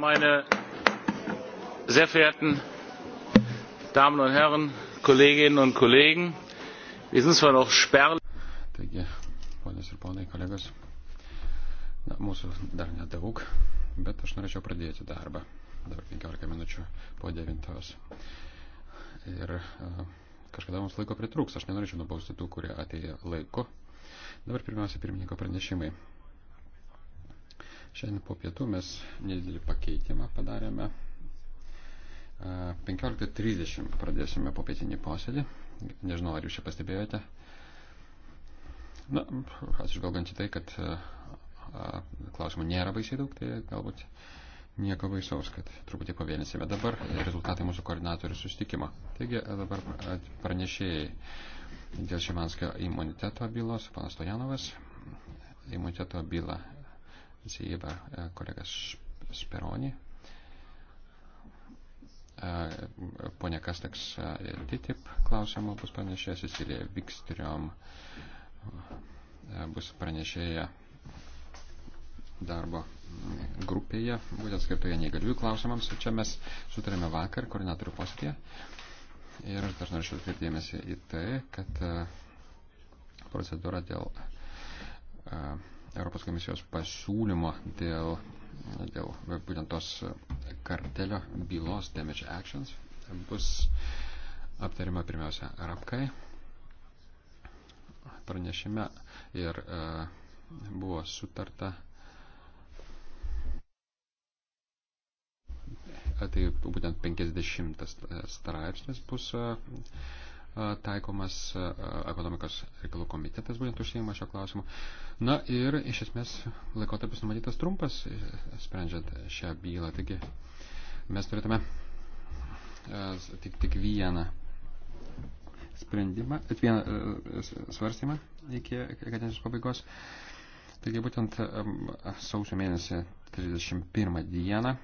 meine sehr verehrten damen und herren kolleginnen und kollegen! wir sind zwar noch spärlich Taigi, ponios ir ponai, kolegos, na, mūsų dar nedaug, bet aš norėčiau pradėti darbą. Dabar 15 minučių po 9. Ir uh, kažkada mums laiko pritrūks, aš nenorėčiau nubausti tų, kurie atėjo laiku. Dabar pirmiausia pirmininko pranešimai. Šiandien po pietų mes nedidelį pakeitimą padarėme. 15.30 pradėsime po pietinį posėdį. Nežinau, ar jūs čia pastebėjote. Na, atsižvelgiant į tai, kad klausimų nėra baisiai daug, tai galbūt nieko baisaus, kad truputį pavėlinsime dabar rezultatai mūsų koordinatorių sustikimo. Taigi dabar pranešėjai dėl Šimanskio imuniteto bylos, panas Stojanovas, imuniteto bylą Zyba, e, kolegas Speroni, e, ponė Kasteks e, Titip klausimų bus pranešėja, Cecilija Vikstriom bus pranešėja darbo grupėje, būtent skirtoje neįgaliųjų klausimams. Čia mes sutarėme vakar koordinatorių posėdėje. Ir aš dar norėčiau atkreipdėmėsi į tai, kad procedūra dėl uh, Europos komisijos pasiūlymo dėl, dėl būtent tos kartelio bylos damage actions bus aptarima pirmiausia Arabkai pranešime ir e, buvo sutarta tai būtent 50 e, straipsnis bus e, taikomas ekonomikos reikalų komitetas būtent užsieima šio klausimu. Na ir iš esmės laikotarpis numatytas trumpas, e, sprendžiant šią bylą. Taigi mes turėtume tik, tik vieną sprendimą, vieną e, e, svarstymą iki kadencijos pabaigos. Taigi būtent sausio mėnesį 31 dieną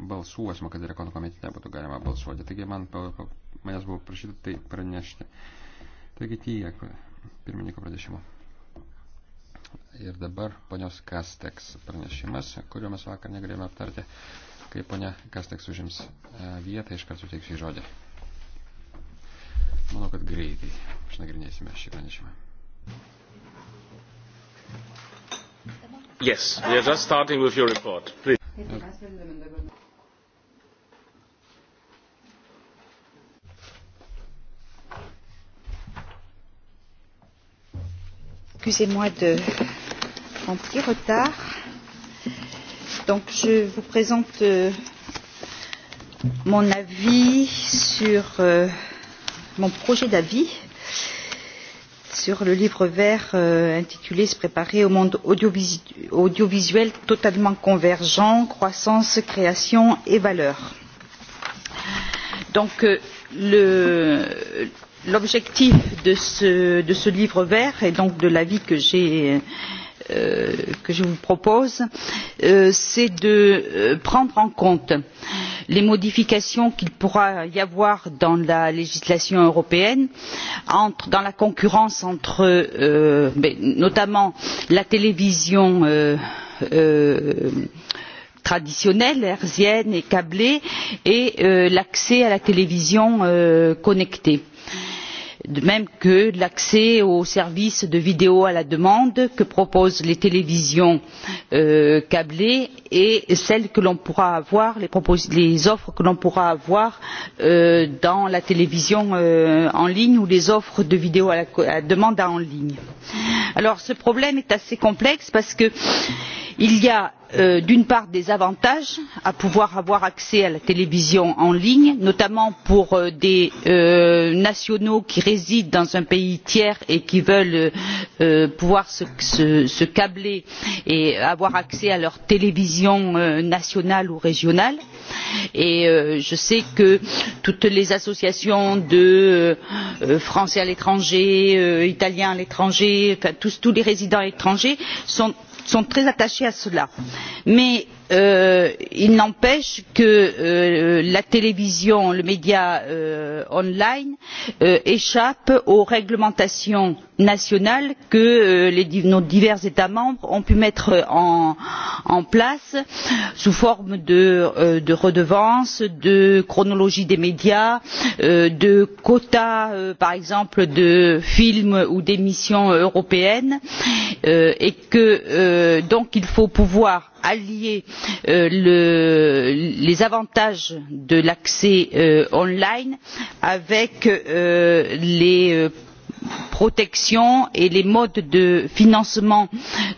balsuosime, kad ir komitete būtų galima balsuoti. Taigi man manęs buvo prašyta tai pranešti. Taigi tiek pirmininko pranešimo. Ir dabar ponios Kasteks pranešimas, kuriuo mes vakar negalėjome aptarti, kai ponia Kasteks užims e, vietą, iškart suteiksiu žodį. Manau, kad greitai išnagrinėsime šį pranešimą. Yes, we are just starting with your report. Please. excusez-moi de mon petit retard. Donc, je vous présente euh, mon avis sur euh, mon projet d'avis sur le livre vert euh, intitulé Se préparer au monde audiovisu audiovisuel totalement convergent, croissance, création et valeurs. Donc, euh, l'objectif de ce, de ce livre vert et donc de l'avis que j'ai euh, que je vous propose, euh, c'est de euh, prendre en compte les modifications qu'il pourra y avoir dans la législation européenne, entre, dans la concurrence entre euh, notamment la télévision euh, euh, traditionnelle hertzienne et câblée et euh, l'accès à la télévision euh, connectée de même que l'accès aux services de vidéo à la demande que proposent les télévisions euh, câblées et avoir, les, les offres que l'on pourra avoir euh, dans la télévision euh, en ligne ou les offres de vidéo à la, à la demande en ligne. Alors, ce problème est assez complexe parce que il y a euh, d'une part des avantages à pouvoir avoir accès à la télévision en ligne notamment pour euh, des euh, nationaux qui résident dans un pays tiers et qui veulent pouvoir se câbler et avoir accès à leur télévision nationale ou régionale et je sais que toutes les associations de français à l'étranger italiens à l'étranger tous les résidents étrangers sont sont très attachés à cela mais euh, il n'empêche que euh, la télévision le média en euh, ligne euh, échappe aux réglementations nationales que euh, nos divers états membres ont pu mettre euh, en place sous forme euh, de redevances de chronologie des médias de quotas par exemple de films ou d'émissions européennes et que donc il faut pouvoir allier les avantages de l'accès en ligne avec les protection et les modes de financement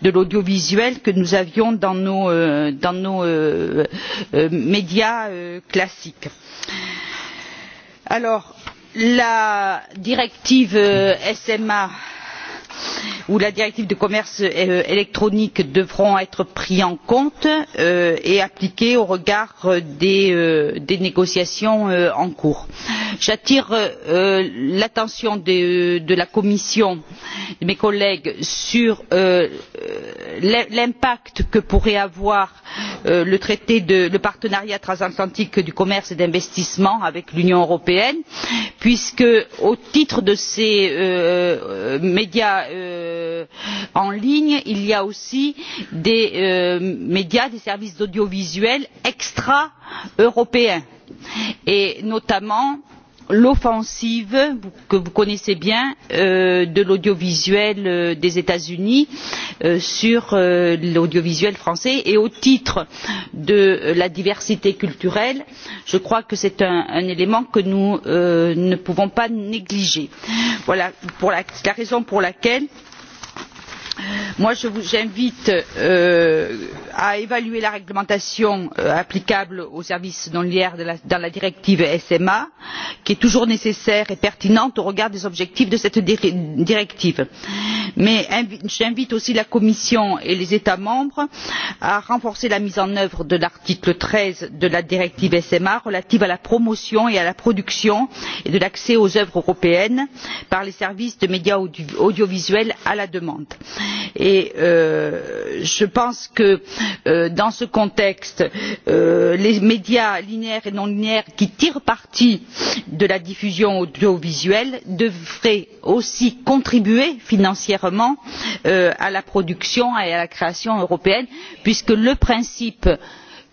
de l'audiovisuel que nous avions dans nos, euh, dans nos euh, euh, médias euh, classiques. Alors, la directive SMA euh, ou la directive du commerce euh, électronique devront être pris en compte euh, et appliqués au regard euh, des négociations en cours. j'attire l'attention de la commission et de mes collègues sur l'impact que pourrait avoir le traité sur le partenariat transatlantique du commerce et de l'investissement avec l'union européenne puisque au titre de ces médias euh, en ligne il y a aussi des euh, médias des services audiovisuels extra européens et notamment euh, l'offensive que vous connaissez bien euh, de l'audiovisuel euh, des états unis euh, sur euh, l'audiovisuel français et au titre de la diversité culturelle je crois que c'est un, un élément que nous euh, ne pouvons pas négliger. voilà la, la raison pour laquelle moi j'invite euh, à évaluer la réglementation euh, applicable aux services douaniers dans la directive sma qui est toujours nécessaire et pertinente au regard des objectifs de cette di directive mais j'invite aussi la commission et les états membres à renforcer la mise en œuvre de l'article treize de la directive sma relative à la promotion et à la production et de l'accès aux œuvres européennes par les services de médias audiovisuels à la demande et euh, je pense que euh, dans ce contexte euh, les médias linéaires et non linéaires qui tirent parti de la diffusion audiovisuelle devraient aussi contribuer financièrement euh, à la production et à la création européenne puisque le principe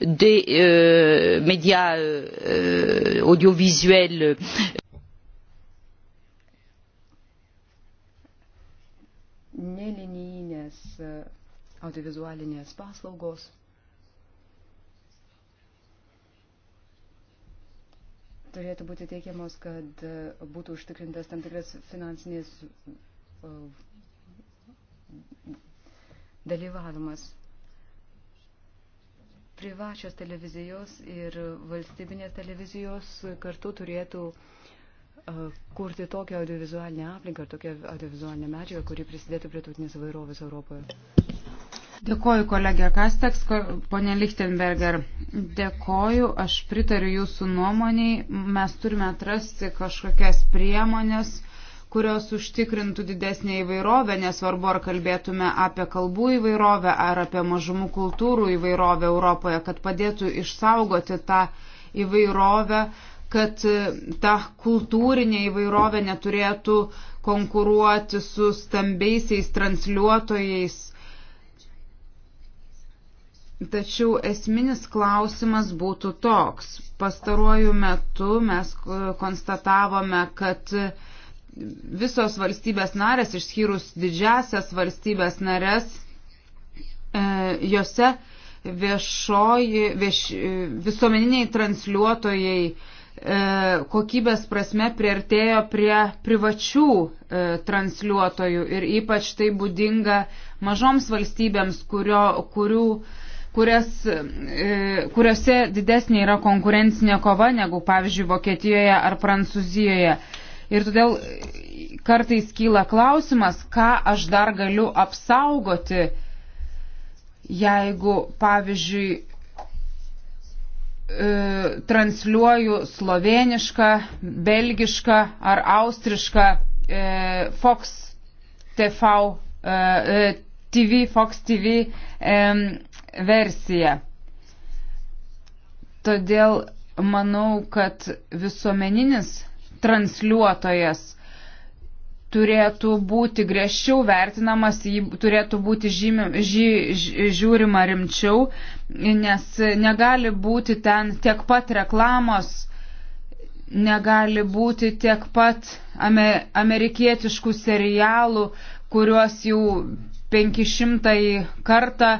des euh, médias euh, audiovisuels nelinijinės e, audiovizualinės paslaugos. Turėtų būti teikiamos, kad e, būtų užtikrintas tam tikras finansinės e, dalyvavimas. Privačios televizijos ir valstybinės televizijos kartu turėtų uh, kurti tokią audiovizualinę aplinką ir tokią audiovizualinę medžiagą, kuri prisidėtų prie tautinės vairovės Europoje. Dėkoju, kolegė Kasteks, ponė Lichtenberger. Dėkoju, aš pritariu jūsų nuomoniai. Mes turime atrasti kažkokias priemonės, kurios užtikrintų didesnį įvairovę, nesvarbu, ar kalbėtume apie kalbų įvairovę, ar apie mažumų kultūrų įvairovę Europoje, kad padėtų išsaugoti tą įvairovę kad e, ta kultūrinė įvairovė neturėtų konkuruoti su stambiaisiais transliuotojais. Tačiau esminis klausimas būtų toks. Pastaruoju metu mes e, konstatavome, kad e, visos valstybės narės, išskyrus didžiasias valstybės narės, jose viešoji, vieš, visuomeniniai transliuotojai E, kokybės prasme priartėjo prie privačių e, transliuotojų ir ypač tai būdinga mažoms valstybėms, kurio, kurių, kurias, e, kuriuose didesnė yra konkurencinė kova negu, pavyzdžiui, Vokietijoje ar Prancūzijoje. Ir todėl kartais kyla klausimas, ką aš dar galiu apsaugoti, jeigu, pavyzdžiui, E, transliuoju slovenišką, belgišką ar austrišką e, Fox TV, e, TV, Fox TV versiją. Todėl manau, kad visuomeninis transliuotojas turėtų būti griežčiau vertinamas, jį turėtų būti žymi, žy, ži, žiūrima rimčiau, nes negali būti ten tiek pat reklamos, negali būti tiek pat amerikietiškų serialų, kuriuos jau 500 kartą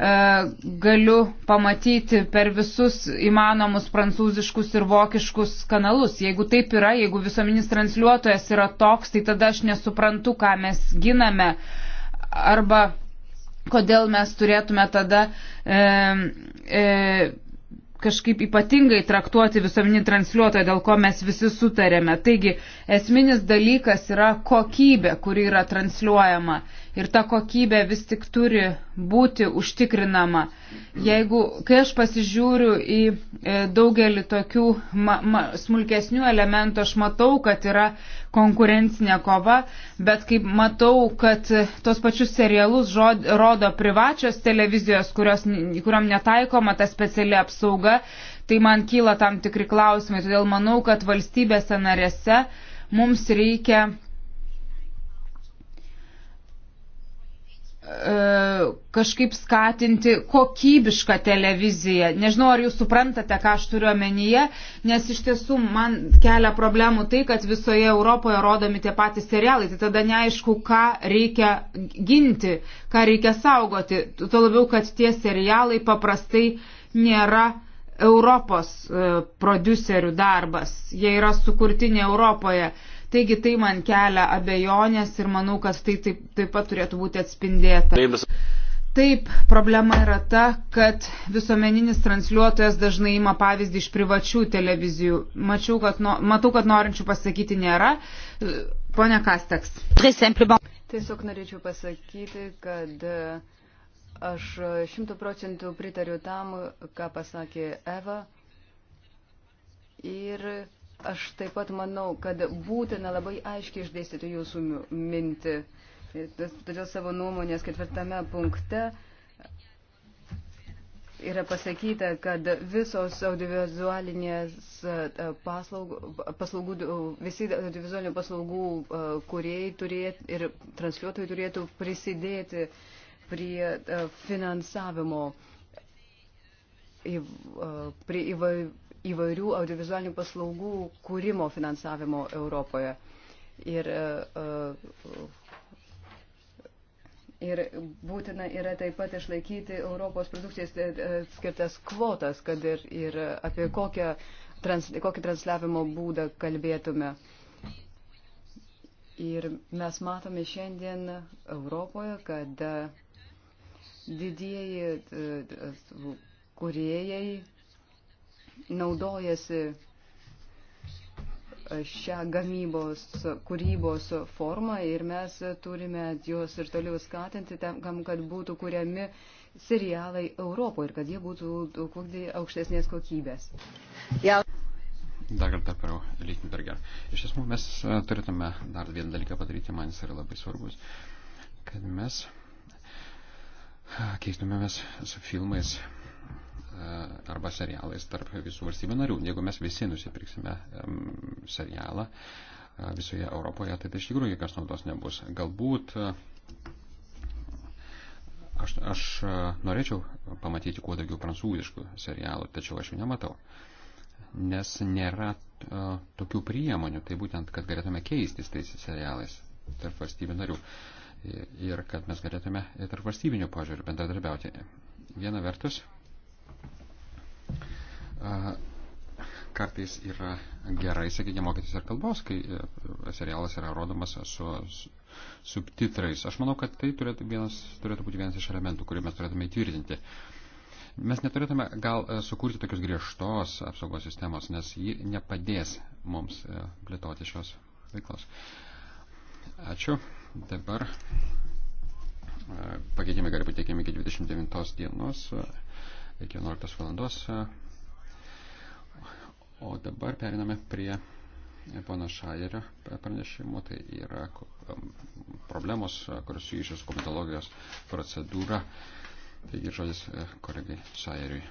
E, galiu pamatyti per visus įmanomus prancūziškus ir vokiškus kanalus. Jeigu taip yra, jeigu visuomenis transliuotojas yra toks, tai tada aš nesuprantu, ką mes giname. Arba kodėl mes turėtume tada e, e, kažkaip ypatingai traktuoti visuomenį transliuotoją, dėl ko mes visi sutarėme. Taigi esminis dalykas yra kokybė, kuri yra transliuojama ir ta kokybė vis tik turi būti užtikrinama. Jeigu, kai aš pasižiūriu į e, daugelį tokių ma, ma, smulkesnių elementų, aš matau, kad yra konkurencinė kova, bet kaip matau, kad tos pačius serialus žod, rodo privačios televizijos, kurios, kuriam netaikoma ta speciali apsauga, tai man kyla tam tikri klausimai. Todėl manau, kad valstybėse narėse mums reikia E, kažkaip skatinti kokybišką televiziją. Nežinau, ar jūs suprantate, ką aš turiu omenyje, nes iš tiesų man kelia problemų tai, kad visoje Europoje rodomi tie patys serialai. Tai tada neaišku, ką reikia ginti, ką reikia saugoti. Tuo labiau, kad tie serialai paprastai nėra Europos e, producerių darbas. Jie yra sukurtini Europoje. E, Taigi tai man kelia abejonės ir manau, kad tai taip, taip pat turėtų būti atspindėta. Taip, problema yra ta, kad visuomeninis transliuotojas dažnai ima pavyzdį iš privačių televizijų. Mačiau, kad no, matau, kad norinčių pasakyti nėra. Pone Kasteks. Tiesiog norėčiau pasakyti, kad e, aš šimtų procentų pritariu tam, ką pasakė Eva. Ir Aš taip pat manau, kad būtina labai aiškiai išdėstyti jūsų mintį. Todėl savo nuomonės ketvirtame punkte yra pasakyta, kad visos audiovizualinės paslaugų, paslaugų visi audiovizualinių paslaugų kuriejai turėtų ir transliuotojai turėtų prisidėti prie finansavimo prie įvairių įvairių audiovizualinių paslaugų kūrimo finansavimo Europoje. Ir, e, e, ir būtina yra taip pat išlaikyti Europos produkcijas e, skirtas kvotas, kad ir, ir apie kokią, trans, kokį transliavimo būdą kalbėtume. Ir mes matome šiandien Europoje, kad didieji kurėjai naudojasi šią gamybos, kūrybos formą ir mes turime juos ir toliau skatinti tam, kad būtų kuriami serialai Europoje ir kad jie būtų aukštesnės kokybės. Ja. Dar kartą per Lichtenberger. Iš esmų mes e, turėtume dar vieną dalyką padaryti, man jis yra labai svarbus, kad mes e, keistumėmės su filmais E, arba serialais tarp visų valstybių narių. Jeigu mes visi nusipirksime serialą e, visoje Europoje, tai, tai iš tikrųjų jokios naudos nebus. Galbūt e, aš, aš norėčiau pamatyti kuo daugiau prancūziškų serialų, tačiau aš jų nematau. Nes nėra tokių priemonių, tai būtent, kad galėtume keistis tais serialais tarp valstybių narių ir kad mes galėtume tarp valstybinių požiūrių bendradarbiauti. Viena vertus, kartais yra gerai, sakykime, mokytis ir kalbos, kai e, serialas yra rodomas su subtitrais. Aš manau, kad tai turėtų, vienas, turėtų būti vienas iš elementų, kurį mes turėtume įtvirtinti. Mes neturėtume gal e, sukurti tokius griežtos apsaugos sistemos, nes ji nepadės mums e, plėtoti šios veiklos. Ačiū. Dabar pakeitimai gali būti teikiami iki 29 dienos, iki 11 valandos. O dabar periname prie pono Šajerio pranešimo, tai yra problemos, kurios susijusios komitologijos procedūra. Taigi žodis e, kolegai Šajeriui.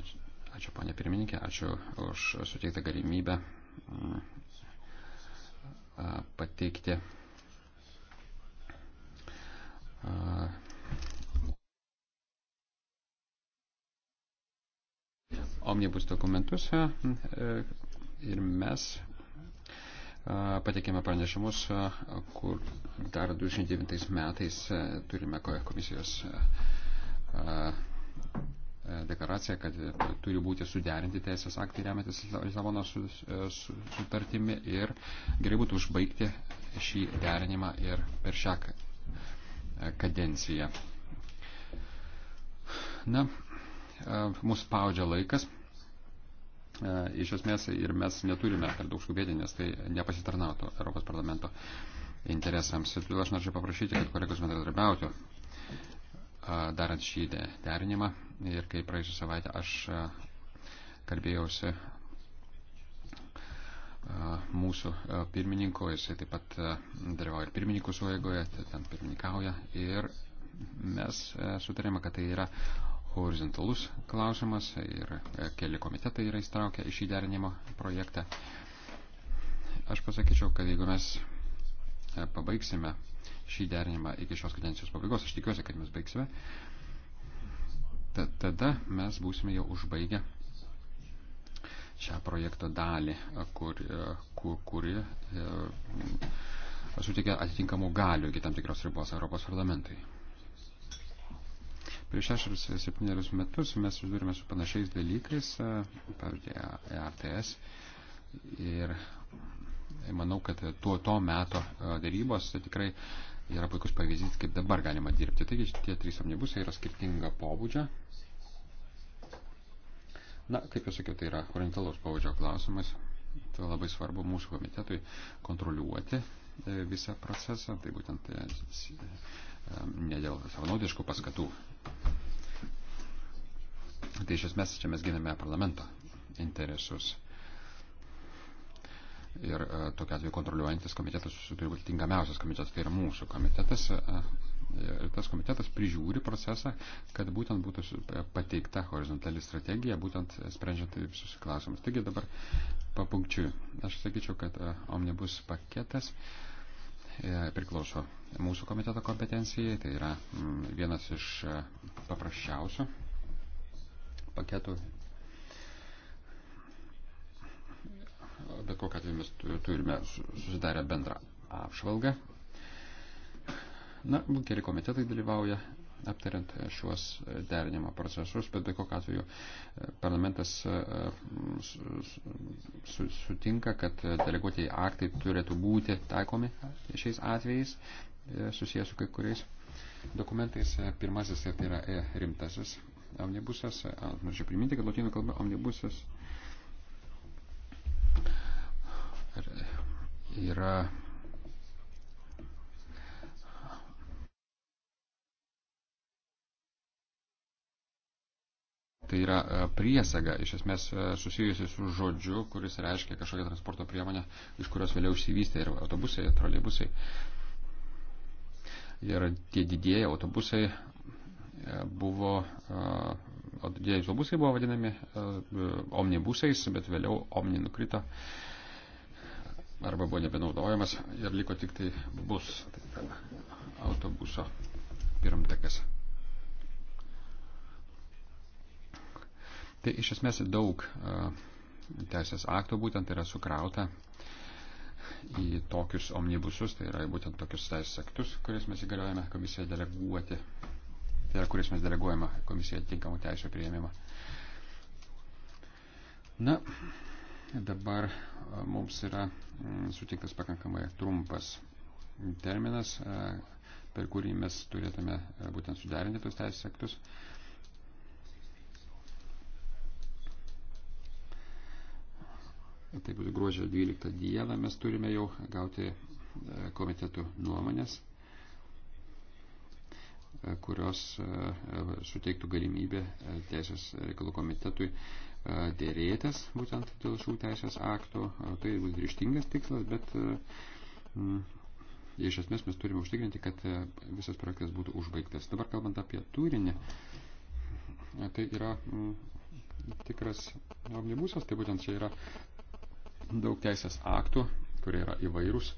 Ačiū, ačiū ponė pirmininkė, ačiū už suteiktą galimybę mm, pateikti omnibus dokumentus e, ir mes e, pateikėme pranešimus, e, kur dar 2009 metais turime komisijos deklaraciją, kad turi būti suderinti teisės aktai remiantis Lisabono sutartimi ir gerai būtų užbaigti šį derinimą ir per šią kadenciją. Na, E, mūsų spaudžia laikas. E, iš esmės ir mes neturime per daug skubėti, nes tai nepasitarnautų Europos parlamento interesams. Ir todėl aš norėčiau paprašyti, kad kolegos bendradarbiautų e, darant šį derinimą. Ir kai praėjusią savaitę aš kalbėjausi mūsų pirmininko, jisai taip pat dalyvauja ir pirmininkų suėgoje, tai ten pirmininkauja. Ir mes sutarėme, kad tai yra horizontalus klausimas ir e, keli komitetai yra įstraukę į šį derinimo projektą. Aš pasakyčiau, kad jeigu mes e, pabaigsime šį derinimą iki šios kadencijos pabaigos, aš tikiuosi, kad mes baigsime, tada mes būsime jau užbaigę šią projekto dalį, e, kur, kur, kuri suteikia atitinkamų galių iki tam tikros ribos Europos parlamentui. Prieš šešerius, septynerius metus mes susidurime su panašiais dalykais, e, pavyzdžiui, RTS. E e Ir manau, kad tuo to meto darybos tikrai yra puikus pavyzdys, kaip dabar galima dirbti. Taigi tie trys omnibusai yra skirtinga pobūdžio. Na, kaip jau sakiau, tai yra horizontalaus pobūdžio klausimas. Tai labai svarbu mūsų komitetui kontroliuoti visą procesą, tai būtent ne dėl savanaudiškų paskatų Tai iš esmės čia mes giname parlamento interesus. Ir e, tokia atveju kontroliuojantis komitetas turi būti tinkamiausias komitetas, tai yra mūsų komitetas. E, ir tas komitetas prižiūri procesą, kad būtent būtų e, pateikta horizontali strategija, būtent sprendžiant visus klausimus. Taigi dabar papunkčiui. Aš sakyčiau, kad e, omnibus paketas. E, E, priklauso mūsų komiteto kompetencijai, tai yra mm, vienas iš e, paprasčiausių paketų. Bet kokią atveju mes turime susidarę bendrą apžvalgą. Na, keli komitetai dalyvauja aptariant šiuos derinimo procesus, bet be kokio atveju e, parlamentas e, sutinka, kad deleguotieji aktai turėtų būti taikomi šiais atvejais e, susijęs su kai kuriais dokumentais. Pirmasis tai yra rimtasis omnibusas. Norėčiau priminti, kad lotynų kalba omnibusas yra tai yra e, priesaga, iš esmės e, susijusi su žodžiu, kuris reiškia kažkokią transporto priemonę, iš kurios vėliau išsivystė ir autobusai, ir troleibusai. Ir tie didieji autobusai e, buvo, didieji autobusai buvo vadinami omnibusais, bet vėliau omni nukrito arba buvo nebenaudojamas ir liko tik tai bus tai, autobuso pirmtakas. Tai iš esmės daug e, teisės aktų būtent yra sukrauta į tokius omnibusus, tai yra būtent tokius teisės aktus, kuriais mes įgaliojame komisiją deleguoti, tai yra kuriais mes deleguojame komisiją tinkamų teisų prieimimą. Na, dabar e, mums yra mm, sutiktas pakankamai trumpas terminas, e, per kurį mes turėtume būtent suderinti tos teisės aktus. tai būtų gruodžio 12 dieną, mes turime jau gauti e, komitetų nuomonės, e, kurios e, suteiktų galimybę Teisės reikalų komitetui dėrėtis būtent dėl šių teisės aktų. Tai bus grįžtingas tikslas, bet m, iš esmės mes turime užtikrinti, kad visas projektas būtų užbaigtas. Dabar kalbant apie turinį, tai yra m, tikras omnibusas, tai būtent čia yra daug teisės aktų, kurie yra įvairūs,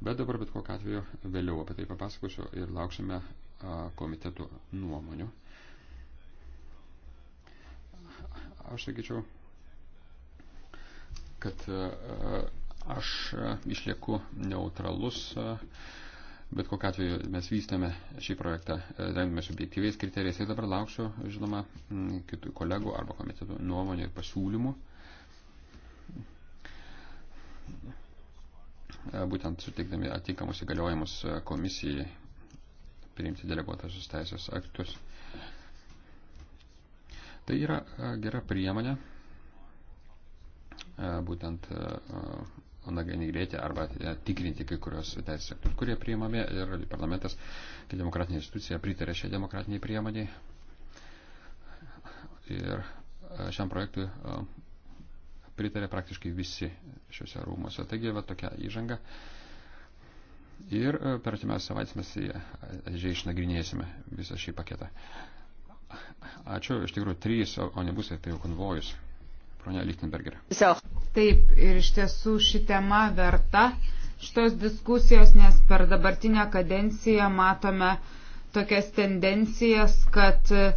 bet dabar bet kokiu atveju vėliau apie tai papasakosiu ir lauksime komitetų nuomonių. Aš sakyčiau, kad aš išlieku neutralus, bet kokiu atveju mes vystame šį projektą, remdame subjektyviais kriterijais ir dabar lauksiu, žinoma, kitų kolegų arba komitetų nuomonė ir pasiūlymų. Uh, E, būtent sutikdami atinkamus įgaliojimus e, komisijai priimti deleguotasius teisės aktus. Tai yra e, gera priemonė būtent nagrinėti arba tikrinti kai kurios teisės aktus, kurie priimami ir parlamentas, kaip demokratinė institucija, pritarė šiai demokratiniai priemoniai. Ir šiam projektui pritarė praktiškai visi šiuose rūmose. Taigi, va tokia įžanga. Ir e, per atimiausią savaitę mes žiai išnagrinėsime visą šį paketą. Ačiū, iš tikrųjų, trys, o nebus, tai jau konvojus. Pronė Lichtenberger. Taip, ir iš tiesų ši tema verta šitos diskusijos, nes per dabartinę kadenciją matome tokias tendencijas, kad e,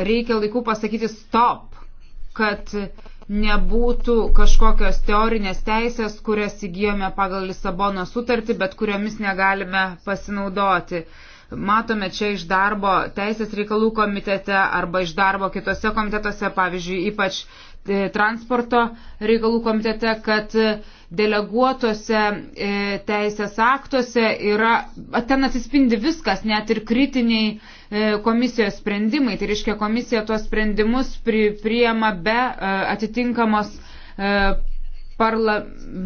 reikia laiku pasakyti stop, kad e, nebūtų kažkokios teorinės teisės, kurias įgyjome pagal Lisabono sutartį, bet kuriomis negalime pasinaudoti. Matome čia iš darbo teisės reikalų komitete arba iš darbo kitose komitetuose, pavyzdžiui, ypač E, transporto reikalų komitete, kad deleguotose e, teisės aktuose yra, ten atsispindi viskas, net ir kritiniai e, komisijos sprendimai. Tai reiškia, komisija tuos sprendimus pri, priema be atitinkamos parla,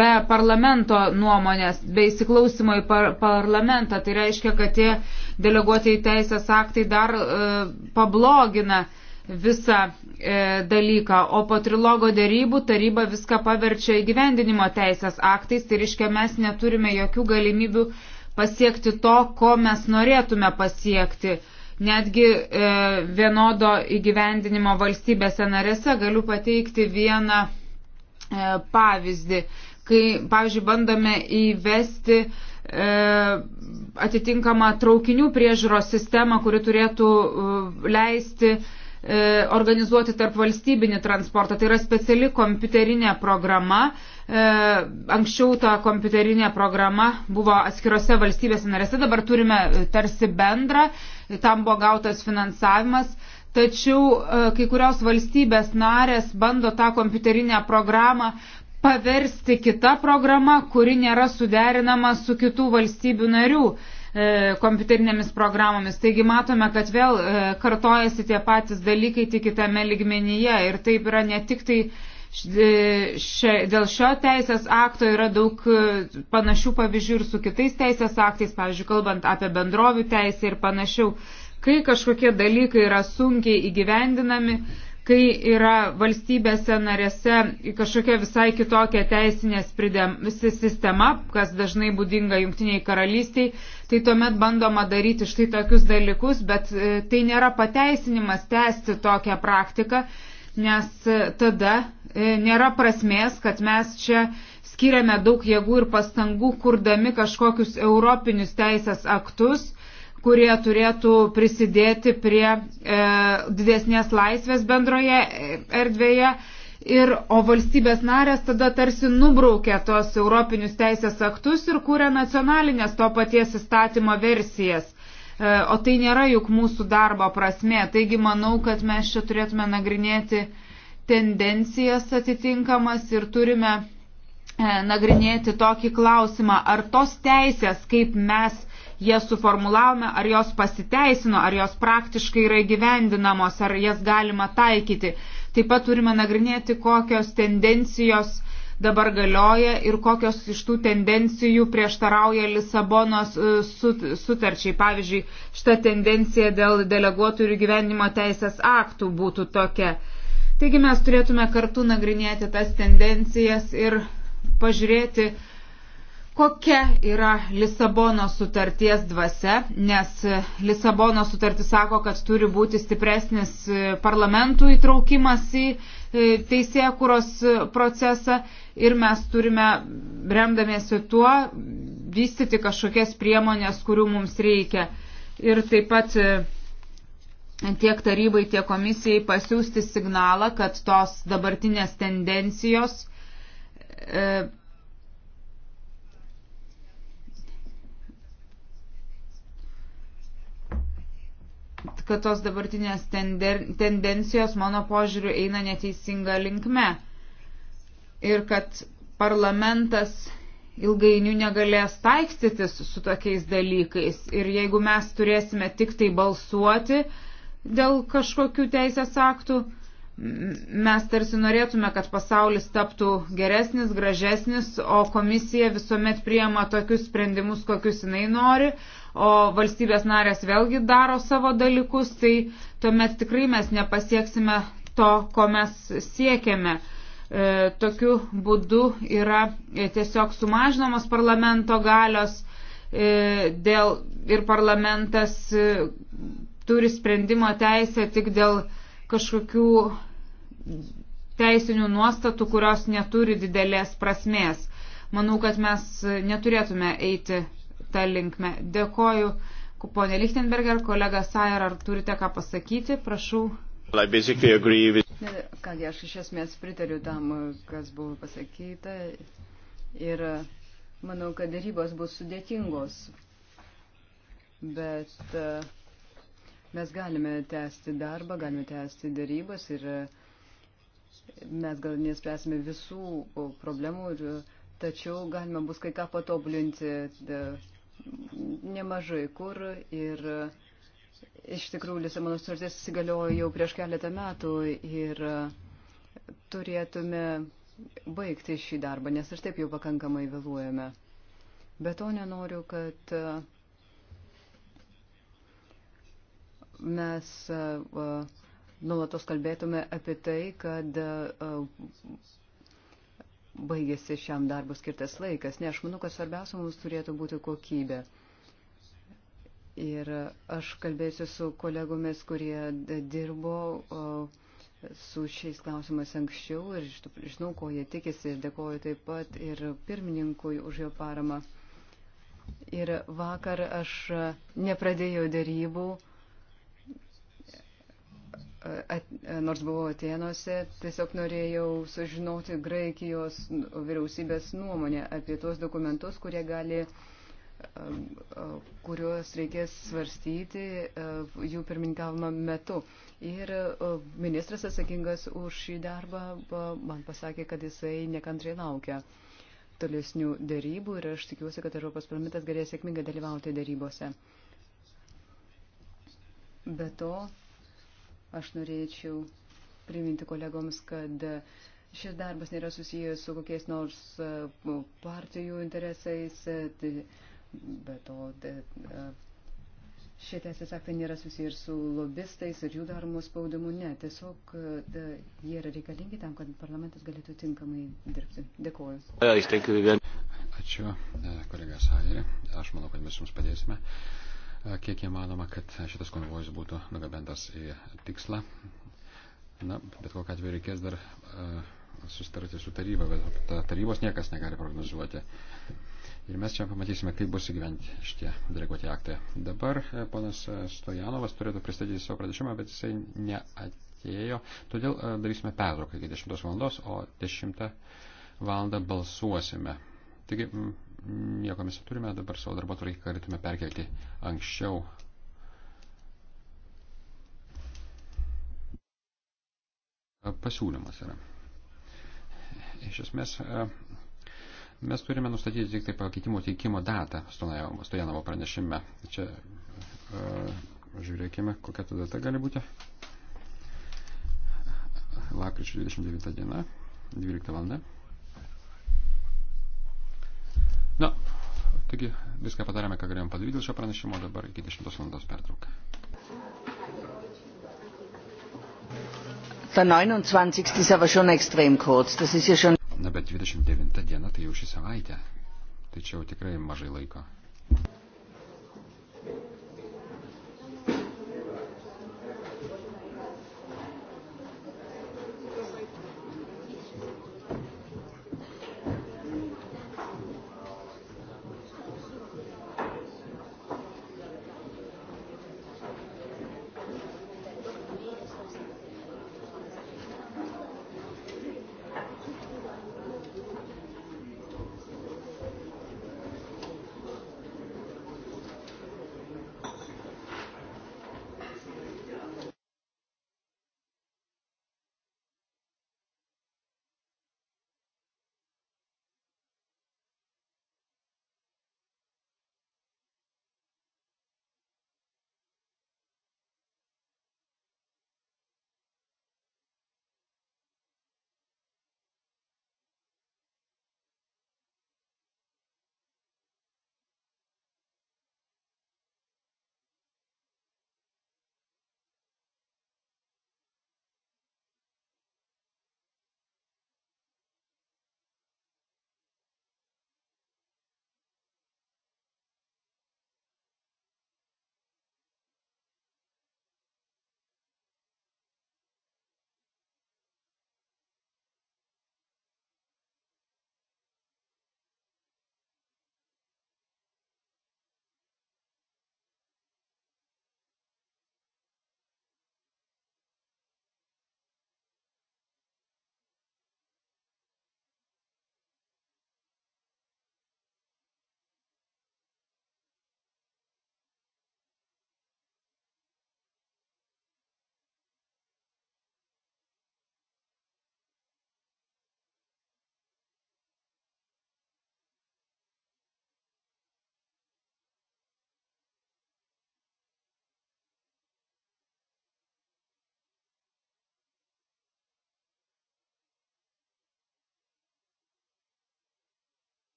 be parlamento nuomonės, be įsiklausimo į par, parlamentą. Tai reiškia, kad tie deleguotieji teisės aktai dar e, pablogina e, visą e, dalyką, o po trilogo dėrybų taryba viską paverčia įgyvendinimo teisės aktais, tai reiškia mes neturime jokių galimybių pasiekti to, ko mes norėtume pasiekti. Netgi e, vienodo įgyvendinimo valstybėse narėse galiu pateikti vieną e, pavyzdį, kai, pavyzdžiui, bandome įvesti e, atitinkamą traukinių priežiūros sistemą, kuri turėtų e, leisti E, organizuoti tarp valstybinį transportą. Tai yra speciali kompiuterinė programa. E, anksčiau ta kompiuterinė programa buvo atskirose valstybėse narėse, dabar turime e, tarsi bendrą, tam buvo gautas finansavimas. Tačiau kai kurios valstybės narės bando tą kompiuterinę programą paversti kitą programą, kuri nėra suderinama su kitų valstybių narių. E, kompiuterinėmis programomis. Taigi matome, kad vėl e, kartojasi tie patys dalykai tik kitame ligmenyje ir taip yra ne tik tai e, šia, dėl šio teisės akto yra daug panašių pavyzdžių ir su kitais teisės aktais, pavyzdžiui, kalbant apie bendrovių teisę ir panašiau. Kai kažkokie dalykai yra sunkiai įgyvendinami, kai yra valstybėse narėse kažkokia visai kitokia teisinė spridėm, sistema, kas dažnai būdinga jungtiniai karalystiai, tai tuomet bandoma daryti štai tokius dalykus, bet e, tai nėra pateisinimas tęsti tokią praktiką, nes e, tada e, nėra prasmės, kad mes čia skiriame daug jėgų ir pastangų, kurdami kažkokius europinius teisės aktus kurie turėtų prisidėti prie e, didesnės laisvės bendroje erdvėje, ir, o valstybės narės tada tarsi nubraukia tos europinius teisės aktus ir kūrė nacionalinės to paties įstatymo versijas. E, o tai nėra juk mūsų darbo prasme. Taigi manau, kad mes čia turėtume nagrinėti tendencijas atitinkamas ir turime e, nagrinėti tokį klausimą, ar tos teisės, kaip mes jas suformulavome, ar jos pasiteisino, ar jos praktiškai yra įgyvendinamos, ar jas galima taikyti. Taip pat turime nagrinėti, kokios tendencijos dabar galioja ir kokios iš tų tendencijų prieštarauja Lisabonos e, sutarčiai. Pavyzdžiui, šita tendencija dėl deleguotų ir gyvenimo teisės aktų būtų tokia. Taigi mes turėtume kartu nagrinėti tas tendencijas ir pažiūrėti, kokia yra Lisabono sutarties dvasia, nes Lisabono sutartis sako, kad turi būti stipresnis e, parlamentų įtraukimas į e, teisėkuros e, procesą ir mes turime, remdamėsi tuo, vystyti kažkokias priemonės, kurių mums reikia. Ir taip pat tiek tarybai, tiek komisijai pasiūsti signalą, kad tos dabartinės tendencijos e, kad tos dabartinės tendencijos, mano požiūriu, eina neteisinga linkme. Ir kad parlamentas ilgainiui negalės taikstytis su tokiais dalykais. Ir jeigu mes turėsime tik tai balsuoti dėl kažkokių teisės aktų, Mes tarsi norėtume, kad pasaulis taptų geresnis, gražesnis, o komisija visuomet priema tokius sprendimus, kokius jinai nori, o valstybės narės vėlgi daro savo dalykus, tai tuomet tikrai mes nepasieksime to, ko mes siekiame e, tokiu būdu yra tiesiog sumažinamos parlamento galios e, dėl, ir parlamentas e, turi sprendimo teisę tik dėl kažkokių teisinių nuostatų, kurios neturi didelės prasmės. Manau, kad mes neturėtume eiti tą linkmę. Dėkoju, ponė Lichtenberger, kolega Sayer, ar turite ką pasakyti? Prašau. Kągi, aš iš esmės pritariu tam, kas buvo pasakyta ir uh, manau, kad darybos bus sudėtingos, bet uh, mes galime tęsti darbą, galime tęsti darybas ir uh, Mes gal nespręsime visų problemų, ir, tačiau galima bus kai ką patobulinti de, nemažai kur. Ir iš tikrųjų Lisabono sutartis įsigaliojo jau prieš keletą metų ir turėtume baigti šį darbą, nes ir taip jau pakankamai vėluojame. Bet to nenoriu, kad mes. Uh, nuolatos kalbėtume apie tai, kad e, baigėsi šiam darbu skirtas laikas. Ne, aš manau, kad svarbiausia mums turėtų būti kokybė. Ir aš kalbėsiu su kolegomis, kurie dirbo su šiais klausimais anksčiau ir žinau, ko jie tikisi ir dėkoju taip pat ir pirmininkui už jo paramą. Ir vakar aš nepradėjau darybų nors buvau Atenuose, tiesiog norėjau sužinoti Graikijos vyriausybės nuomonę apie tuos dokumentus, kurie gali um, uh, kuriuos reikės svarstyti uh, jų pirmininkavimo metu. Ir uh, ministras atsakingas už šį darbą man pasakė, kad jisai nekantriai laukia tolesnių dėrybų ir aš tikiuosi, kad Europos parlamentas galės sėkmingai dalyvauti dėrybose. Be to, Aš norėčiau priminti kolegoms, kad šis darbas nėra susijęs su kokiais nors e, partijų interesais, e, bet to e, šie teisės aktai nėra susiję ir su lobistais ir jų daromų spaudimu. Ne, tiesiog jie yra reikalingi tam, kad parlamentas galėtų tinkamai dirbti. Dėkuoju. Ačiū, kolega Sajerė. Aš manau, kad mes jums padėsime kiek įmanoma, kad šitas konvojus būtų nugabentas į tikslą. Na, bet kokią atveju reikės dar susitarti su taryba, bet tarybos niekas negali prognozuoti. Ir mes čia pamatysime, kaip bus įgyventi šitie deleguoti aktai. Dabar ponas Stojanovas turėtų pristatyti savo pradėšimą, bet jisai neatėjo. Todėl darysime pertrauką iki 10 valandos, o 10 valandą balsuosime. Taigi, nieko mes turime, dabar savo darbo tvarkį galėtume perkelti anksčiau. Pasiūlymas yra. Iš esmės, mes turime nustatyti tik tai pakeitimo teikimo datą Stojanovo pranešime. Čia e, žiūrėkime, kokia ta data gali būti. Lakryčio 29 diena, 12 valanda. Taigi viską padarėme, ką galėjom padaryti dėl šio pranešimo, dabar iki 10 valandos pertrauka. Der 29. ist aber schon extrem kurz. Das ist ja schon. Na, bet 29 diena tai jau šį savaitę. Tai čia jau tikrai mažai laiko.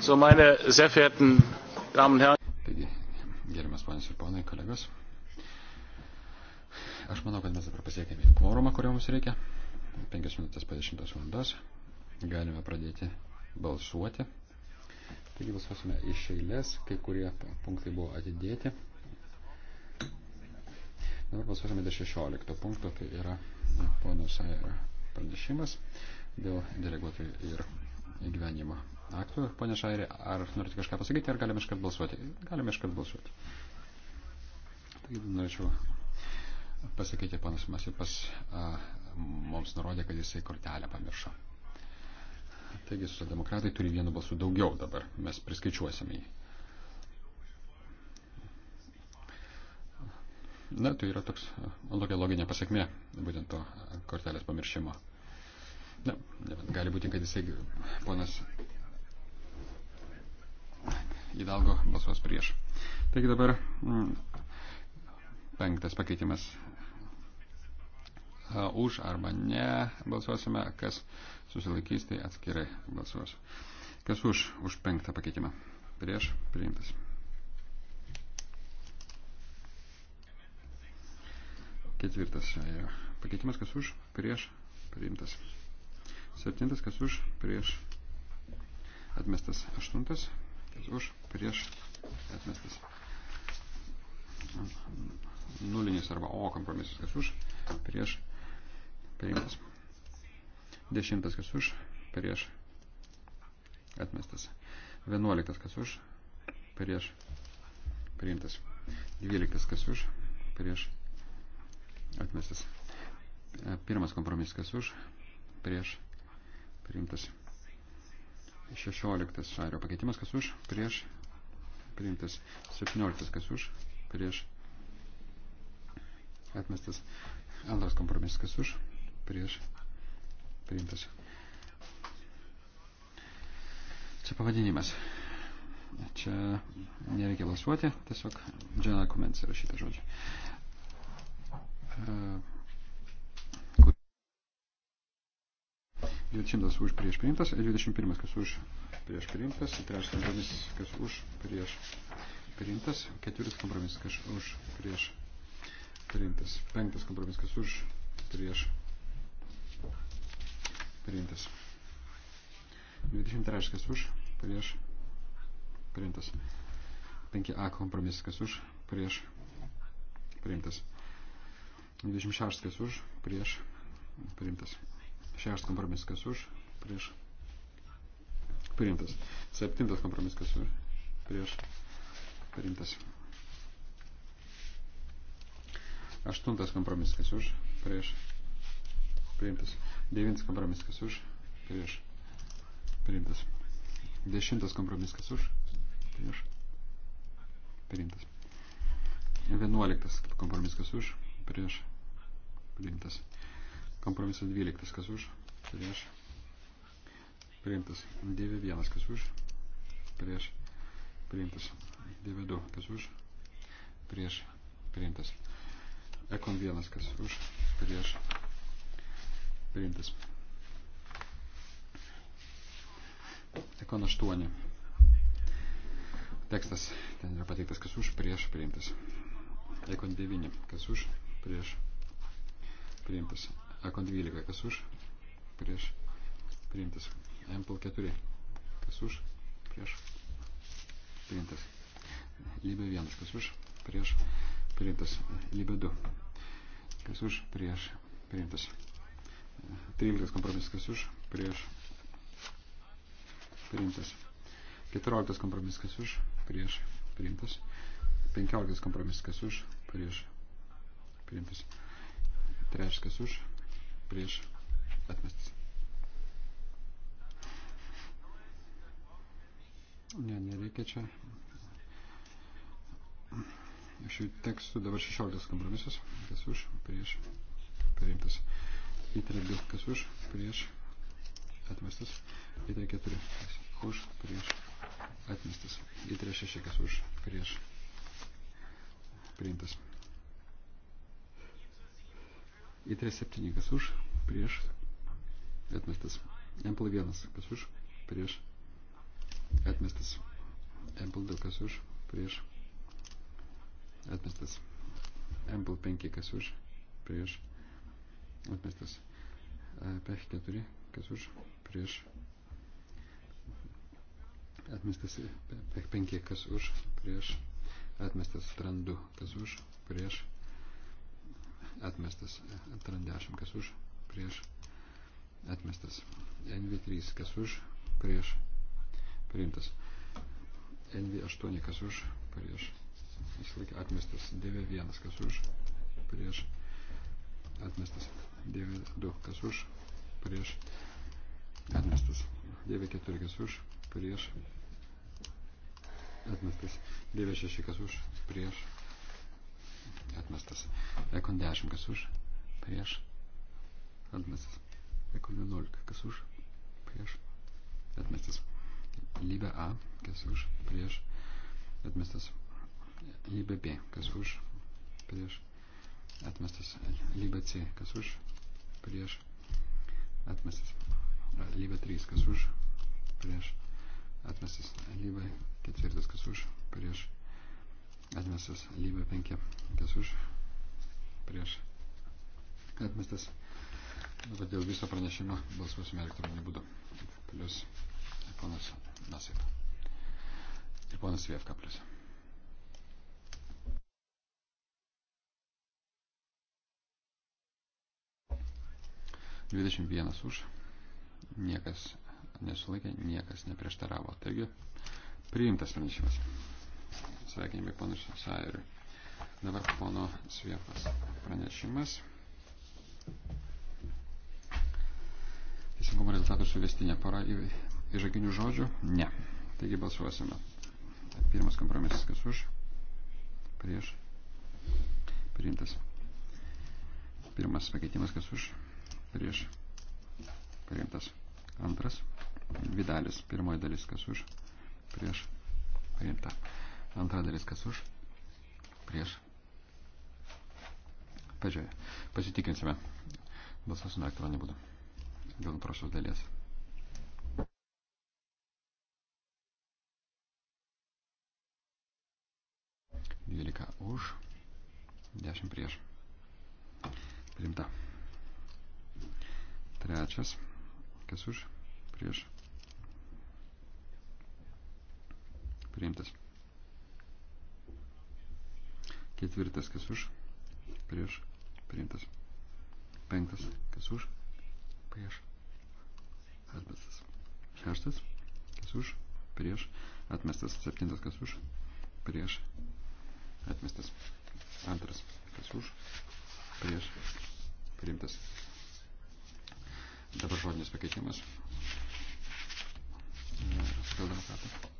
So, meine sehr verehrten Damen und Herren. Taigi, gerbiamas ponas ir ponai, kolegos. Aš manau, kad mes dabar pasiekėme kvorumą, kurio mums reikia. 5 minutės po 10 valandos. Galime pradėti balsuoti. Taigi balsuosime iš eilės, kai kurie punktai buvo atidėti. Dabar balsuosime dėl 16 punkto, tai yra ponus pranešimas dėl deleguotojų ir gyvenimo aktų. Pone Šairė, ar norite kažką pasakyti, ar galime iškart balsuoti? Galime iškart balsuoti. Taigi, norėčiau pasakyti, panas Masipas mums nurodė, kad jisai kortelę pamiršo. Taigi, socialdemokratai turi vienu balsu daugiau dabar. Mes priskaičiuosime jį. Na, tai yra toks loginė pasiekmė, būtent to kortelės pamiršimo. Na, gali būti, kad jisai ponas Idalgo balsuos prieš. Taigi dabar mm, penktas pakeitimas. Už arba ne balsuosime, kas susilaikys, tai atskirai balsuos. Kas už, už penktą pakeitimą? Prieš priimtas. Ketvirtas pakeitimas, kas už, prieš priimtas. Septintas, kas už, prieš atmestas. Aštuntas, už, prieš, atmestas. Nulinis arba O kompromisas, kas už, prieš, priimtas. Dešimtas, kas už, prieš, atmestas. Vienuoliktas, kas už, prieš, priimtas. Dvyliktas, kas už, prieš, atmestas. Pirmas kompromisas, kas už, prieš, priimtas. 16 šario pakeitimas, kas už, prieš, priimtas 17, kas už, prieš, atmestas antras kompromisas, kas už, prieš, priimtas. Čia pavadinimas. Čia nereikia balsuoti, tiesiog general comments įrašyta žodžiu. Uh, 20 už prieš priimtas, 21 kas už prieš priimtas, 3 kompromisas kas už prieš priimtas, 4 kompromisas kas už prieš priimtas, 5 kompromisas kas už prieš priimtas, 23 kas už prieš priimtas, 5a kompromisas kas už prieš priimtas, 26 kas už prieš priimtas. Šeštas kompromisas kas už, prieš. Priimtas. Septintas kompromisas kas už, prieš. Priimtas. Aštuntas kompromisas kas už, prieš. Priimtas. Devintas kompromisas kas už, prieš. Priimtas. Dešimtas kompromisas kas už, prieš. Priimtas. Vienuoliktas kompromisas kas už, prieš. Priimtas. Kompromisas 12, kas už, prieš. Priimtas 9.1, kas už, prieš. Priimtas 9.2, kas už, prieš. Priimtas. Ekon 1, kas už, prieš. Priimtas. Ekon 8. Tekstas ten yra pateiktas, kas už, prieš, priimtas. Ekon 9, kas už, prieš, priimtas. Eko 12, kas už, prieš priimtas. Ample 4, kas už, prieš priimtas. Lybė 1, kas už, prieš priimtas. Lybė 2, kas už, prieš priimtas. 13 kompromisas, kas už, prieš priimtas. 14 kompromisas, kas už, prieš priimtas. 15 kompromisas, kas už, prieš priimtas. Trečias, kas už, prieš atmestas. Ne, nereikia čia. Iš jų tekstų dabar 16 kompromisas. Kas už, prieš, priimtas. Įtarė 2, kas už, prieš, atmestas. Įtarė 4, kas už, prieš, atmestas. Įtarė 6, kas už, prieš, priimtas į 37, kas už, prieš, atmestas. MPL1, kas už, prieš, atmestas. MPL2, kas už, prieš, atmestas. MPL5, kas už, prieš, atmestas. PF4, kas už, prieš, atmestas. PF5, kas už, prieš, atmestas. Tran 2, kas už, prieš, atmestas atmestas. Tran 10, kas už, prieš, atmestas. NV3, kas už, prieš, priimtas. NV8, kas už, prieš, išlaikė atmestas. DV1, kas už, prieš, atmestas. DV2, kas už, prieš, atmestas. DV4, kas už, prieš, atmestas. DV6, kas už, prieš, atmestas atmestas. Ekon 10, kas už, prieš, atmestas. Ekon 11, kas už, prieš, atmestas. Lybė A, kas už, prieš, atmestas. Lybė B, kas už, prieš, atmestas. Lybė C, kas už, prieš, atmestas. Lybė 3, kas už, prieš, atmestas. Lybė ketvirtas, kas už, prieš, atmestas Atmestas lybė 5. Kas už? Prieš. Atmestas. Dabar dėl viso pranešimo balsuosime elektroniniu būdu. Plius ponas Nasip. Ir ponas Vievka plius. Dvidešimt vienas už. Niekas nesulaikė, niekas neprieštaravo. Taigi, priimtas pranešimas. Sveikinimai panus Sairiui. Dabar pono Sviepas pranešimas. Teisingumo rezultatų suvestinė para įžaginių žodžių? Ne. Taigi balsuosime. Pirmas kompromisas, kas už? Prieš. Priimtas. Pirmas pakeitimas, kas už? Prieš. Priimtas. Antras. Dvi dalis. Pirmoji dalis, kas už? Prieš. Priimta. Antra dalis kas už? Prieš. Pažiūrėjau. Pasitikrinsime. Balsuosime elektroninį būdą. Dėl antrosios dalies. Dvylika už. Dešimt prieš. Rimta. Trečias. Kas už? Prieš. Priimtas. Ketvirtas, kas už, prieš, priimtas. Penktas, kas už, prieš, atmestas. Šeštas, kas už, prieš, atmestas. Septintas, kas už, prieš, atmestas. Antras, kas už, prieš, priimtas. Dabar žodinis pakeitimas. Socialdemokratai.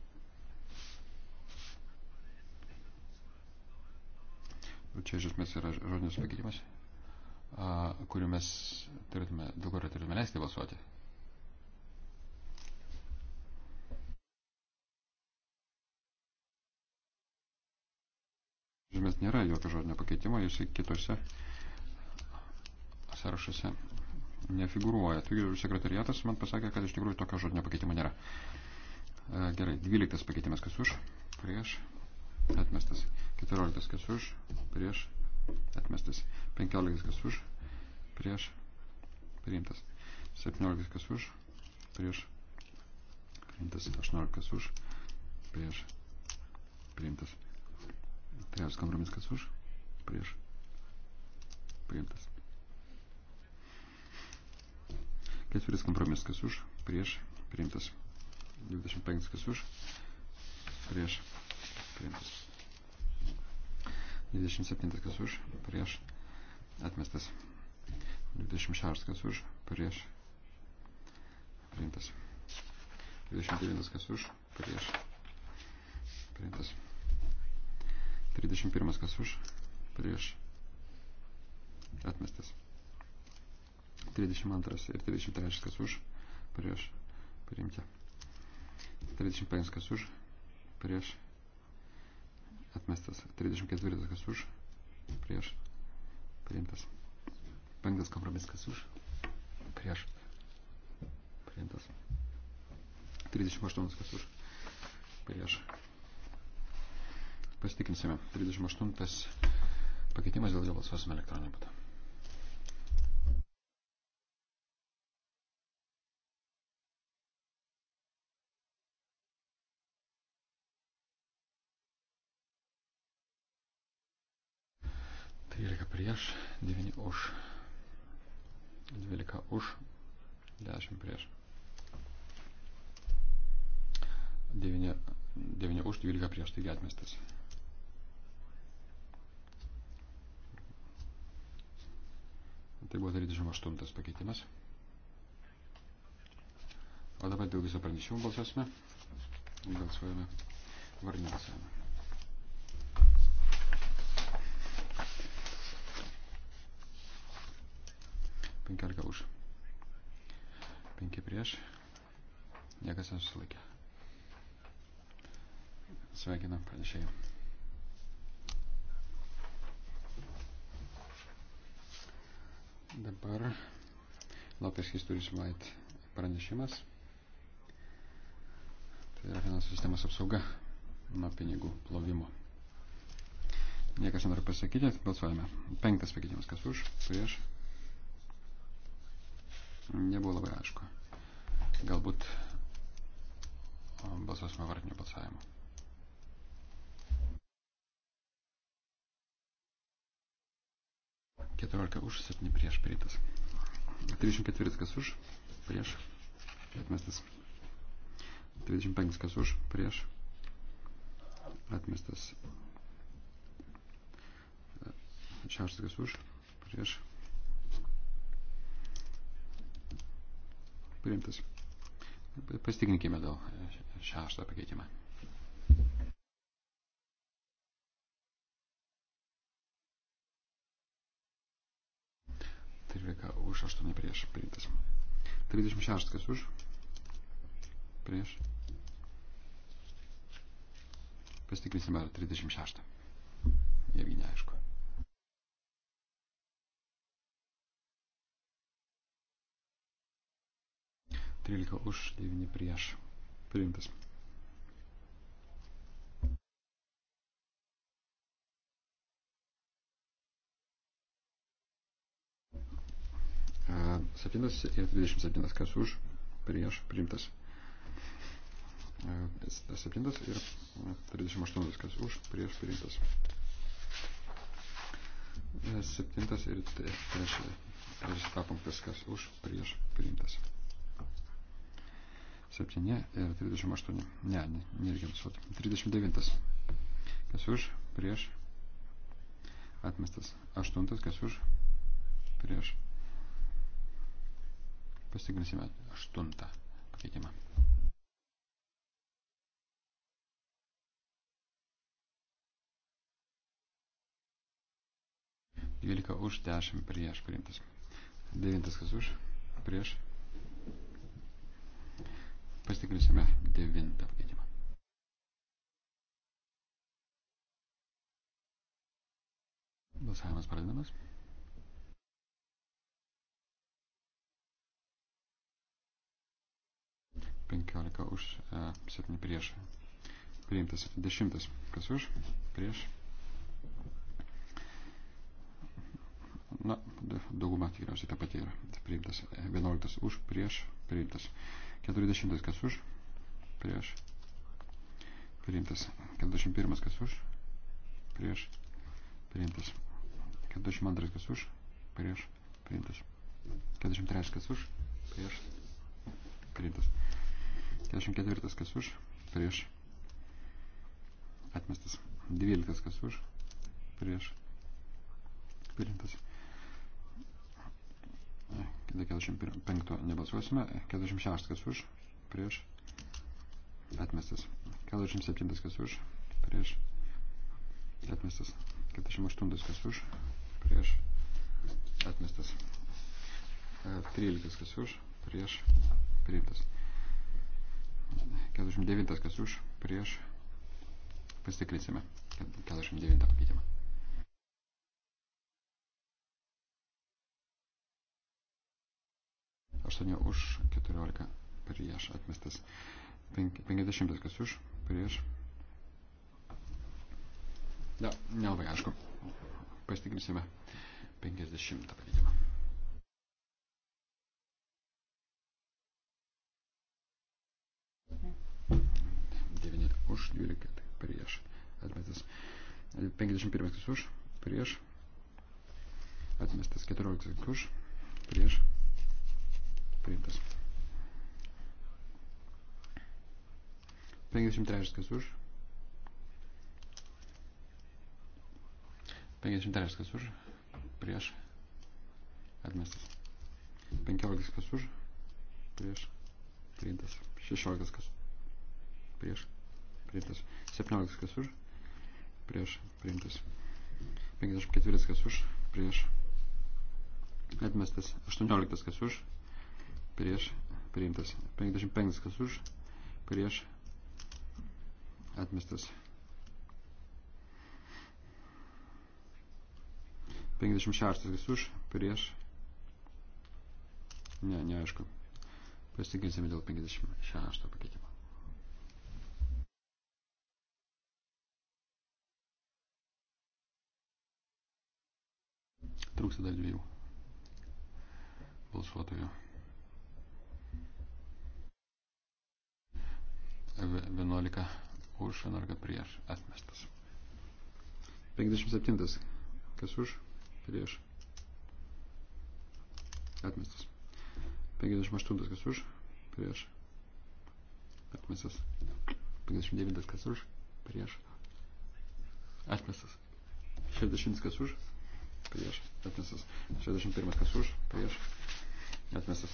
Nu, čia iš esmės yra žodinis pakeitimas, kuriuo mes turėtume, dėl kurio turėtume leisti balsuoti. Žemės nėra jokio žodinio pakeitimo, jis kitose sąrašuose nefiguruoja. Taigi sekretariatas man pasakė, kad iš tikrųjų tokio žodinio pakeitimo nėra. Gerai, dvyliktas pakeitimas kas už, prieš, atmestas. 14 kas už, prieš, atmestas. 15 kas už, prieš, priimtas. 17 kas už, prieš, priimtas. 18 kas už, prieš, priimtas. 3 kompromis kas už, prieš, priimtas. Ketvirtas kompromis kas už, prieš, priimtas. 25 kas už, prieš, priimtas priimtas. 27 kas už, prieš, atmestas. 26 kas už, prieš, priimtas. 29 kas už, prieš, priimtas. 31 kas už, prieš, atmestas. 32 ir 33 kas už, prieš, priimti. 35 kas už, prieš, priimtas atmestas 34 kas už, prieš priimtas. Penktas kompromisas kas už, prieš priimtas. 38 kas už, prieš. Pasitikinsime. 38 pakeitimas dėl jo balsuosime elektroninį būdą. 13 prieš, 9 už. 12 už, 10 prieš. 9, 9 už, 12 prieš, taigi atmestas. Tai buvo 38 pakeitimas. O dabar dėl viso pranešimo balsuosime. Balsuojame varnį balsavimą. 15 už. 5 prieš. Niekas nesusilaikė. Sveikinam pranešėjai. Dabar Lopės History Slide pranešimas. Tai yra finansų sistemos apsauga nuo pinigų plovimo. Niekas nenori pasakyti, balsuojame. Penktas pakeitimas, kas už, prieš. Tai nebuvo labai aišku. Galbūt balsuosime vardiniu balsavimu. Keturiolika už, septyni prieš prieitas. 34 kas už, prieš, atmestas. 25 kas už, prieš, atmestas. 6 kas už, prieš, Priimtas. Pasitikrinkime dėl šeštą pakeitimą. Trylika už, aštuoni prieš. Priimtas. 36 kas už. Prieš. Pasitikrinsime 36. Irgi neaišku. 13 už, 9 prieš. Priimtas. Septintas ir 27, kas už, prieš, priimtas. Septintas ir 38, kas už, prieš, priimtas. Septintas ir trečias papunktas, kas už, prieš, priimtas. 7 ir 38. Ne, nereikia balsuoti. 39. Kas už, prieš. Atmestas. 8. Kas už, prieš. Pasitikrinsime 8 pakeitimą. Dvylika už, dešimt prieš priimtas. Devintas kas už, prieš Pasitikrinsime devintą pakeitimą. Balsavimas pradedamas. Penkiolika už, e, septyni prieš. Priimtas dešimtas. Kas už? Prieš. Na, dauguma tikriausiai ta pati yra. Priimtas 11 už, prieš, priimtas. 40 kas už, prieš, priimtas. 41 kas už, prieš, priimtas. 42 kas už, prieš, priimtas. 43 kas už, prieš, priimtas. 44 kas už, prieš, atmestas. 12 kas už, prieš, priimtas. Dėl 45 nebalsuosime. 46 kas už, prieš, atmestas. 47 kas už, prieš, atmestas. 48 kas už, prieš, atmestas. 13 e, kas už, prieš, priimtas. 49 kas už, prieš, pasitikrinsime. 49 pakeitimą. 8 už, 14 prieš atmestas. 50 kas už, prieš. Da, nelabai aišku. Pasitikrinsime 50 pakeitimą. už 12 tai prieš atmestas 51 už prieš atmestas 14 už prieš priimtas. 53 kas už. 53 kas už. Prieš. Atmestas. 15 kas už. Prieš. Priimtas. 16 kas. Prieš. Priimtas. 17 kas už. Prieš. Priimtas. 54 kas už. Prieš. Atmestas. 18 kas už prieš priimtas. 55 kas už, prieš atmestas. 56 kas už, prieš. Ne, neaišku. Pasitikinsime dėl 56 pakeitimo. Trūksta dar dviejų balsuotojų. 11 už, 11 prieš atmestas. 57. Kas už, prieš atmestas. 58. Kas už, prieš atmestas. 59. Kas už, prieš atmestas. 60. Kas už, prieš atmestas. 61. Kas už, prieš atmestas.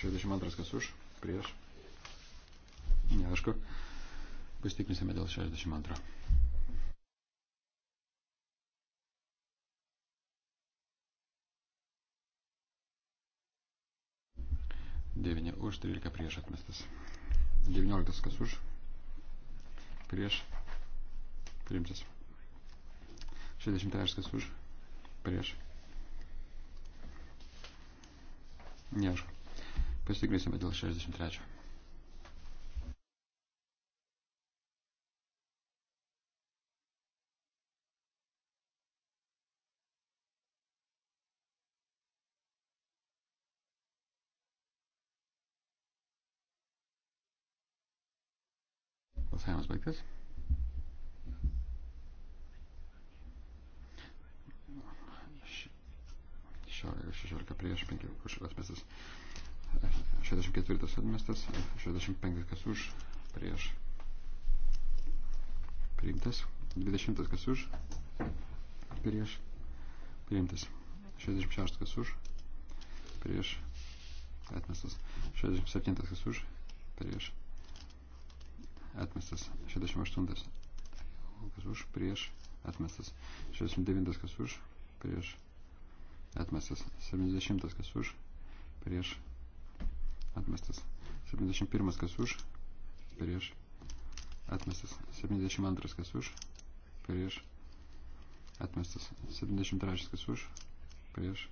62. Kas už, prieš atmestas. Neaišku. Pasitikrinsime dėl 62. Devyni už, 13 prieš atmestas. 19 kas už, prieš, priimtas. 63 kas už, prieš. Neaišku. Pasitikrinsime dėl 63. baigtas. Šešiolika prieš, penki už atmestas. 64 atmestas, 65 kas už, prieš. Priimtas. 20 kas už, prieš. Priimtas. 66 kas už, prieš. Atmestas. 67 kas už, prieš atmestas. 68. Kas už, prieš, atmestas. 69. Kas už, prieš, atmestas. 70. Kas už, prieš, atmestas. 71. Kas už, prieš, atmestas. 72. Kas už, prieš, atmestas. 73. Kas už, prieš,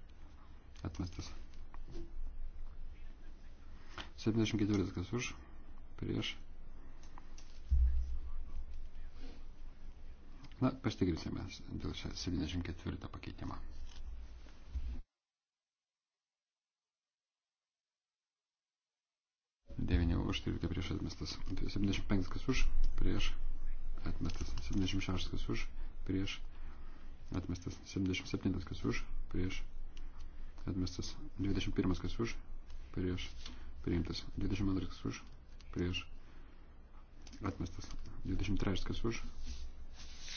atmestas. 74. Kas už, prieš, atmestas. Na, pasitikrinsime dėl 74 pakeitimą. Devyniau už 13 prieš atmestas. 75 tai kas už, prieš atmestas. 76 kas už, prieš atmestas. 77 kas už, prieš atmestas. 21 kas už, prieš priimtas. 22 kas už, prieš atmestas. 23 kas už,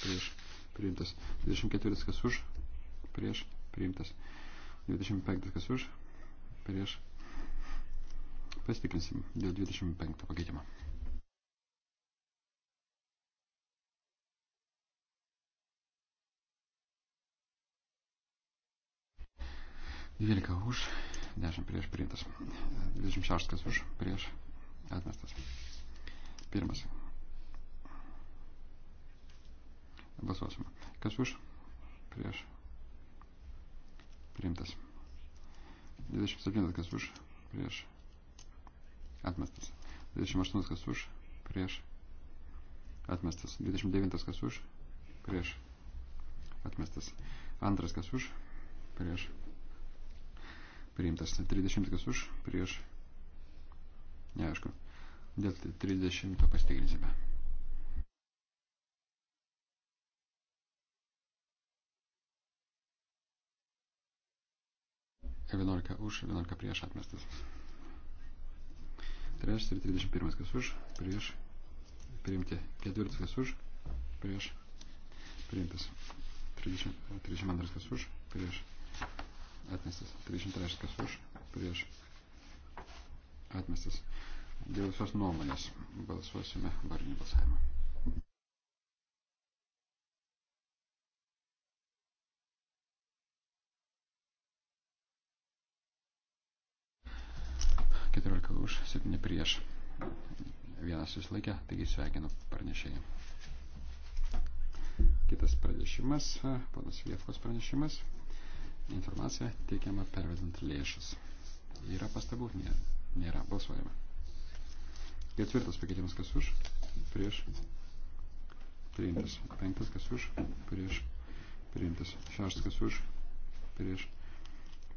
prieš priimtas. 24 kas už, prieš priimtas. 25 kas už, prieš. Pasitikrinsim dėl 25 pakeitimo. Dvylika už, 10 prieš priimtas. 26 už, prieš atmestas. Pirmas Balsuosime. Kas už? Prieš. Priimtas. 27 kas už? Prieš. Atmestas. 28 kas už? Prieš. Atmestas. 29 kas už? Prieš. Atmestas. Antras kas už? Prieš. Priimtas. 30 kas už? Prieš. Neaišku. Dėl 30 pasitikrinsime. 11 už, 11 prieš atmestas. 3 ir 31 kas už, prieš priimti. 4 kas už, prieš priimtas. 32 kas už, prieš atmestas. 33 kas už, prieš atmestas. Dėl visos nuomonės balsuosime varnių balsavimą. už, 7 prieš. Vienas susilaikė, taigi sveikinu pranešėjai. Kitas pranešimas, panas Vievkos pranešimas. Informacija teikiama pervedant lėšas. Yra pastabų? Nėra. Nėra. Balsuojame. Ketvirtas pakeitimas kas už? Prieš. Priimtas. Penktas kas už? Prieš. Priimtas. Šeštas kas už? Prieš.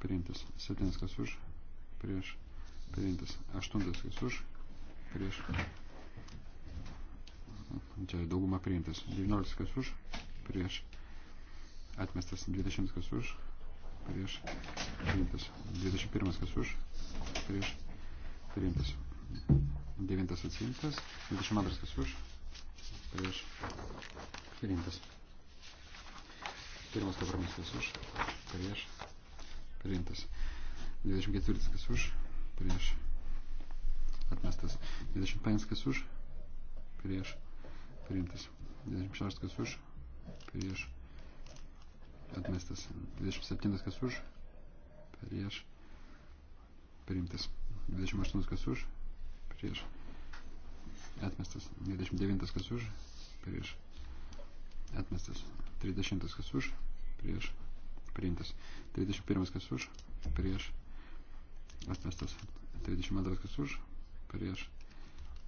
Priimtas. Septintas kas už? Prieš priimtas. Aštuntas, kas už, prieš. Čia dauguma priimtas. 19, kas už, prieš. Atmestas 20, kas už, prieš. Priimtas. 21, kas už, prieš. Priimtas. 9 atsiimtas. 22, kas už, prieš. Priimtas. Pirmas kompromisas už, prieš. Priimtas. 24, kas už, prieš atmestas. 25 kas už, prieš priimtas. 26 kas už, prieš atmestas. 27 kas už, prieš priimtas. 28 kas už, prieš atmestas. 29 kas už, prieš atmestas. 30 kas už, prieš priimtas. 31 kas už, prieš atmestas atmestas. 32 kas už, prieš,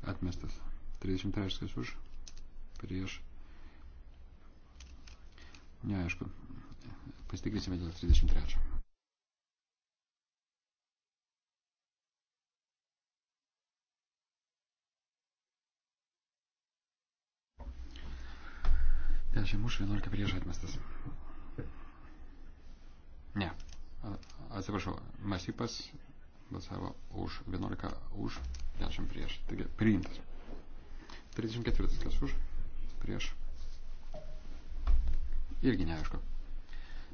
atmestas. 33 kas už, prieš. Neaišku, pasitikrinsime dėl 33. Dešimt už, 11 prieš atmestas. Ne. Atsiprašau, Masipas balsavo už 11, už 10 prieš. Taigi priimtas. 34 kas už, prieš. Irgi neaišku.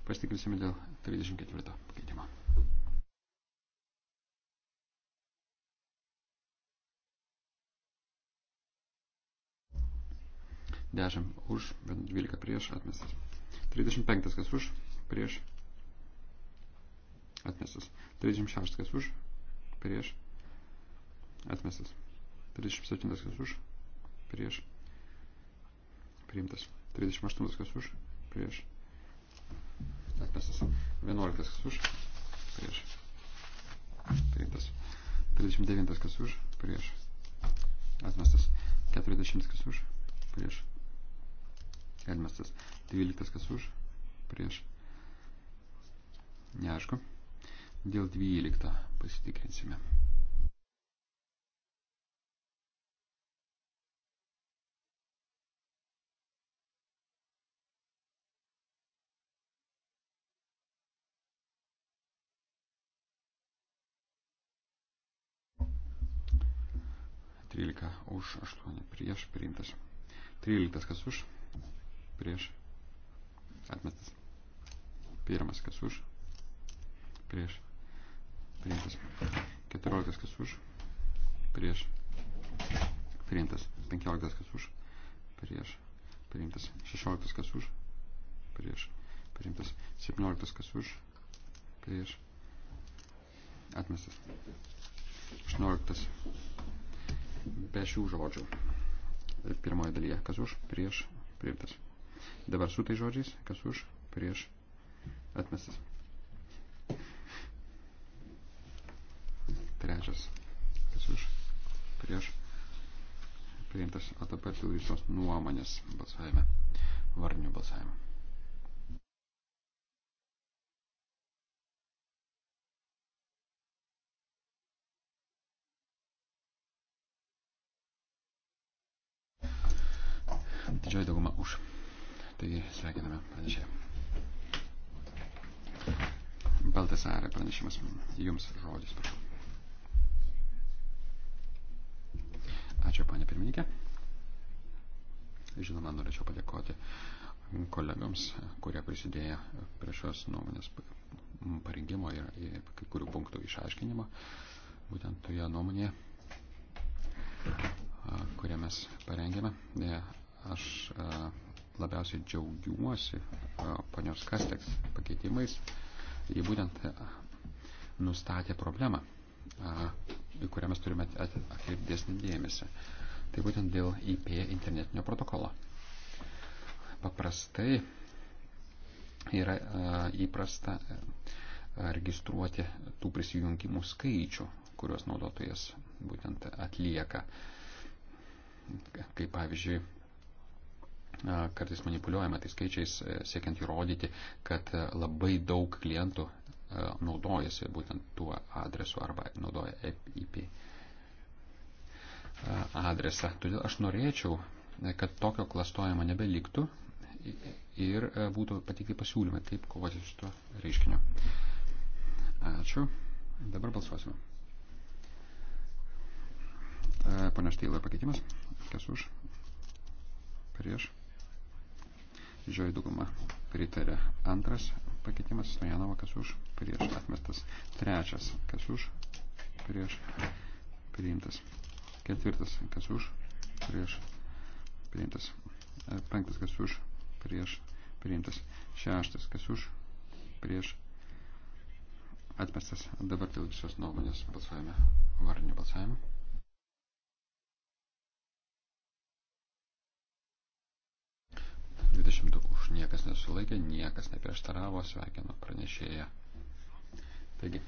Pasitikrinsime dėl 34 pakeitimo. Dešimt už, 12 prieš, atmestas. 35 kas už, prieš, atmestas. 36 kas už, prieš, atmestas. 37 kas už, prieš, priimtas. 38 kas už, prieš, atmestas. 11 kas už, prieš, priimtas. 39 kas už, prieš, atmestas. 40 kas už, prieš, atmestas. 12 kas už, prieš, neaišku. Dėl 12 pasitikrinsime. Trylika už, aštuoni prieš, priimtas. Tryliktas kas už, prieš, atmestas. Pirmas kas už, prieš, priimtas. 14 kas už, prieš, priimtas. 15 kas už, prieš, priimtas. 16 kas už, prieš, priimtas. 17 kas už, prieš, atmestas. 18 be šių žodžių. Pirmoji dalyje, kas už, prieš, priimtas. Dabar su tai žodžiais, kas už, prieš, atmestas. trečias. Kas už? Prieš. Priimtas. O dabar dėl visos nuomonės balsavime. Varnių balsavime. Didžioji dauguma už. Taigi sveikiname pranešėją. Baltasarė pranešimas. Jums žodis, prašau. Ačiū, panė pirmininkė. Žinoma, norėčiau padėkoti kolegams, kurie prisidėjo prie šios nuomonės parengimo ir, ir kai kurių punktų išaiškinimo, būtent toje nuomonėje, kurią mes parengėme. E, aš labiausiai džiaugiuosi ponios Kasteks pakeitimais. Jie būtent nustatė problemą į kurią mes turime atkreipti dėsnį dėmesį. Tai būtent dėl IP internetinio protokolo. Paprastai yra įprasta registruoti tų prisijungimų skaičių, kuriuos naudotojas būtent atlieka. Kaip pavyzdžiui, kartais manipuliuojama tai skaičiais, e, siekiant įrodyti, kad labai daug klientų E, naudojasi būtent tuo adresu arba naudoja e IP e, adresą. Todėl aš norėčiau, kad tokio klastojimo nebeliktų ir būtų pateikti pasiūlymai, kaip kovoti su tuo reiškiniu. Ačiū. Dabar balsuosime. Pane Šteilai pakeitimas. Kas už? Prieš. Didžioji dauguma pritarė. Antras pakeitimas. Stojanova, kas už? prieš atmestas. Trečias, kas už, prieš priimtas. Ketvirtas, kas už, prieš priimtas. E, penktas, kas už, prieš priimtas. Šeštas, kas už, prieš atmestas. Dabar dėl visos nuomonės balsavime, varnio balsavime. už niekas nesulaikė, niekas neprieštaravo, sveikinu pranešėją Taigi,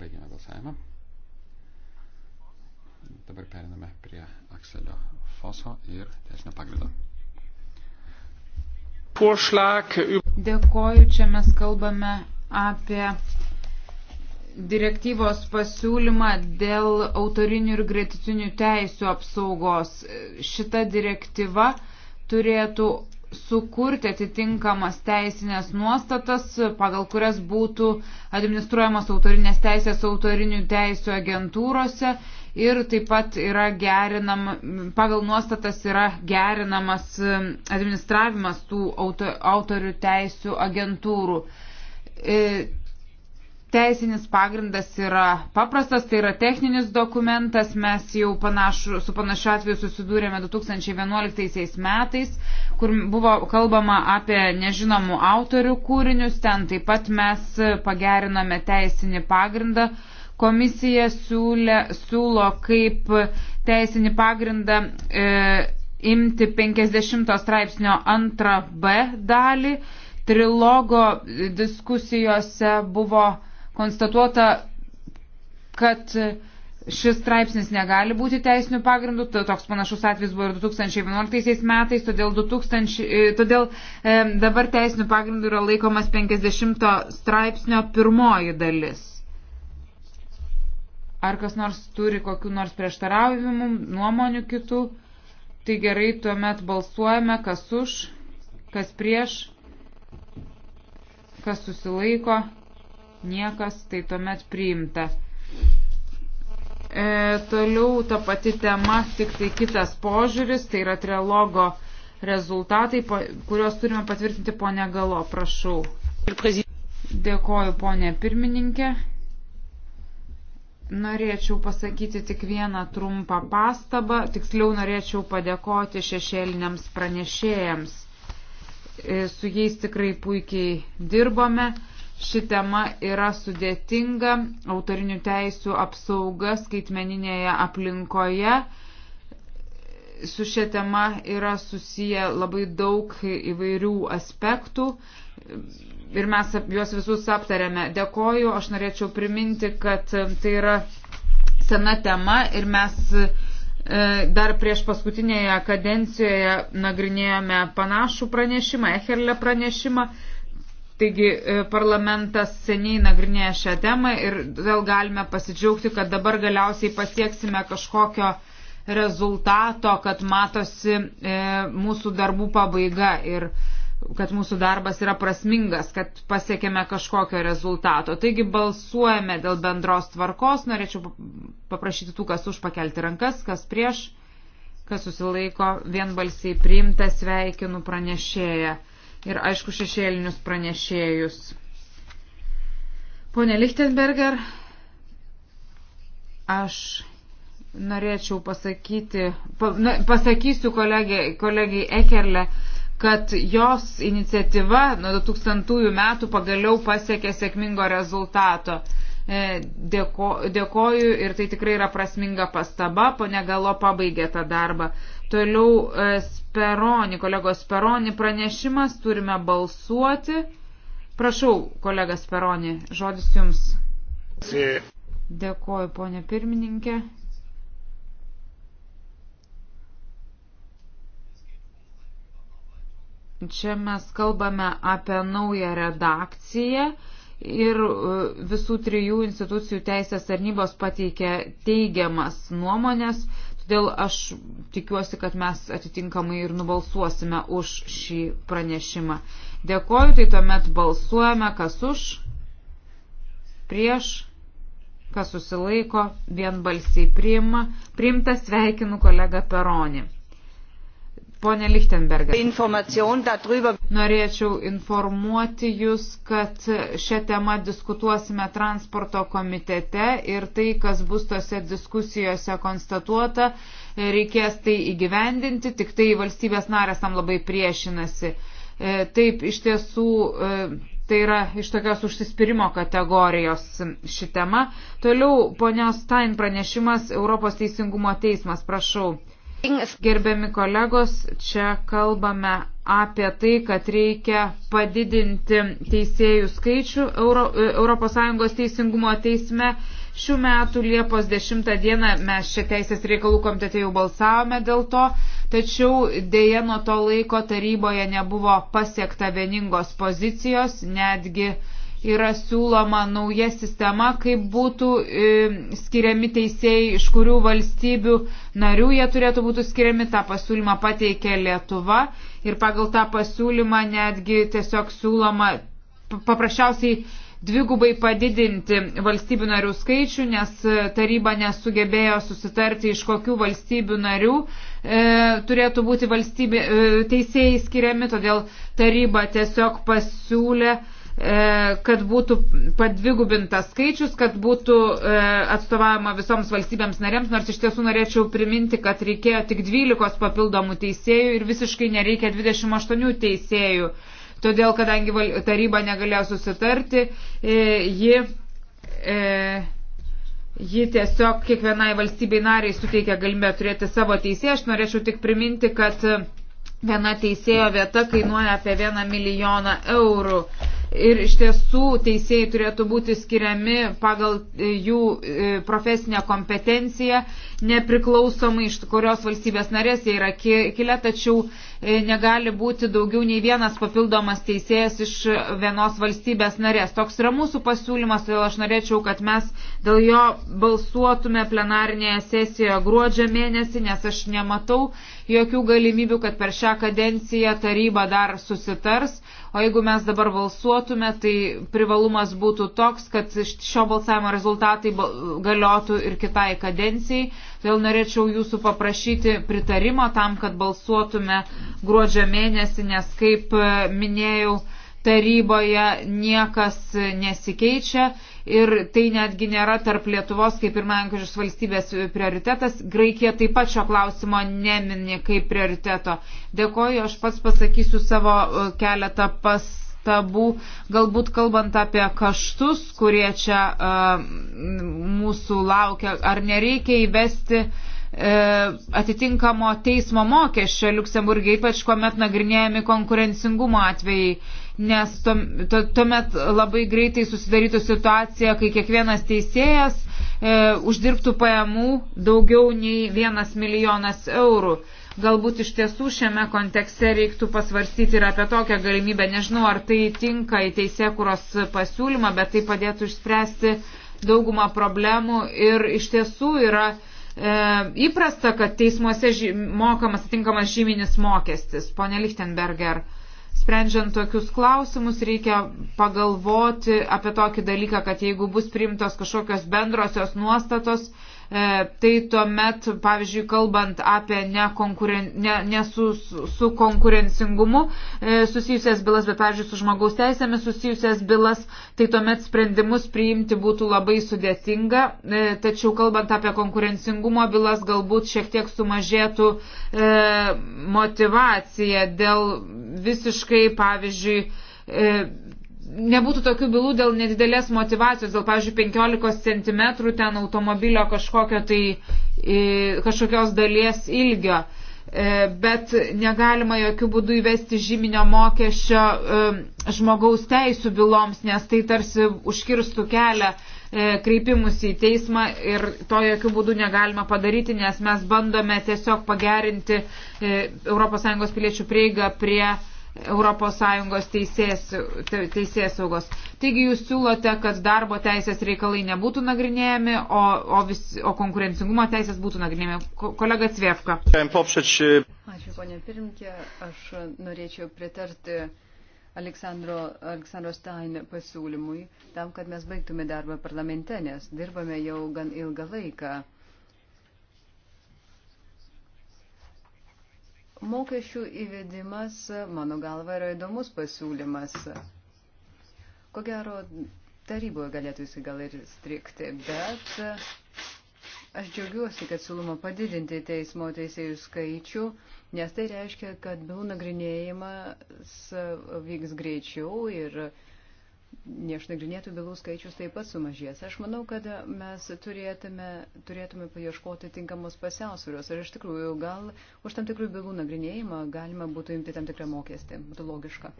baigėme balsavimą. Dabar periname prie Akselio Foso ir teisinio pagrindo. Dėkoju, čia mes kalbame apie direktyvos pasiūlymą dėl autorinių ir gretitinių teisų apsaugos. Šita direktyva turėtų sukurti atitinkamas teisinės nuostatas, pagal kurias būtų administruojamos autorinės teisės autorinių teisų agentūrose ir taip pat yra gerinam, pagal nuostatas yra gerinamas administravimas tų auto, autorių teisų agentūrų. E, Teisinis pagrindas yra paprastas, tai yra techninis dokumentas, mes jau panašu, su panašiu atveju susidūrėme 2011 metais, kur buvo kalbama apie nežinomų autorių kūrinius, ten taip pat mes pagerinome teisinį pagrindą, komisija siūlė, siūlo kaip teisinį pagrindą e, imti 50 straipsnio antrą B dalį. Trilogo diskusijose buvo konstatuota, kad šis straipsnis negali būti teisinių pagrindų, toks panašus atvejis buvo ir 2011 metais, todėl, 2000, e, todėl e, dabar teisinių pagrindų yra laikomas 50 straipsnio pirmoji dalis. Ar kas nors turi kokiu nors prieštaravimų, nuomonių kitų? Tai gerai, tuomet balsuojame, kas už, kas prieš, kas susilaiko niekas, tai tuomet priimta. E, toliau ta pati tema, tik tai kitas požiūris, tai yra trilogo rezultatai, po, kuriuos turime patvirtinti ponė Galo, prašau. Dėkoju, ponė pirmininkė. Norėčiau pasakyti tik vieną trumpą pastabą, tiksliau norėčiau padėkoti šešėliniams pranešėjams. E, su jais tikrai puikiai dirbome. Ši tema yra sudėtinga, autorinių teisų apsauga skaitmeninėje aplinkoje. Su šia tema yra susiję labai daug įvairių aspektų ir mes juos visus aptarėme. Dėkoju, aš norėčiau priminti, kad tai yra sena tema ir mes e, dar prieš paskutinėje kadencijoje nagrinėjome panašų pranešimą, Echerle pranešimą. Taigi e, parlamentas seniai nagrinėja šią temą ir vėl galime pasidžiaugti, kad dabar galiausiai pasieksime kažkokio rezultato, kad matosi e, mūsų darbų pabaiga ir kad mūsų darbas yra prasmingas, kad pasiekėme kažkokio rezultato. Taigi balsuojame dėl bendros tvarkos. Norėčiau paprašyti tų, kas už pakelti rankas, kas prieš, kas susilaiko vienbalsiai priimta, sveikinu pranešėją ir, aišku, šešėlinius pranešėjus. Pone Lichtenberger, aš norėčiau pasakyti, pa, na, pasakysiu kolegiai, kolegiai Ekerle, kad jos iniciatyva nuo 2000 metų pagaliau pasiekė sėkmingo rezultato. E, dėko, dėkoju ir tai tikrai yra prasminga pastaba. Pone Galo pabaigė tą darbą. Toliau e, Speroni, kolegos Speroni pranešimas, turime balsuoti. Prašau, kolega Speroni, žodis jums. Dėkoju, ponė pirmininkė. Čia mes kalbame apie naują redakciją ir e, visų trijų institucijų teisės tarnybos pateikė teigiamas nuomonės, todėl aš tikiuosi, kad mes atitinkamai ir nubalsuosime už šį pranešimą. Dėkoju, tai tuomet balsuojame, kas už, prieš, kas susilaiko, vienbalsiai priima, priimta sveikinu kolegą Peronį. Pone Lichtenbergas. Norėčiau informuoti Jūs, kad šią temą diskutuosime transporto komitete ir tai, kas bus tose diskusijose konstatuota, reikės tai įgyvendinti, tik tai valstybės narės tam labai priešinasi. E, taip, iš tiesų, e, tai yra iš tokios užsispyrimo kategorijos ši tema. Toliau, ponios Stein pranešimas, Europos teisingumo teismas, prašau. Gerbiami kolegos, čia kalbame apie tai, kad reikia padidinti teisėjų skaičių Euro, ES teisingumo teisme. Šių metų Liepos 10 dieną mes čia Teisės reikalų komitete jau balsavome dėl to, tačiau dėje nuo to laiko taryboje nebuvo pasiekta vieningos pozicijos, netgi uh, yra siūloma nauja sistema, kaip būtų e, skiriami teisėjai, iš kurių valstybių narių jie turėtų būti skiriami. Ta pasiūlyma pateikė Lietuva ir pagal tą pasiūlymą netgi tiesiog siūloma paprasčiausiai dvigubai padidinti valstybių narių skaičių, nes taryba nesugebėjo susitarti, iš kokių valstybių narių e, turėtų būti valstybė, e, teisėjai skiriami, todėl taryba tiesiog pasiūlė E, kad būtų padvigubintas skaičius, kad būtų e, atstovavama visoms valstybėms narėms, nors iš tiesų norėčiau priminti, kad reikėjo tik 12 papildomų teisėjų ir visiškai nereikia 28 teisėjų. Todėl, kadangi taryba negalėjo susitarti, e, ji, ji tiesiog kiekvienai valstybei nariai suteikia galimybę turėti savo teisėją. Aš norėčiau tik priminti, kad viena teisėjo vieta kainuoja apie 1 milijoną eurų ir iš tiesų teisėjai turėtų būti skiriami pagal e, jų e, profesinę kompetenciją, nepriklausomai iš kurios valstybės narės jie yra kilę, tačiau e, negali būti daugiau nei vienas papildomas teisėjas iš vienos valstybės narės. Toks yra mūsų pasiūlymas, todėl aš norėčiau, kad mes dėl jo balsuotume plenarinėje sesijoje gruodžio mėnesį, nes aš nematau jokių galimybių, kad per šią kadenciją taryba dar susitars O jeigu mes dabar balsuotume, tai privalumas būtų toks, kad šio balsavimo rezultatai galiotų ir kitai kadencijai. Todėl norėčiau jūsų paprašyti pritarimo tam, kad balsuotume gruodžio mėnesį, nes kaip minėjau, taryboje niekas nesikeičia ir tai netgi nėra tarp Lietuvos kaip pirmankiužius valstybės prioritetas. Graikija taip pat šio klausimo nemini kaip prioriteto. Dėkoju, aš pats pasakysiu savo e, keletą pas pastabų, galbūt kalbant apie kaštus, kurie čia a, e, mūsų laukia, ar nereikia įvesti a, e, atitinkamo teismo mokesčio Luksemburgė, ypač kuomet nagrinėjami konkurencingumo atvejai nes tuomet labai greitai susidarytų situacija, kai kiekvienas teisėjas e, uždirbtų pajamų daugiau nei vienas milijonas eurų. Galbūt iš tiesų šiame kontekste reiktų pasvarstyti ir apie tokią galimybę. Nežinau, ar tai tinka į teisėkuros pasiūlymą, bet tai padėtų išspręsti daugumą problemų ir iš tiesų yra e, įprasta, kad teismuose ži mokamas atinkamas žyminis mokestis. Pone Lichtenberger, Sprendžiant tokius klausimus, reikia pagalvoti apie tokį dalyką, kad jeigu bus priimtos kažkokios bendrosios nuostatos, E, tai tuomet, pavyzdžiui, kalbant apie nekonkuren, ne, ne su, su konkurencingumu e, susijusias bylas, bet, pavyzdžiui, su žmogaus teisėmis susijusias bylas, tai tuomet sprendimus priimti būtų labai sudėtinga. E, tačiau, kalbant apie konkurencingumo bylas, galbūt šiek tiek sumažėtų e, motivacija dėl visiškai, pavyzdžiui, e, nebūtų tokių bylų dėl nedidelės motivacijos, dėl, pavyzdžiui, 15 cm ten automobilio kažkokio tai kažkokios dalies ilgio. E, bet negalima jokių būdų įvesti žyminio mokesčio e, žmogaus teisų byloms, nes tai tarsi užkirstų kelią e, kreipimus į teismą ir to jokių būdų negalima padaryti, nes mes bandome tiesiog pagerinti ES piliečių prieigą prie ES teisės, teisės saugos. Taigi jūs siūlote, kad darbo teisės reikalai nebūtų nagrinėjami, o, o, vis, o konkurencingumo teisės būtų nagrinėjami. Kolega Cviefka. E, Ačiū, ponė pirmkė. Aš norėčiau pritarti Aleksandro, Aleksandro Stein pasiūlymui tam, kad mes baigtume darbą parlamente, nes dirbame jau gan ilgą laiką. Mokesčių įvedimas, mano galva, yra įdomus pasiūlymas. Ko gero, taryboje galėtų jis gal ir strikti, bet aš džiaugiuosi, kad siūloma padidinti teismo teisėjų skaičių, nes tai reiškia, kad bylų nagrinėjimas vyks greičiau ir uh, neišnagrinėtų bylų skaičius taip pat sumažės. Aš manau, kad mes turėtume, turėtume paieškoti tinkamos pusiausvėros. Ir iš tikrųjų, gal už tam tikrų bylų nagrinėjimą galima būtų imti tam tikrą mokestį. Būtų logiška.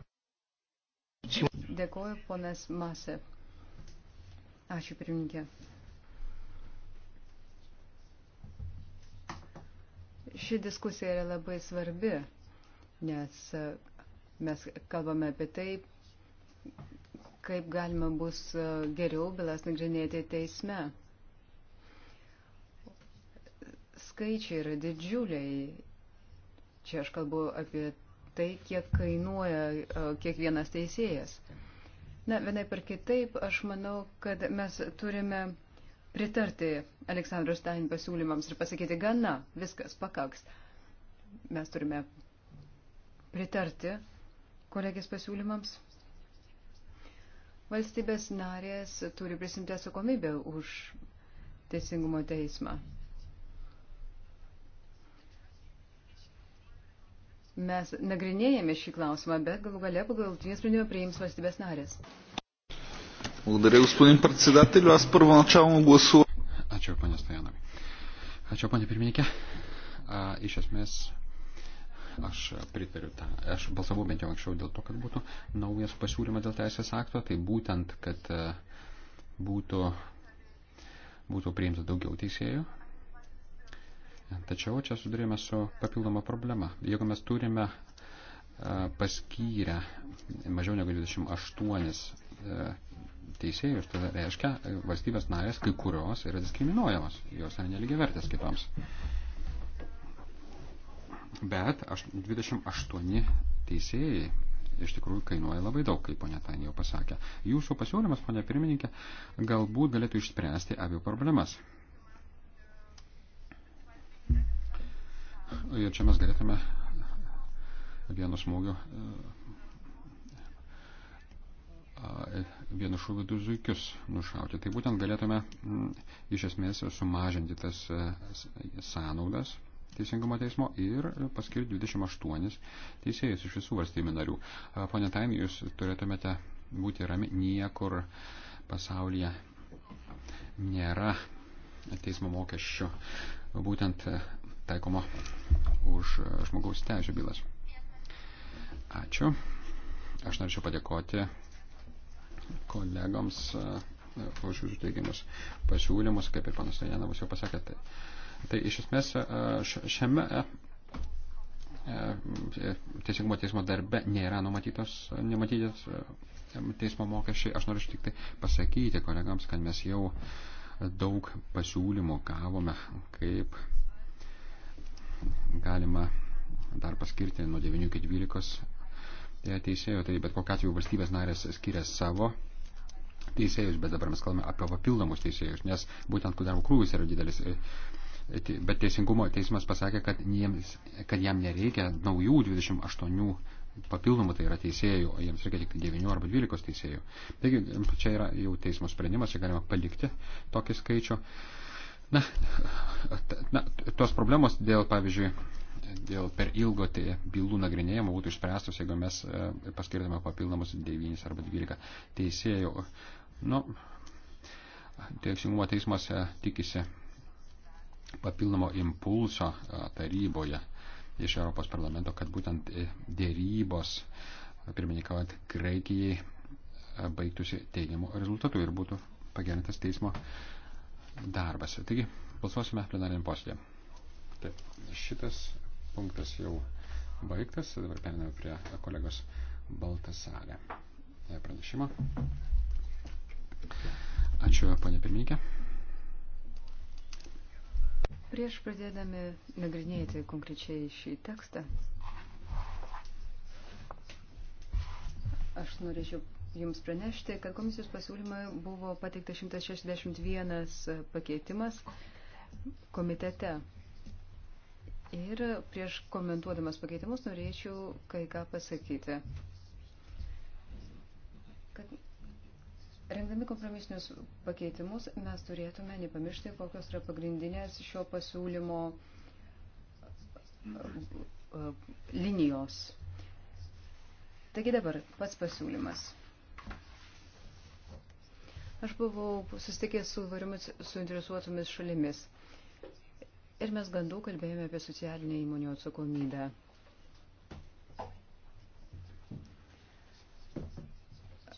Dėkuoju, ponas Masė. Ačiū, pirmininkė. Ši diskusija yra labai svarbi, nes mes kalbame apie tai, kaip galima bus e, geriau bylas nagrinėti teisme. Skaičiai yra didžiuliai. Čia aš kalbu apie tai, kiek kainuoja e, kiekvienas teisėjas. Na, vienai per kitaip, aš manau, kad mes turime pritarti Aleksandros Stein pasiūlymams ir pasakyti, gana, viskas pakaks. Mes turime pritarti kolegės pasiūlymams Valstybės narės turi prisimti atsakomybę už teisingumo teismą. Mes nagrinėjame šį klausimą, bet galų gale galutinį sprendimą priims valstybės narės. Благодаря, господин председателю. Аз първоначално гласувам. Ačiū, ponė Stojanovai. Ačiū, ponė pirmininkė. A, iš esmės Aš pritariu tą. Aš balsavau bent jau anksčiau dėl to, kad būtų naujas pasiūlymas dėl teisės akto, tai būtent, kad e, būtų, būtų priimta daugiau teisėjų. Tačiau čia sudarėme su papildoma problema. Jeigu mes turime e, paskyrę mažiau negu 28 e, teisėjus, tada reiškia valstybės narės, kai kurios yra diskriminuojamos, jos yra neligiavertės kitoms. Bet 28 teisėjai iš tikrųjų kainuoja labai daug, kaip ponia Tanė jau pasakė. Jūsų pasiūlymas, ponia pirmininkė, galbūt galėtų išspręsti abi problemas. Ir čia mes galėtume vienu smūgiu, e, e, vienu šūviu du zuikius nušauti. Tai būtent galėtume iš esmės sumažinti tas e, sąnaudas Teisingumo teismo ir paskiri 28 teisėjus iš visų valstybių narių. Pone Taimi, jūs turėtumėte būti rami, niekur pasaulyje nėra teismo mokesčio būtent e, taikomo už e, žmogaus teisų bylas. Ačiū. Aš norėčiau padėkoti kolegoms e, už jūsų teigiamus pasiūlymus, kaip ir panas Janovas jau pasakė, tai Tai iš esmės e, šiame e, e, teisingumo teismo darbe nėra numatytos, nematytos teismo mokesčiai. Aš noriu tik tai pasakyti kolegams, kad mes jau daug pasiūlymų gavome, kaip galima dar paskirti nuo 9 iki 12 teisėjų. Tai bet kokia atveju valstybės narės skiria savo teisėjus, bet dabar mes kalbame apie papildomus teisėjus, nes būtent darbo krūvis yra didelis Bet teisingumo teismas pasakė, kad, jiems, kad jam nereikia naujų 28 papildomų, tai yra teisėjų, o jiems reikia tik 9 arba 12 teisėjų. Taigi čia yra jau teismo sprendimas, čia galima palikti tokį skaičių. Na, na, tos problemos dėl, pavyzdžiui, dėl per ilgo tai bylų nagrinėjimo būtų išspręstos, jeigu mes e, paskirtume papildomus 9 arba 12 teisėjų. Nu, teisingumo teismas e, tikisi papildomo impulso e, taryboje iš Europos parlamento, kad būtent e, dėrybos, pirmininkavant Graikijai, e, baigtųsi teigiamų rezultatų ir būtų pagerintas teismo darbas. Taigi, balsuosime plenarinį posėdį. Taip, šitas punktas jau baigtas, dabar periname prie kolegos Baltasarė pranešimo. Ačiū, ponė pirmininkė. Prieš pradėdami nagrinėti konkrečiai šį tekstą, aš norėčiau Jums pranešti, kad komisijos pasiūlymai buvo pateikta 161 pakeitimas komitete. Ir prieš komentuodamas pakeitimus norėčiau kai ką pasakyti. Rengdami kompromisinius pakeitimus mes turėtume nepamiršti, kokios yra pagrindinės šio pasiūlymo e, linijos. Taigi dabar pats pasiūlymas. Aš buvau susitikęs su variomis suinteresuotomis šalimis ir mes gan daug kalbėjome apie socialinę įmonių atsakomybę.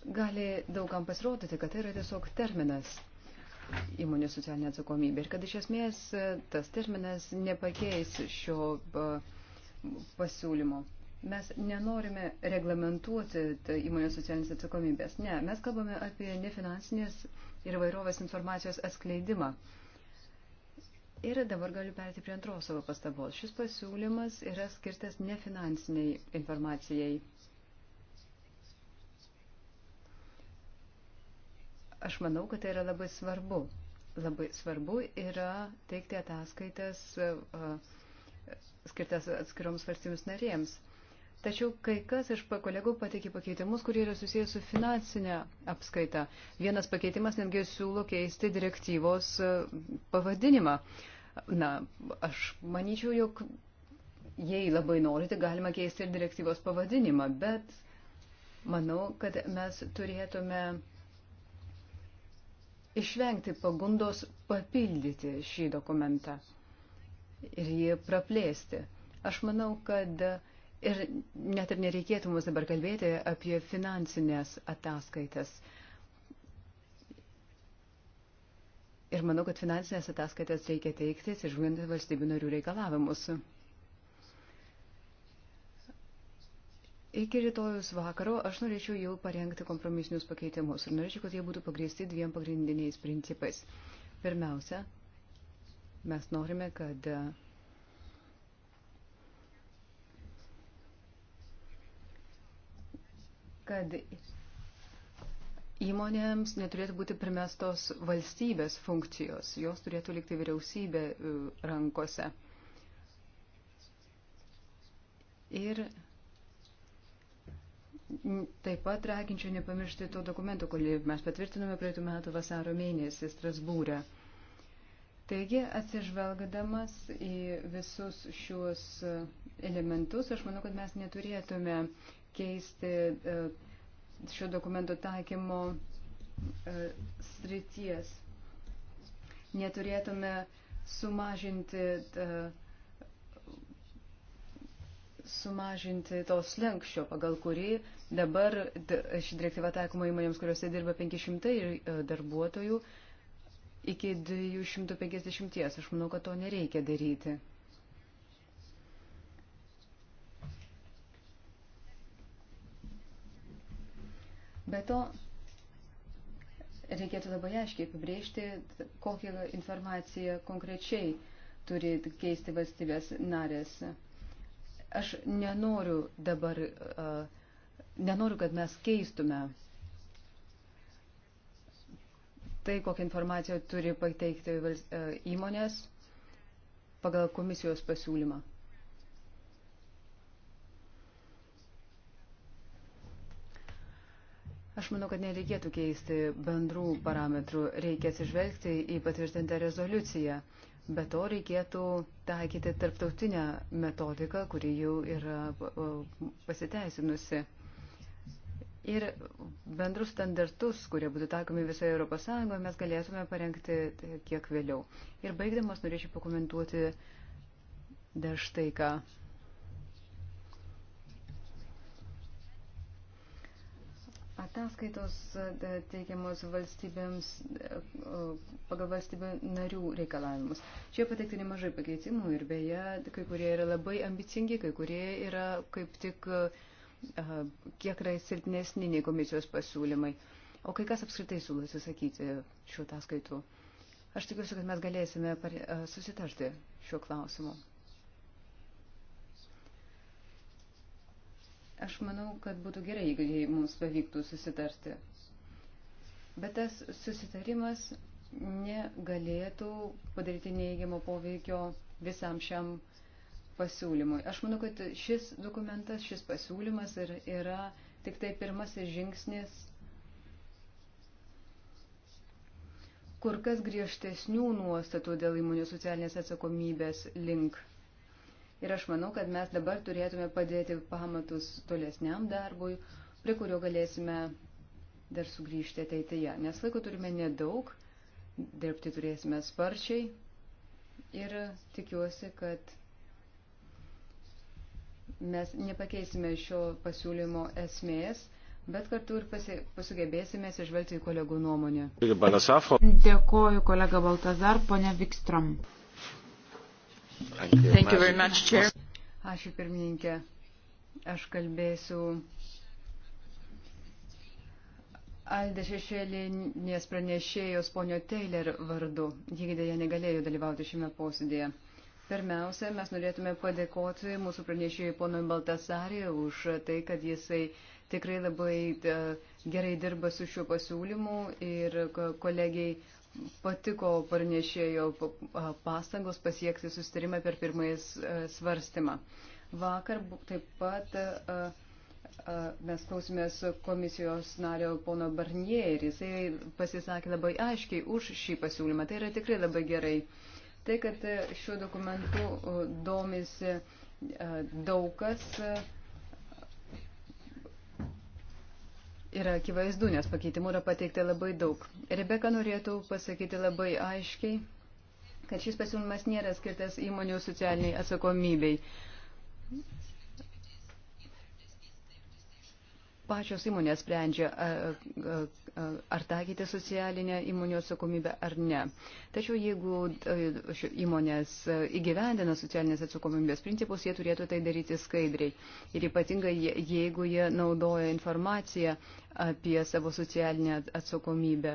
gali daugam pasirodyti, kad tai yra tiesiog terminas įmonės socialinė atsakomybė ir kad iš esmės e, tas terminas nepakeis šio e, pasiūlymo. Mes nenorime reglamentuoti įmonės socialinės atsakomybės. Ne, mes kalbame apie nefinansinės ir vairovės informacijos atskleidimą. Ir dabar galiu perėti prie antros savo pastabos. Šis pasiūlymas yra skirtas nefinansiniai informacijai Aš manau, kad tai yra labai svarbu. Labai svarbu yra teikti ataskaitas skirtas atskiroms valstybėms narėms. Tačiau kai kas iš kolegų pateikė pakeitimus, kurie yra susijęs su finansinė apskaita. Vienas pakeitimas netgi siūlo keisti direktyvos pavadinimą. Na, aš manyčiau, jog jei labai norite, galima keisti ir direktyvos pavadinimą, bet manau, kad mes turėtume išvengti pagundos papildyti šį dokumentą ir jį praplėsti. Aš manau, kad ir net ir nereikėtų mums dabar kalbėti apie finansinės ataskaitas. Ir manau, kad finansinės ataskaitas reikia teikti, atsižvelgiant valstybių narių reikalavimus. Iki rytojus vakaro aš norėčiau jau parengti kompromisinius pakeitimus ir norėčiau, kad jie būtų pagrįsti dviem pagrindiniais principais. Pirmiausia, mes norime, kad kad įmonėms neturėtų būti primestos valstybės funkcijos, jos turėtų likti vyriausybė e, rankose. Ir Taip pat raginčiau nepamiršti to dokumento, kurį mes patvirtinome praeitų metų vasaro mėnesį Strasbūrę. Taigi, atsižvelgdamas į visus šiuos e, elementus, aš manau, kad mes neturėtume keisti e, šio dokumento taikymo e, srities. Neturėtume sumažinti uh, sumažinti tos lenkščio, pagal kurį dabar ši direktyva taikoma įmonėms, kuriuose dirba 500 e, darbuotojų, iki 250. Aš manau, kad to nereikia daryti. Be to, reikėtų labai aiškiai apibrėžti, kokią informaciją konkrečiai turi keisti valstybės narės. Aš nenoriu dabar, nenoriu, kad mes keistume tai, kokią informaciją turi pateikti įmonės pagal komisijos pasiūlymą. Aš manau, kad nereikėtų keisti bendrų parametrų, reikia atsižvelgti į patvirtintą rezoliuciją. Be to reikėtų taikyti tarptautinę metodiką, kuri jau yra pasiteisinusi. Ir bendrus standartus, kurie būtų taikomi visoje ES, mes galėtume parengti kiek vėliau. Ir baigdamas norėčiau pakomentuoti dar štai ką. Ataskaitos e, teikiamos valstybėms e, pagal valstybių narių reikalavimus. Čia pateikti nemažai pakeitimų ir beje, kai kurie yra labai ambicingi, kai kurie yra kaip tik e, kiek yra silpnesni nei komisijos pasiūlymai. O kai kas apskritai siūlo atsisakyti šių ataskaitų. Aš tikiuosi, kad mes galėsime susitarti šiuo klausimu. Aš manau, kad būtų gerai, jeigu mums pavyktų susitarti. Bet tas susitarimas negalėtų padaryti neįgiamo poveikio visam šiam pasiūlymui. Aš manau, kad šis dokumentas, šis pasiūlymas ir yra tik tai pirmasis žingsnis kur kas griežtesnių nuostatų dėl įmonių socialinės atsakomybės link. Ir aš manau, kad mes dabar turėtume padėti pamatus tolesniam darbui, prie kurio galėsime dar sugrįžti ateityje. Nes laiko turime nedaug, dirbti turėsime sparčiai ir tikiuosi, kad mes nepakeisime šio pasiūlymo esmės, bet kartu ir pasi, pasugebėsime atsižvelgti į kolegų nuomonę. Dėkoju kolega Baltazar, ponia Vikstrom. Much, Ačiū pirmininkė. Aš kalbėsiu Alde šešėlinės pranešėjos ponio Taylor vardu. Ji dėja negalėjo dalyvauti šiame posėdėje. Pirmiausia, mes norėtume padėkoti mūsų pranešėjui ponui Baltasarį už tai, kad jisai tikrai labai e, gerai dirba su šiuo pasiūlymu ir kolegiai patiko pranešėjo pastangos pasiekti sustarimą per pirmąjį svarstymą. Vakar taip pat mes klausimės komisijos nario pono Barnie ir jisai pasisakė labai aiškiai už šį pasiūlymą. Tai yra tikrai labai gerai. Tai, kad šiuo dokumentu domisi daug kas yra akivaizdu, nes pakeitimų yra pateikta labai daug. Rebeka norėtų pasakyti labai aiškiai, kad šis pasiūlymas nėra skirtas įmonių socialiniai atsakomybei. Pačios įmonės sprendžia, E, ar taikyti socialinę įmonių atsakomybę ar ne. Tačiau jeigu e, įmonės e, įgyvendina socialinės atsakomybės principus, jie turėtų tai daryti skaidriai. Ir ypatingai, jeigu jie naudoja informaciją apie savo socialinę atsakomybę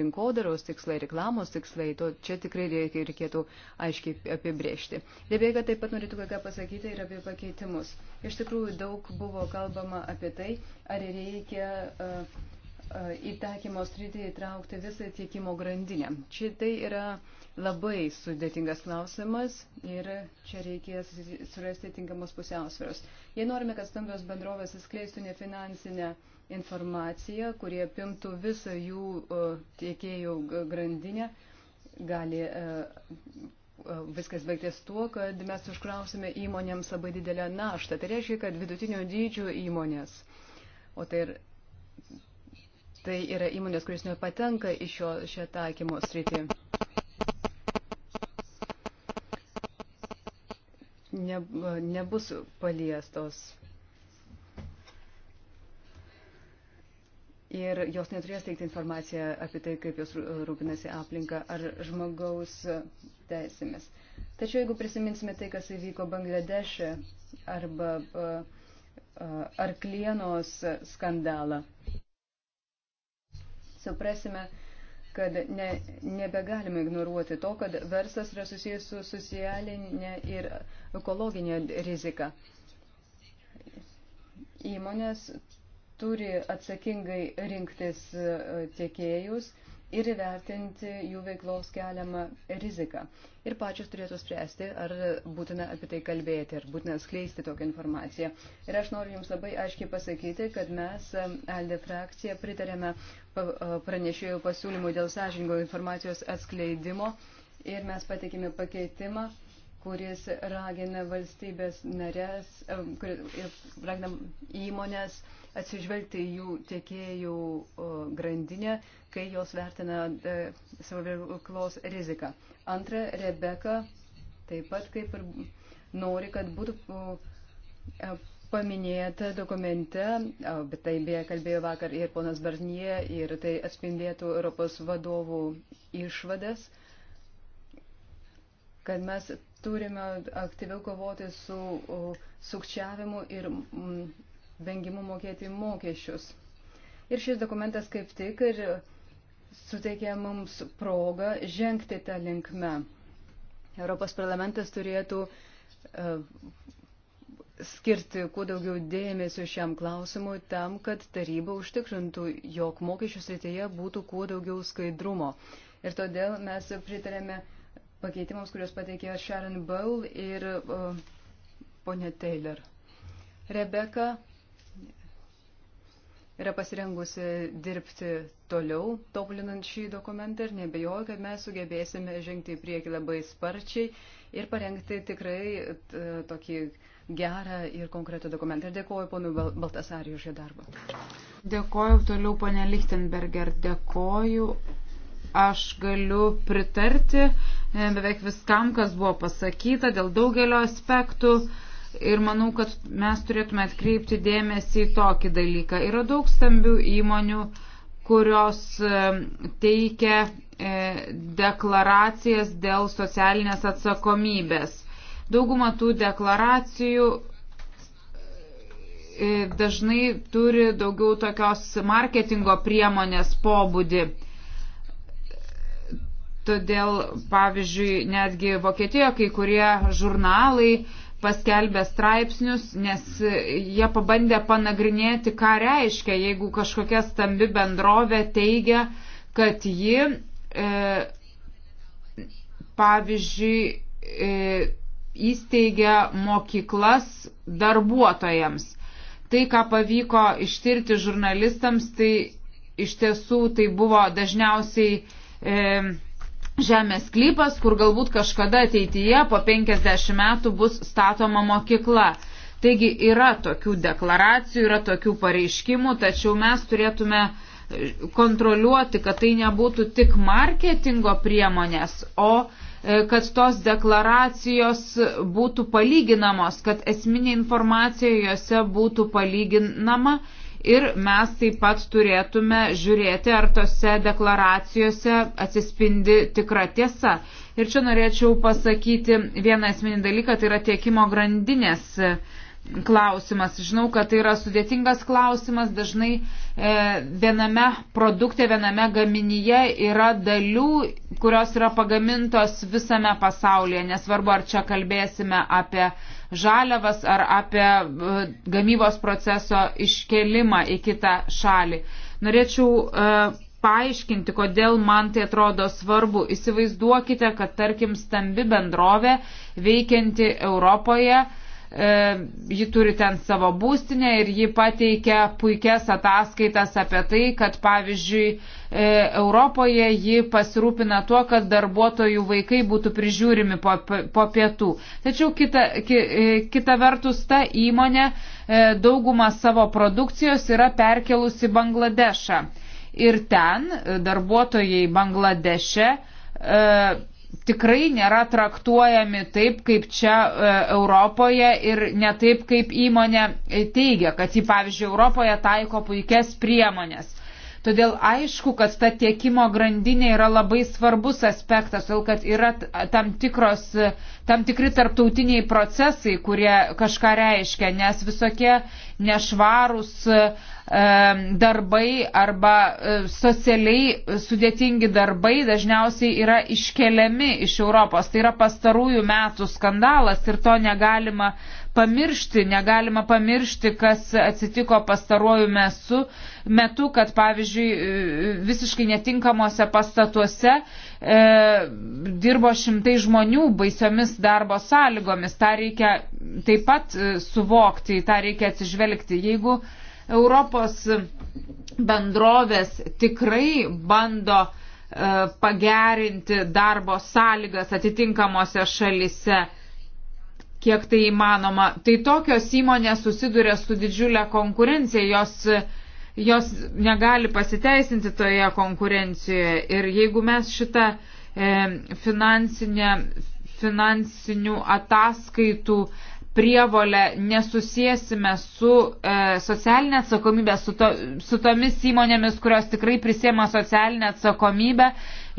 rinkodaros tikslai, reklamos tikslai, to čia tikrai reikėtų aiškiai apibrėžti. Debėga taip pat norėtų ką pasakyti ir apie pakeitimus. Iš tikrųjų daug buvo kalbama apie tai, ar reikia uh, į taikymo sritį įtraukti visą tiekimo grandinę. Čia tai yra labai sudėtingas klausimas ir čia reikės surasti tinkamos pusiausvėros. Jei norime, kad stambios bendrovės įskleistų nefinansinę informaciją, kurie apimtų visą jų tiekėjų grandinę, gali e, e, viskas baigtis tuo, kad mes užkrausime įmonėms labai didelę naštą. Tai reiškia, kad vidutinio dydžio įmonės, o tai ir Tai yra įmonės, kuris nepatenka į šio, šią taikymo sritį. Ne, nebus paliestos. Ir jos neturės teikti informaciją apie tai, kaip jos rūpinasi aplinka ar žmogaus teisėmis. Tačiau jeigu prisiminsime tai, kas įvyko Bangladeše arba arklienos skandalą, suprasime, kad ne, nebegalime ignoruoti to, kad verslas yra susijęs su socialinė ir ekologinė rizika. Įmonės turi atsakingai rinktis e, tiekėjus ir įvertinti jų veiklos keliamą riziką. Ir pačios turėtų spręsti, ar būtina apie tai kalbėti, ar būtina skleisti tokią informaciją. Ir aš noriu Jums labai aiškiai pasakyti, kad mes, um, Alde frakcija, pritarėme uh, pranešėjų pasiūlymų dėl sąžiningo informacijos atskleidimo ir mes pateikėme pakeitimą kuris ragina valstybės narės, kuris ragina įmonės atsižvelgti jų tiekėjų grandinę, kai jos vertina e, savo veiklos riziką. Antra, Rebeka taip pat kaip ir nori, kad būtų e, paminėta dokumente, e, bet tai beje kalbėjo vakar ir ponas Barnie, ir tai atspindėtų Europos vadovų išvadas, kad mes turime aktyviau kovoti su sukčiavimu ir vengimu mokėti mokesčius. Ir šis dokumentas kaip tik ir suteikia mums progą žengti tą linkmę. Europos parlamentas turėtų e, skirti kuo daugiau dėmesio šiam klausimui tam, kad taryba užtikrintų, jog mokesčių srityje būtų kuo daugiau skaidrumo. Ir todėl mes pritarėme uh, pakeitimams, kuriuos pateikė Sharon Bowl ir uh, ponė Taylor. Rebeka yra pasirengusi dirbti toliau, tobulinant šį dokumentą ir nebejoju, kad mes sugebėsime žengti į priekį labai sparčiai ir parengti tikrai tokį gerą ir konkretų dokumentą. Ir dėkoju ponui Baltasariui už jo darbą. Dėkoju toliau, ponė Lichtenberger, dėkoju aš galiu pritarti e, beveik viskam, kas buvo pasakyta dėl daugelio aspektų. Ir manau, kad mes turėtume atkreipti dėmesį į tokį dalyką. Yra daug stambių įmonių, kurios e, teikia e, deklaracijas dėl socialinės atsakomybės. Dauguma tų deklaracijų dažnai turi daugiau tokios marketingo priemonės pobūdį. Todėl, pavyzdžiui, netgi Vokietijoje kai kurie žurnalai paskelbė straipsnius, nes jie pabandė panagrinėti, ką reiškia, jeigu kažkokia stambi bendrovė teigia, kad ji, e, pavyzdžiui, e, įsteigia mokyklas darbuotojams. Tai, ką pavyko ištirti žurnalistams, tai iš tiesų tai buvo dažniausiai e, žemės klypas, kur galbūt kažkada ateityje po 50 metų bus statoma mokykla. Taigi yra tokių deklaracijų, yra tokių pareiškimų, tačiau mes turėtume e, kontroliuoti, kad tai nebūtų tik marketingo priemonės, o e, kad tos deklaracijos būtų palyginamos, kad esminė informacija juose būtų palyginama Ir mes taip pat turėtume žiūrėti, ar tose deklaracijose atsispindi tikra tiesa. Ir čia norėčiau pasakyti vieną esminį dalyką, tai yra tiekimo grandinės e, klausimas. Žinau, kad tai yra sudėtingas klausimas. Dažnai e, viename produkte, viename gaminyje yra dalių, kurios yra pagamintos visame pasaulyje. Nesvarbu, ar čia kalbėsime apie žaliavas ar apie e, gamybos proceso iškelimą į kitą šalį. Norėčiau uh, paaiškinti, kodėl man tai atrodo svarbu. Įsivaizduokite, kad tarkim stambi bendrovė veikianti Europoje uh, E, ji turi ten savo būstinę ir ji pateikia puikias ataskaitas apie tai, kad pavyzdžiui e, Europoje ji pasirūpina tuo, kad darbuotojų vaikai būtų prižiūrimi po, po pietų. Tačiau kita, ki, e, kita vertus ta įmonė daugumą savo produkcijos yra perkelusi Bangladešą. Ir ten darbuotojai Bangladeše tikrai nėra traktuojami taip, kaip čia e, Europoje ir ne taip, kaip įmonė e, teigia, kad ji, pavyzdžiui, Europoje taiko puikias priemonės. Todėl aišku, kad ta tiekimo grandinė yra labai svarbus aspektas, todėl kad yra tam, tikros, e, tam tikri tarptautiniai procesai, kurie kažką reiškia, nes visokie nešvarūs e, darbai arba e, socialiai sudėtingi darbai dažniausiai yra iškeliami iš Europos. Tai yra pastarųjų metų skandalas ir to negalima pamiršti, negalima pamiršti, kas atsitiko pastaruoju mesu, metu, kad pavyzdžiui e, visiškai netinkamuose pastatuose e, dirbo šimtai žmonių baisiomis darbo sąlygomis. Ta reikia taip pat e, suvokti, tą reikia atsižvelgti. Jeigu e, Europos bendrovės tikrai bando e, pagerinti darbo sąlygas atitinkamose šalise, kiek tai įmanoma. Tai tokios įmonės susiduria su didžiulė konkurencija, jos, jos negali pasiteisinti toje konkurencijoje. Ir jeigu mes šitą e, finansinę, finansinių ataskaitų e, prievolę nesusiesime su e, socialinė atsakomybė, su, to, su tomis įmonėmis, kurios tikrai prisėma socialinę atsakomybę,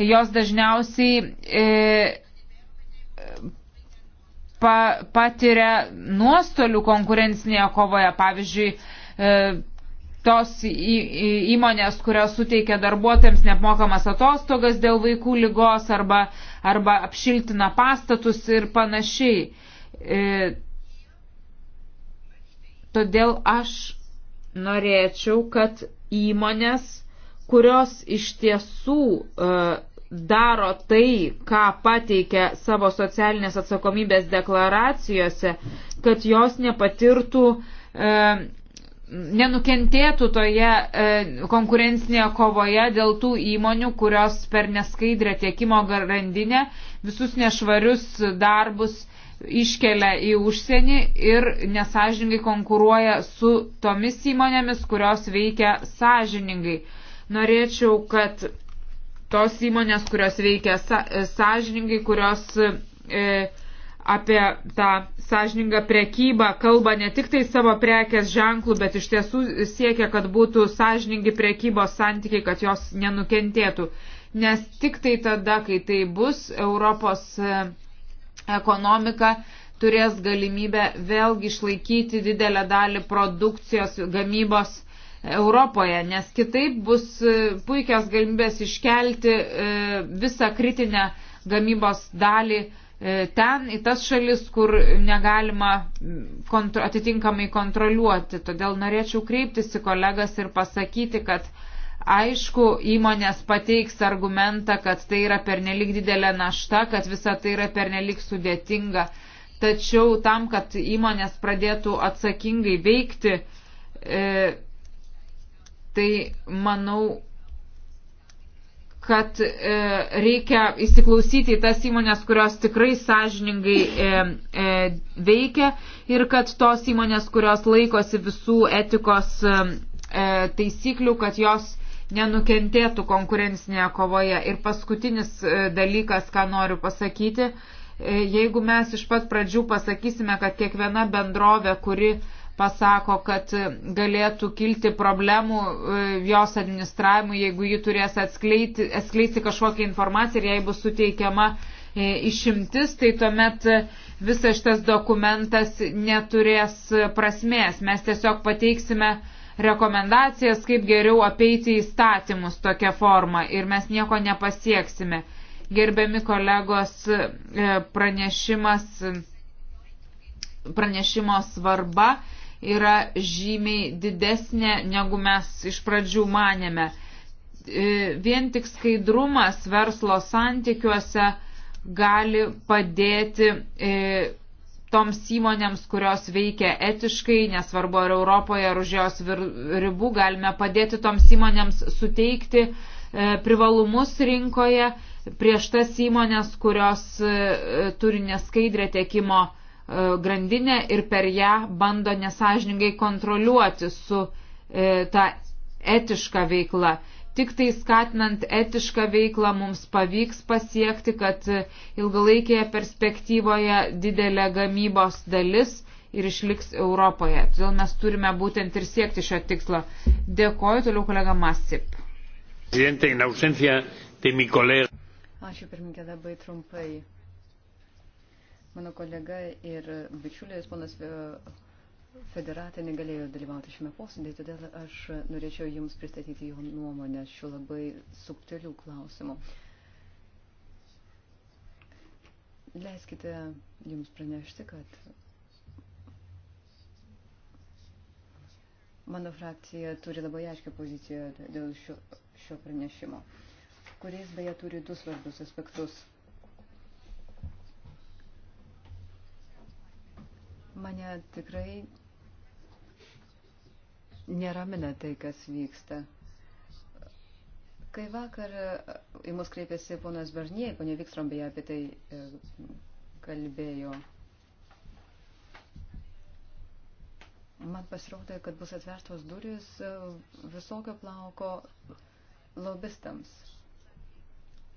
jos dažniausiai e, pa, patiria nuostolių konkurencinėje kovoje. Pavyzdžiui, e, tos į, į, įmonės, kurios suteikia darbuotojams neapmokamas atostogas dėl vaikų lygos arba, arba apšiltina pastatus ir panašiai. E, Todėl aš norėčiau, kad įmonės, kurios iš tiesų uh, daro tai, ką pateikia savo socialinės atsakomybės deklaracijose, kad jos nepatirtų, e, nenukentėtų toje e, konkurencinėje kovoje dėl tų įmonių, kurios per neskaidrę tiekimo grandinę visus nešvarius darbus iškelia į užsienį ir nesažiningai konkuruoja su tomis įmonėmis, kurios veikia sažiningai. Norėčiau, kad tos įmonės, kurios veikia sa e, sažiningai, kurios e, apie tą sažiningą prekybą kalba ne tik tai savo prekės ženklų, bet iš tiesų siekia, kad būtų sažiningi prekybos santykiai, kad jos nenukentėtų. Nes tik tai tada, kai tai bus, Europos. E, ekonomika turės galimybę vėlgi išlaikyti didelę dalį produkcijos gamybos Europoje, nes kitaip bus e, puikios galimybės iškelti e, visą kritinę gamybos dalį e, ten, į tas šalis, kur negalima kontro, atitinkamai kontroliuoti. Todėl norėčiau kreiptis į kolegas ir pasakyti, kad uh, Aišku, įmonės pateiks argumentą, kad tai yra pernelik didelė našta, kad visa tai yra pernelik sudėtinga. Tačiau tam, kad įmonės pradėtų atsakingai veikti, e, tai manau, kad e, reikia įsiklausyti į tas įmonės, kurios tikrai sąžiningai e, e, veikia ir kad tos įmonės, kurios laikosi visų etikos e, e taisyklių, kad jos nenukentėtų konkurencinėje kovoje. Ir paskutinis e, dalykas, ką noriu pasakyti, e, jeigu mes iš pat pradžių pasakysime, kad kiekviena bendrovė, kuri pasako, kad e, galėtų kilti problemų jos administravimui, jeigu ji turės atskleisti, atskleisti kažkokią informaciją ir jai bus suteikiama išimtis, tai tuomet visas šitas dokumentas neturės prasmės. Mes tiesiog pateiksime uh, rekomendacijas, kaip geriau apeiti įstatymus tokią formą ir mes nieko nepasieksime. Gerbiami kolegos, e, pranešimas, pranešimo svarba yra žymiai didesnė, negu mes iš pradžių manėme. E, vien tik skaidrumas verslo santykiuose gali padėti e, toms įmonėms, kurios veikia etiškai, nesvarbu ar Europoje, ar už jos ribų, galime padėti toms įmonėms suteikti e, privalumus rinkoje prieš tas įmonės, kurios e, turi neskaidrę tiekimo e, grandinę ir per ją bando nesažiningai kontroliuoti su ta etiška veikla tik tai skatinant etišką veiklą mums pavyks pasiekti, kad ilgalaikėje perspektyvoje didelė gamybos dalis ir išliks Europoje. Todėl mes turime būtent ir siekti šio tikslo. Dėkoju toliau kolega Masip. Ačiū pirmininkė labai trumpai. Mano kolega ir bičiulis ponas federatė negalėjo dalyvauti šiame posėdėje, todėl aš norėčiau Jums pristatyti jo nuomonę šiuo labai subtiliu klausimu. Leiskite Jums pranešti, kad mano frakcija turi labai aiškę poziciją dėl šio, šio pranešimo, kuris beje turi du svarbus aspektus. mane tikrai neramina tai, kas vyksta. Kai vakar e, į mus kreipėsi ponas Bernie, ponė Vikstrom beje apie tai e, kalbėjo, man pasirodė, kad bus atvertos duris e, visokio plauko lobistams.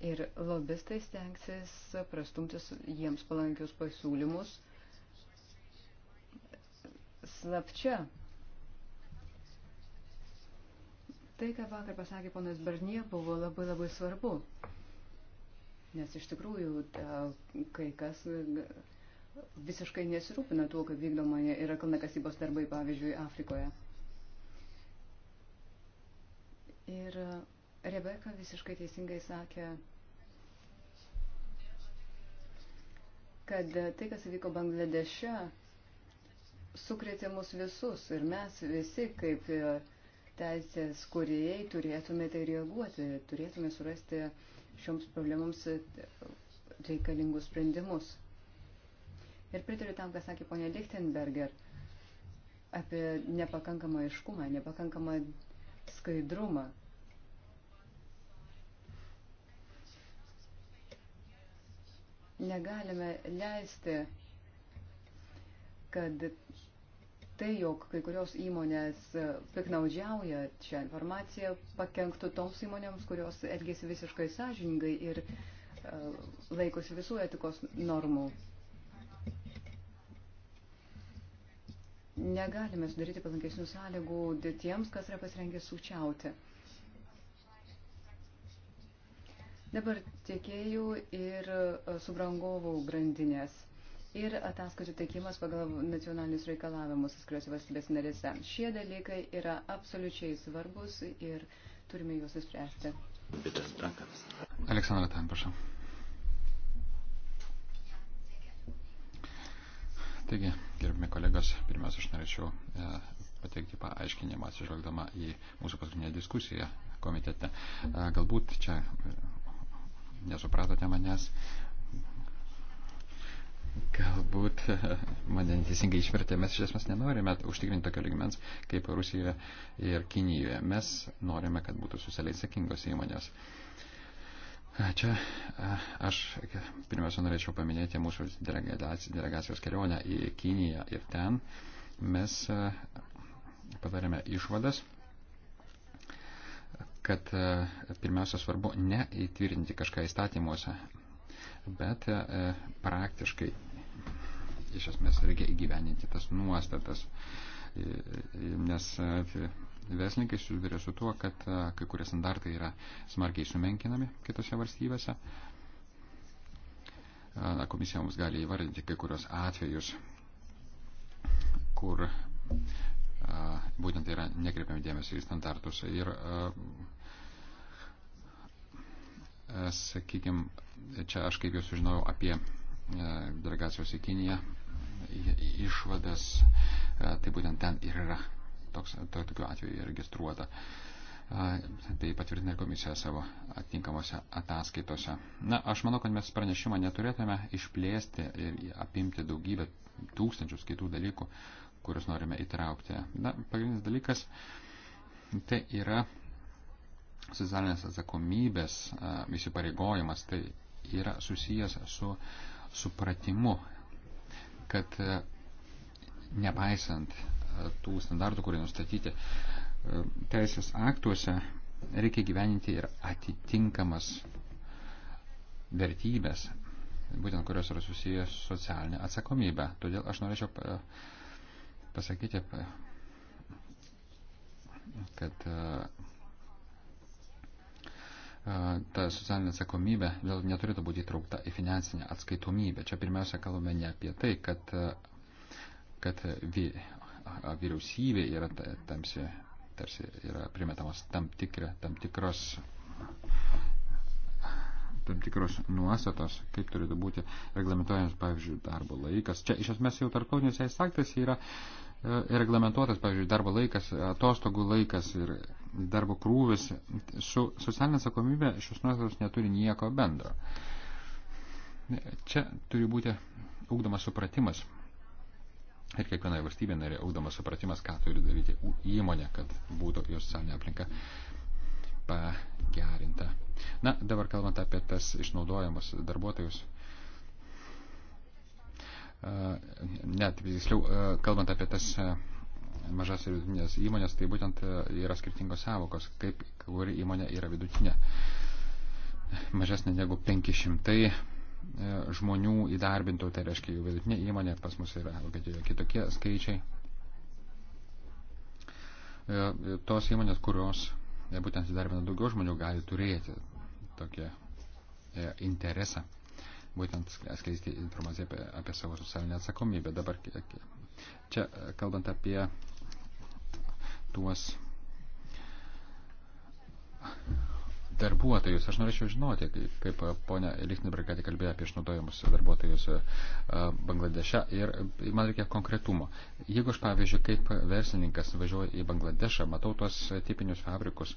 Ir lobistai stengsis prastumtis jiems palankius pasiūlymus slapčia Tai, ką vakar pasakė ponas Barnie, buvo labai labai svarbu. Nes iš tikrųjų kai kas e, visiškai nesirūpina tuo, kaip vykdoma yra kalnakasybos darbai, pavyzdžiui, Afrikoje. Ir e, Rebeka visiškai teisingai sakė, kad e, tai, kas įvyko Bangladeše, sukrėtė mus visus ir mes visi, kaip teisės kuriejai turėtumėte reaguoti, turėtume surasti šioms problemams reikalingus sprendimus. Ir pritariu tam, ką sakė ponė Lichtenberger apie nepakankamą aiškumą, nepakankamą skaidrumą. Negalime leisti, kad tai, jog kai kurios įmonės e, piknaudžiauja šią informaciją, pakenktų toms įmonėms, kurios elgėsi visiškai sąžiningai ir uh, laikosi visų etikos normų. Negalime sudaryti palankesnių sąlygų tiems, kas yra pasirengę sučiauti. Dabar tiekėjų ir e, subrangovų grandinės ir ataskaitų teikimas pagal nacionalinius reikalavimus atskiriuose valstybės narėse. Šie dalykai yra absoliučiai svarbus ir turime juos įspręsti. Aleksandra Tan, prašau. Taigi, gerbimi kolegos, pirmiausia, aš norėčiau e, pateikti paaiškinimą atsižvelgdama į mūsų paskutinę diskusiją komitete. E, galbūt čia e, nesupratote manęs, Galbūt mane teisingai išvertė, mes iš esmės nenorime užtikrinti tokio ligmens kaip Rusijoje ir Kinijoje. Mes norime, kad būtų socialiai atsakingos įmonės. Čia aš pirmiausia norėčiau paminėti mūsų delegacijos kelionę į Kiniją ir ten mes padarėme išvadas kad pirmiausia svarbu ne įtvirtinti kažką įstatymuose, bet e, praktiškai iš esmės reikia įgyveninti tas nuostatas, e, e, nes verslininkai susiduria su tuo, kad kai kurie standartai yra smarkiai sumenkinami kitose valstybėse. Komisija mums gali įvardinti kai kurios atvejus, kur būtent yra nekreipiami dėmesį į standartus. Ir sakykime, čia aš kaip jau sužinojau apie e, delegacijos į Kiniją išvadas, e, tai būtent ten ir yra toks, to, tokiu atveju registruota. E, tai patvirtina ir komisija savo atinkamuose ataskaitose. Na, aš manau, kad mes pranešimą neturėtume išplėsti ir apimti daugybę tūkstančius kitų dalykų, kuriuos norime įtraukti. Na, pagrindinis dalykas tai yra socialinės atsakomybės e, įsipareigojimas tai yra susijęs su supratimu, kad e, nepaisant e, tų standartų, kurie nustatyti teisės aktuose, reikia gyveninti ir atitinkamas vertybės, būtent kurios yra susijęs su socialinė atsakomybė. Todėl aš norėčiau pasakyti, kad ta socialinė atsakomybė vėl neturėtų būti įtraukta į finansinę atskaitomybę. Čia pirmiausia kalbame ne apie tai, kad, kad vy, vyriausybė yra tamsi, tarsi yra primetamas tam, tikri, tam tikros tam tikros nuostatos, kaip turėtų būti reglamentuojamas, pavyzdžiui, darbo laikas. Čia iš esmės jau tarptautiniuose aktais yra e, reglamentuotas, pavyzdžiui, darbo laikas, atostogų laikas ir darbo krūvis. Su socialinė atsakomybė šios nuostatos neturi nieko bendro. Čia turi būti ugdomas supratimas. Ir kiekvienoje valstybėje narė ugdomas supratimas, ką turi daryti įmonė, kad būtų jos socialinė aplinka pagerinta. Na, dabar kalbant apie tas išnaudojamas darbuotojus, net tiksliau, kalbant apie tas mažas ir vidutinės įmonės, tai būtent e, yra skirtingos savokos, kaip kuri įmonė yra vidutinė. Mažesnė negu 500 e, žmonių įdarbintų, tai reiškia jų vidutinė įmonė, pas mus yra Vokietijoje kitokie skaičiai. E, tos įmonės, kurios būtent įdarbina daugiau žmonių, gali turėti tokią interesą būtent skleisti informaciją apie, apie savo socialinę atsakomybę. Dabar čia, kalbant apie tuos darbuotojus. Aš norėčiau žinoti, kaip ponia Lichtenberg ką tik kalbėjo apie išnaudojimus darbuotojus e, Bangladeše ir man reikia konkretumo. Jeigu aš, pavyzdžiui, kaip verslininkas važiuoju į Bangladešą, matau tuos tipinius fabrikus,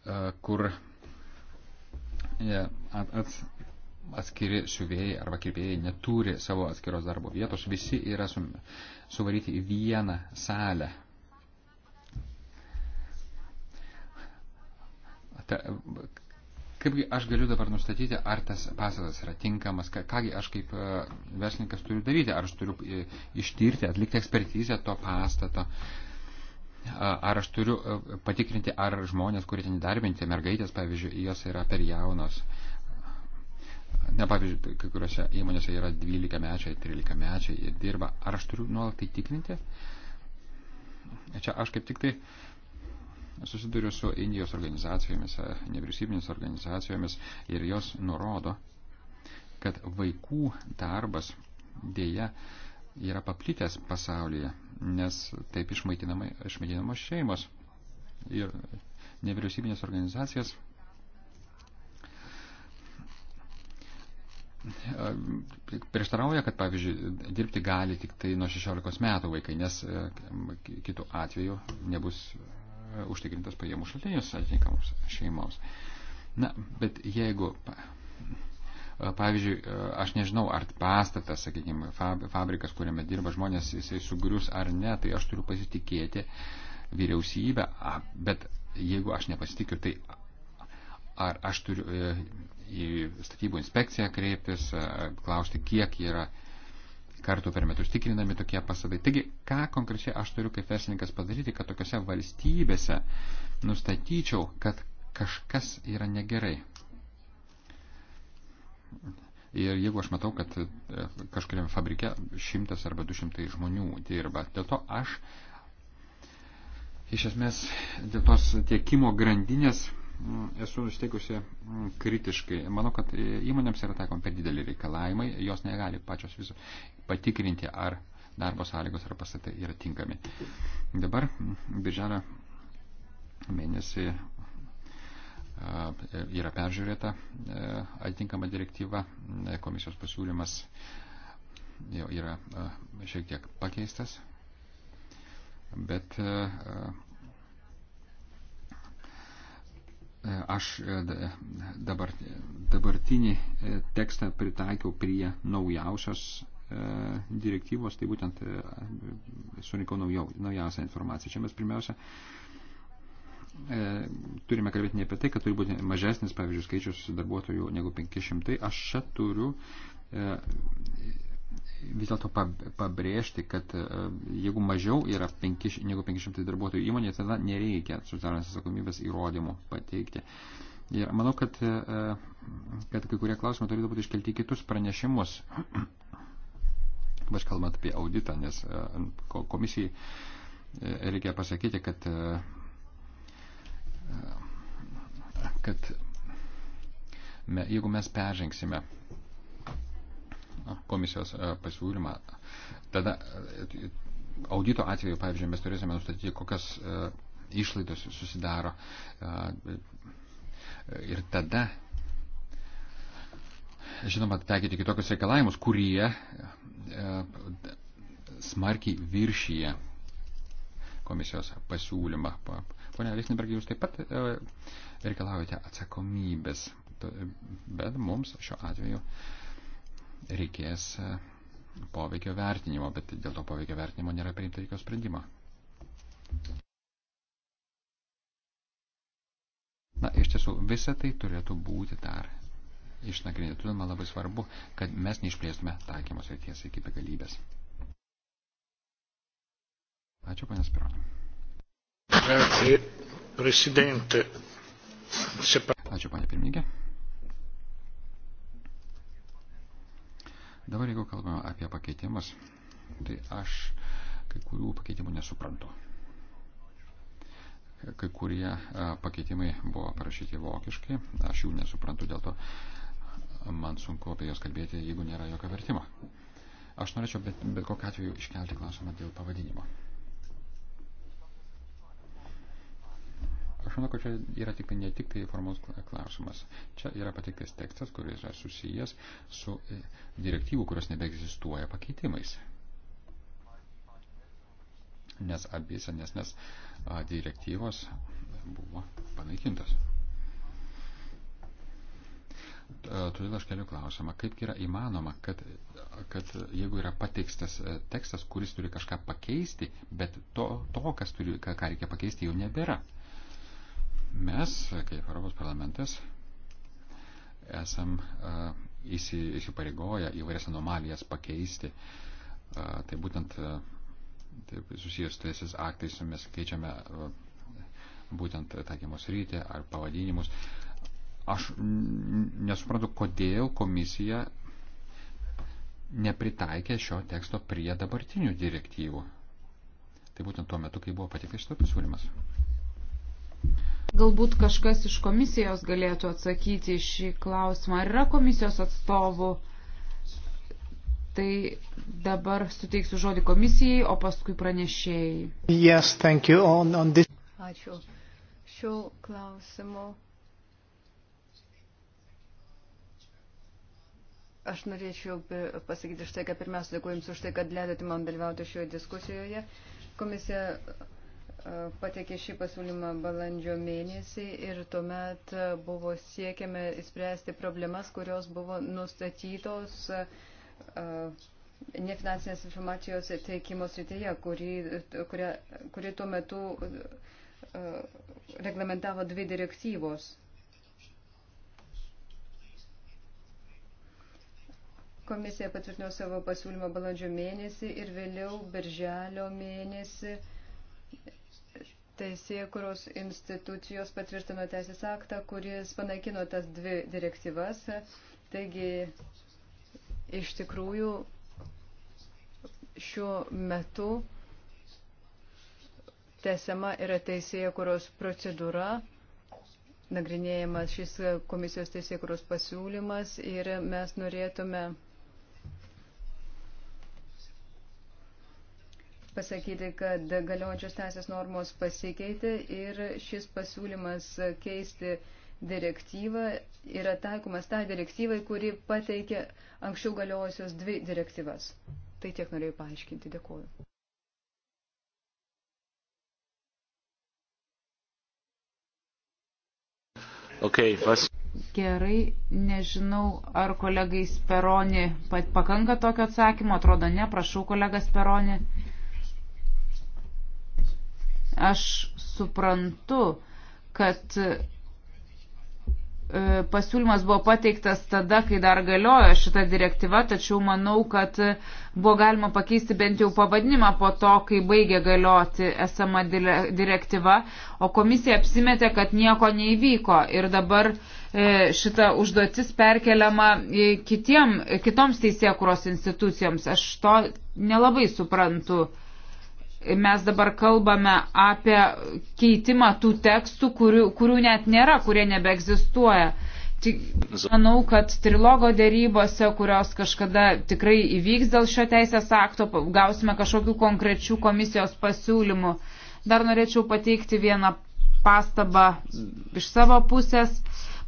e, kur e, ant, ant, atskiri siuvėjai arba kirpėjai neturi savo atskiros darbo vietos, visi yra su, suvaryti į vieną salę. Ta, kaipgi aš galiu dabar nustatyti, ar tas pastatas yra tinkamas, ką, kągi aš kaip e, verslininkas turiu daryti, ar aš turiu e, ištirti, atlikti ekspertizę to pastato. Ar aš turiu e, patikrinti, ar žmonės, kurie ten darbinti, mergaitės, pavyzdžiui, jos yra per jaunos. Uh, Ne, pavyzdžiui, kai kuriuose įmonėse yra 12 mečiai, 13 mečiai, jie dirba. Ar aš turiu nuolat tai tikrinti? Čia aš kaip tik tai susiduriu su Indijos organizacijomis, e, nevyriausybinės organizacijomis ir jos nurodo, kad vaikų darbas dėja yra paplitęs pasaulyje, nes taip išmaitinamos šeimos. Ir nevyriausybinės organizacijas E, prieštarauja, kad, pavyzdžiui, dirbti gali tik tai nuo 16 metų vaikai, nes e, kitų atveju nebus e, užtikrintas pajamų šaltinis atitinkamoms šeimoms. Na, bet jeigu, pavyzdžiui, aš nežinau, ar pastatas, sakykime, fabrikas, kuriame dirba žmonės, jisai sugrius ar ne, tai aš turiu pasitikėti vyriausybę, bet jeigu aš nepasitikiu, tai ar aš turiu į statybų inspekciją kreiptis, klausti, kiek yra kartų per metus tikrinami tokie pasadai. Taigi, ką konkrečiai aš turiu kaip verslininkas padaryti, kad tokiuose valstybėse nustatyčiau, kad kažkas yra negerai. Ir jeigu aš matau, kad e, kažkuriam fabrike šimtas arba du šimtai žmonių dirba, dėl to aš iš esmės dėl tos tiekimo grandinės Mm, esu nusteikusi mm, kritiškai. Manau, kad e, įmonėms yra taikomi per dideli reikalavimai, jos negali pačios viso patikrinti, ar darbo sąlygos ar pastatai yra tinkami. Dabar, mm, birželio mėnesį e, yra peržiūrėta e, atitinkama direktyva, komisijos pasiūlymas jau yra šiek tiek pakeistas, bet E, aš e, dabar, dabartinį e, tekstą pritaikiau prie naujausios direktyvos, tai būtent surinkau naujau, naujausią informaciją. Čia mes pirmiausia turime kalbėti ne apie tai, kad turi būti mažesnis, pavyzdžiui, skaičius darbuotojų negu 500. Aš čia turiu vis dėlto pabrėžti, kad e, jeigu mažiau yra 5, negu 500 darbuotojų įmonė, tada nereikia socialinės atsakomybės įrodymų pateikti. Ir manau, kad, e, kad kai kurie klausimai turėtų būti iškelti kitus pranešimus, ypač kalbant apie auditą, nes e, komisijai reikia pasakyti, kad, kad jeigu mes peržengsime komisijos e, pasiūlymą, tada e, audito atveju, pavyzdžiui, mes turėsime nustatyti, kokias e, išlaidos susidaro. Ir tada, žinoma, taikyti kitokius reikalavimus, kurie smarkiai viršyje komisijos pasiūlymą. Pone Lisneberg, jūs taip pat reikalaujate atsakomybės, bet mums šiuo atveju uh, reikės e, poveikio vertinimo, bet dėl to poveikio vertinimo nėra priimta jokio sprendimo. Na, iš tiesų, visa tai turėtų būti dar išnagrinėti. Todėl man labai svarbu, kad mes neišplėstume taikymos ryties iki begalybės. Ačiū, panas Pironė. Ačiū, panė pirmininkė. Dabar jeigu kalbame apie pakeitimus, tai aš kai kurių pakeitimų nesuprantu. Kai kurie e, pakeitimai buvo parašyti vokiškai, aš jų nesuprantu, dėl to e, man sunku apie juos kalbėti, jeigu nėra jokio vertimo. Aš norėčiau bet, bet kokiu atveju iškelti klausimą dėl pavadinimo. Aš manau, kad čia yra tik, tai ne tik tai formalus klausimas. Čia yra patiktas tekstas, kuris yra susijęs su e, direktyvų, kurios nebeegzistuoja pakeitimais. Nes abi senesnės direktyvos buvo panaikintas. Todėl aš keliu klausimą, kaip yra įmanoma, kad, kad jeigu yra pateikstas e, tekstas, kuris turi kažką pakeisti, bet to, to kas turi, ką, ką reikia pakeisti, jau nebėra. Mes, kaip Europos parlamentas, esam įsipareigoję įvairias anomalijas pakeisti. Tai būtent taip, susijęs su teisės aktais mes keičiame būtent taikymus rytį ar pavadinimus. Aš nesuprantu, kodėl komisija nepritaikė šio teksto prie dabartinių direktyvų. Tai būtent tuo metu, kai buvo patiktas šitas pasiūlymas. Galbūt kažkas iš komisijos galėtų atsakyti šį klausimą. Ar yra komisijos atstovų? Tai dabar suteiksiu žodį komisijai, o paskui pranešėjai. Yes, thank you. On, on this... Ačiū. Šiuo klausimu Aš norėčiau pasakyti štai, kad pirmiausia dėkuoju Jums už tai, kad leidote man dalyvauti šioje diskusijoje. Komisija E, patekė šį pasiūlymą balandžio mėnesį ir tuomet e, buvo siekiame įspręsti problemas, kurios buvo nustatytos e, nefinansinės informacijos teikimo srityje, kuri, kuri, kuri tuo metu reglamentavo dvi direktyvos. Komisija patvirtino savo pasiūlymą balandžio mėnesį ir vėliau birželio mėnesį uh, teisėkuros institucijos patvirtino teisės aktą, kuris panaikino tas dvi direktyvas. Taigi, iš tikrųjų, šiuo metu tesiama yra teisėkuros procedūra, nagrinėjamas šis komisijos teisėkuros pasiūlymas ir mes norėtume pasakyti, kad galiojančios teisės normos pasikeitė ir šis pasiūlymas keisti direktyvą yra taikomas tą tai direktyvai, kuri pateikė anksčiau galiojusios dvi direktyvas. Tai tiek norėjau paaiškinti. Dėkuoju. Okay, was... Gerai, nežinau, ar kolegai Speroni pakanka tokio atsakymo, atrodo ne, prašau kolegas Speroni. Aš suprantu, kad e, pasiūlymas buvo pateiktas tada, kai dar galiojo šita direktyva, tačiau manau, kad buvo galima pakeisti bent jau pavadinimą po to, kai baigė galioti esama direktyva, o komisija apsimetė, kad nieko neįvyko ir dabar e, šita užduotis perkeliama kitiem, kitoms teisėkuros institucijoms. Aš to nelabai suprantu mes dabar kalbame apie keitimą tų tekstų, kurių, kurių net nėra, kurie nebeegzistuoja. Tik manau, kad trilogo dėrybose, kurios kažkada tikrai įvyks dėl šio teisės akto, gausime kažkokių konkrečių komisijos pasiūlymų. Dar norėčiau pateikti vieną pastabą iš savo pusės.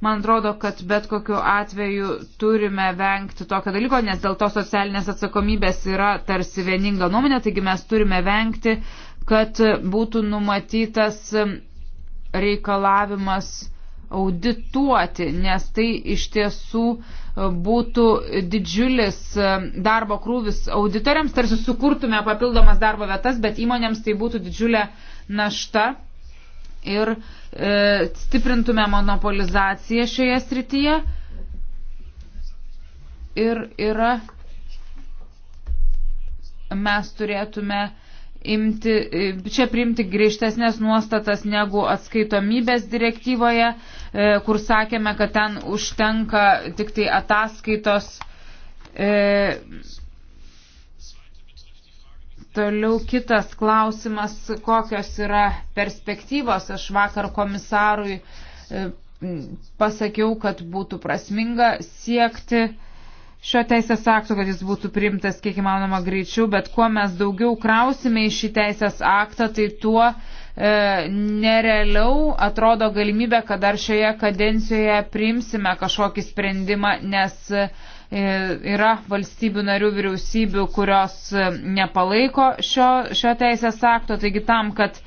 Man atrodo, kad bet kokiu atveju turime vengti tokio dalyko, nes dėl to socialinės atsakomybės yra tarsi vieninga nuomonė, taigi mes turime vengti, kad būtų numatytas reikalavimas audituoti, nes tai iš tiesų būtų didžiulis darbo krūvis auditoriams, tarsi sukurtume papildomas darbo vietas, bet įmonėms tai būtų didžiulė našta. Ir uh, E, stiprintume monopolizaciją šioje srityje. Ir yra, mes turėtume imti, čia priimti griežtesnės nuostatas negu atskaitomybės direktyvoje, e, kur sakėme, kad ten užtenka tik tai ataskaitos. E, Toliau kitas klausimas, kokios yra perspektyvos. Aš vakar komisarui e, pasakiau, kad būtų prasminga siekti šio teisės akto, kad jis būtų priimtas kiek įmanoma greičiau, bet kuo mes daugiau krausime į šį teisės aktą, tai tuo e, nerealiau atrodo galimybė, kad dar šioje kadencijoje priimsime kažkokį sprendimą, nes e, E, yra valstybių narių vyriausybių, kurios e, nepalaiko šio, šio teisės akto, taigi tam, kad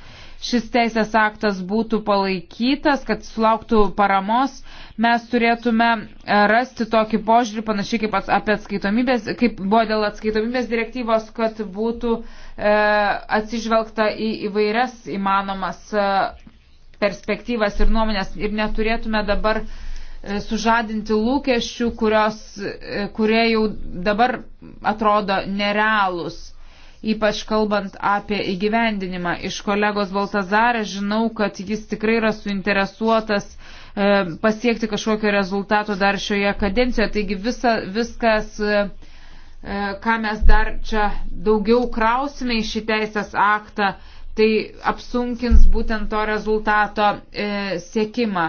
šis teisės aktas būtų palaikytas, kad sulauktų paramos, mes turėtume e, rasti tokį požiūrį, panašiai kaip apie atskaitomybės, kaip buvo dėl atskaitomybės direktyvos, kad būtų e, atsižvelgta į įvairias įmanomas perspektyvas ir nuomonės ir neturėtume dabar e, E, sužadinti lūkesčių, kurios, e, kurie jau dabar atrodo nerealūs, ypač kalbant apie įgyvendinimą. Iš kolegos Baltazarė žinau, kad jis tikrai yra suinteresuotas e, pasiekti kažkokio rezultato dar šioje kadencijoje. Taigi visa, viskas, ką mes dar čia daugiau krausime į šį teisės aktą, tai apsunkins būtent to rezultato siekimą.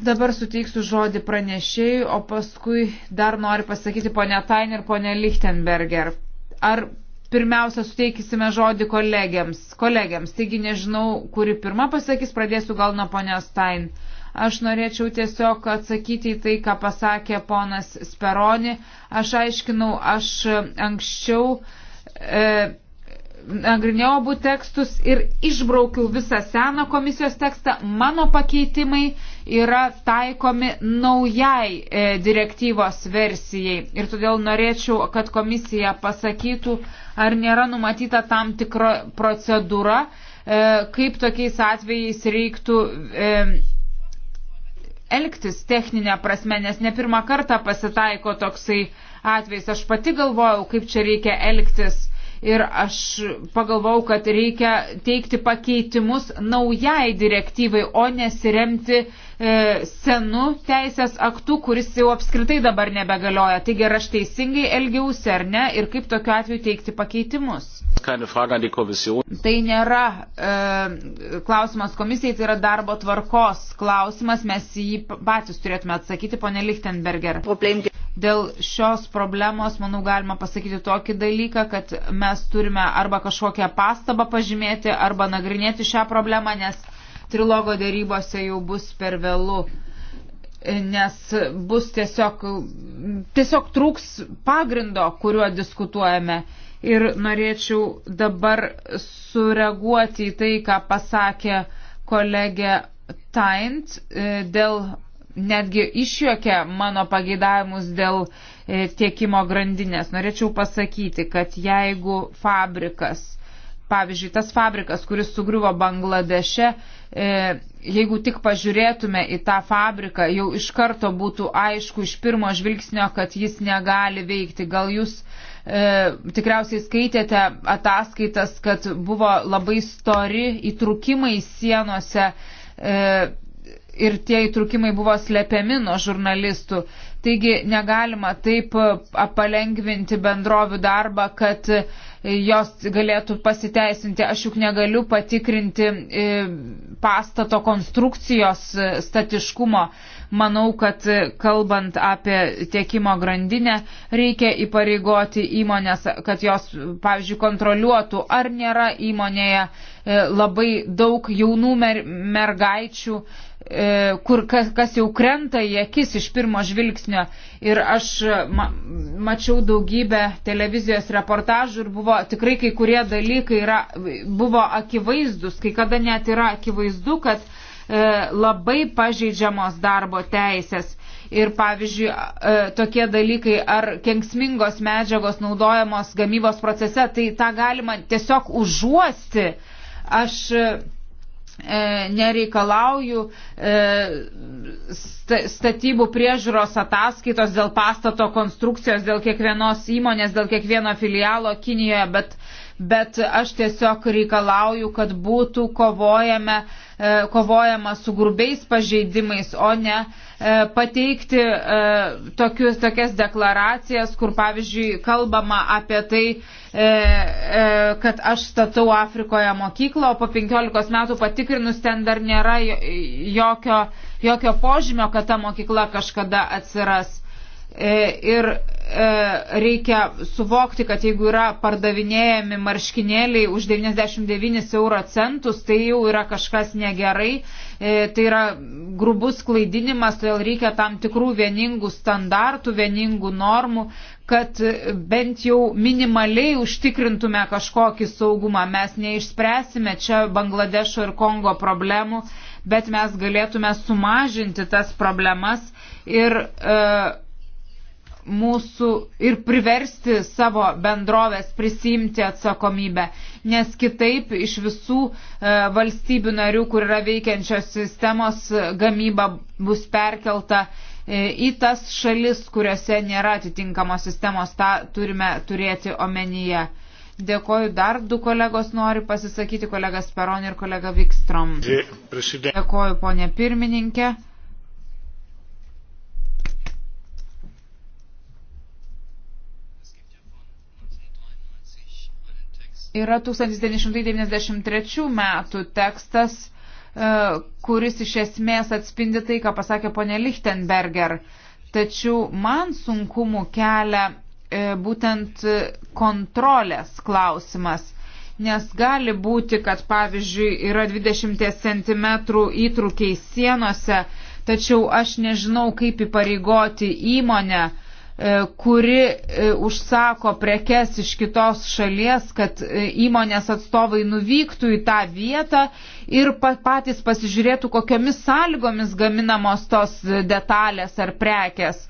Dabar suteiksiu žodį pranešėjui, o paskui dar noriu pasakyti ponė Tain ir ponė Lichtenberger. Ar pirmiausia suteikysime žodį kolegiams? Kolegiams, taigi nežinau, kuri pirma pasakys, pradėsiu gal nuo ponios Tain. Aš norėčiau tiesiog atsakyti į tai, ką pasakė ponas Speroni. Aš aiškinau, aš anksčiau. E, nagrinėjau abu tekstus ir išbraukiau visą seną komisijos tekstą. Mano pakeitimai yra taikomi naujai e, direktyvos versijai. Ir todėl norėčiau, kad komisija pasakytų, ar nėra numatyta tam tikra procedūra, e, kaip tokiais atvejais reiktų. E, Elgtis techninę prasme, nes ne pirmą kartą pasitaiko toksai atvejs. Aš pati galvojau, kaip čia reikia elgtis ir aš pagalvau, kad reikia teikti pakeitimus naujai direktyvai, o nesiremti E, senu teisės aktu, kuris jau apskritai dabar nebegalioja. Taigi ar aš teisingai elgiausi ar ne ir kaip tokiu atveju teikti pakeitimus? Tai nėra e, klausimas komisijai, tai yra darbo tvarkos klausimas, mes jį patys turėtume atsakyti, ponė Lichtenberger. Problem. Dėl šios problemos, manau, galima pasakyti tokį dalyką, kad mes turime arba kažkokią pastabą pažymėti, arba nagrinėti šią problemą, nes trilogo dėrybose jau bus per vėlų, nes bus tiesiog, tiesiog trūks pagrindo, kuriuo diskutuojame. Ir norėčiau dabar sureaguoti į tai, ką pasakė kolegė Taint e, dėl netgi išjuokia mano pageidavimus dėl e, tiekimo grandinės. Norėčiau pasakyti, kad jeigu fabrikas Pavyzdžiui, tas fabrikas, kuris sugriuvo Bangladeše, e, jeigu tik pažiūrėtume į tą fabriką, jau iš karto būtų aišku iš pirmo žvilgsnio, kad jis negali veikti. Gal jūs e, tikriausiai skaitėte ataskaitas, kad buvo labai stori įtrukimai sienose. E, ir tie įtrukimai buvo slepiami nuo žurnalistų. Taigi negalima taip e, palengvinti bendrovių darbą, kad e, jos galėtų pasiteisinti. Aš juk negaliu patikrinti e, pastato konstrukcijos statiškumo. Manau, kad e, kalbant apie tiekimo grandinę, reikia įpareigoti įmonės, kad jos, pavyzdžiui, kontroliuotų, ar nėra įmonėje e, labai daug jaunų mer mergaičių, e, kur kas, kas jau krenta į akis iš pirmo žvilgsnio. Ir aš ma mačiau daugybę televizijos reportažų ir buvo tikrai kai kurie dalykai yra, buvo akivaizdus, kai kada net yra akivaizdu, kad E, labai pažeidžiamos darbo teisės. Ir pavyzdžiui, e, tokie dalykai ar kenksmingos medžiagos naudojamos gamybos procese, tai tą galima tiesiog užuosti. Aš e, nereikalauju statybų priežiūros ataskaitos dėl pastato konstrukcijos, dėl kiekvienos įmonės, dėl kiekvieno filialo Kinijoje, bet bet aš tiesiog reikalauju, kad būtų kovojame, e, kovojama su grubiais pažeidimais, o ne e, pateikti e, tokius, tokias deklaracijas, kur pavyzdžiui kalbama apie tai, kad aš statau Afrikoje mokyklą, o po 15 metų patikrinus ten dar nėra jokio, jokio požymio, kad ta mokykla kažkada atsiras. E, ir e, reikia suvokti, kad jeigu yra pardavinėjami marškinėliai už 99 euro centus, tai jau yra kažkas negerai, e, tai yra grubus klaidinimas, todėl reikia tam tikrų vieningų standartų, vieningų normų, kad bent jau minimaliai užtikrintume kažkokį saugumą. Mes neišspręsime čia Bangladešo ir Kongo problemų, bet mes galėtume sumažinti tas problemas ir uh, mūsų ir priversti savo bendrovės prisimti atsakomybę, nes kitaip iš visų e, valstybių narių, kur yra veikiančios sistemos, gamyba bus perkelta e, į tas šalis, kuriuose nėra atitinkamos sistemos, tą turime turėti omenyje. Dėkoju, dar du kolegos nori pasisakyti, kolegas Peron ir kolega Vikstrom. Dėkoju, ponė pirmininkė. yra 1993 metų tekstas, e, kuris iš esmės atspindi tai, ką pasakė ponė Lichtenberger. Tačiau man sunkumų kelia e, būtent kontrolės klausimas, nes gali būti, kad pavyzdžiui yra 20 cm įtrukiai sienose, tačiau aš nežinau, kaip įpareigoti įmonę, E, kuri e, užsako prekes iš kitos šalies, kad e, įmonės atstovai nuvyktų į tą vietą ir patys pasižiūrėtų, kokiomis sąlygomis gaminamos tos detalės ar prekes.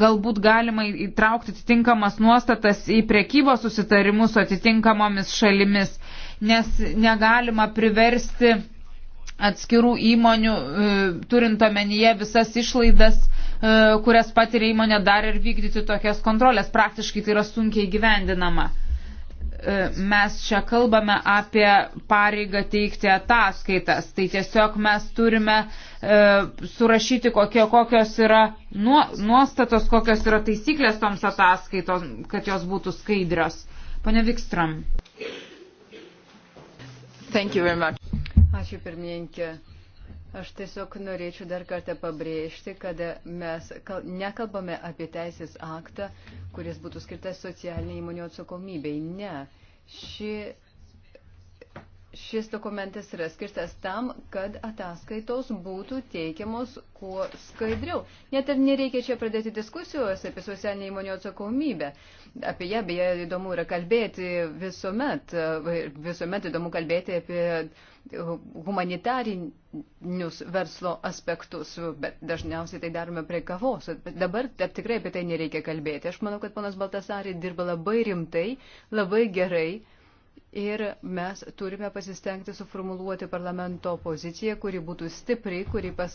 Galbūt galima įtraukti atitinkamas nuostatas į prekybos susitarimus su atitinkamomis šalimis, nes negalima priversti atskirų įmonių, e, turint omenyje visas išlaidas, e, kurias patiria įmonė dar ir vykdyti tokias kontrolės. Praktiškai tai yra sunkiai gyvendinama. E, mes čia kalbame apie pareigą teikti ataskaitas. Tai tiesiog mes turime surašyti, kokie, kokios yra nuostatos, kokios yra taisyklės toms ataskaitoms, kad jos būtų skaidrios. Pane Vikstram. Thank you very much. Ačiū pirmininkė. Aš tiesiog norėčiau dar kartą pabrėžti, kad mes nekalbame apie teisės aktą, kuris būtų skirtas socialiniai įmonių atsakomybei. Ne. Ši šis dokumentas yra skirtas tam, kad ataskaitos būtų teikiamos kuo skaidriau. Net ir nereikia čia pradėti diskusijos apie socialinį įmonių atsakomybę. Apie ją beje įdomu yra kalbėti visuomet, visuomet įdomu kalbėti apie humanitarinius verslo aspektus, bet dažniausiai tai darome prie kavos. Dabar tikrai apie tai nereikia kalbėti. Aš manau, kad ponas Baltasarė dirba labai rimtai, labai gerai ir mes turime pasistengti suformuluoti parlamento poziciją, kuri būtų stipri, kuri pas,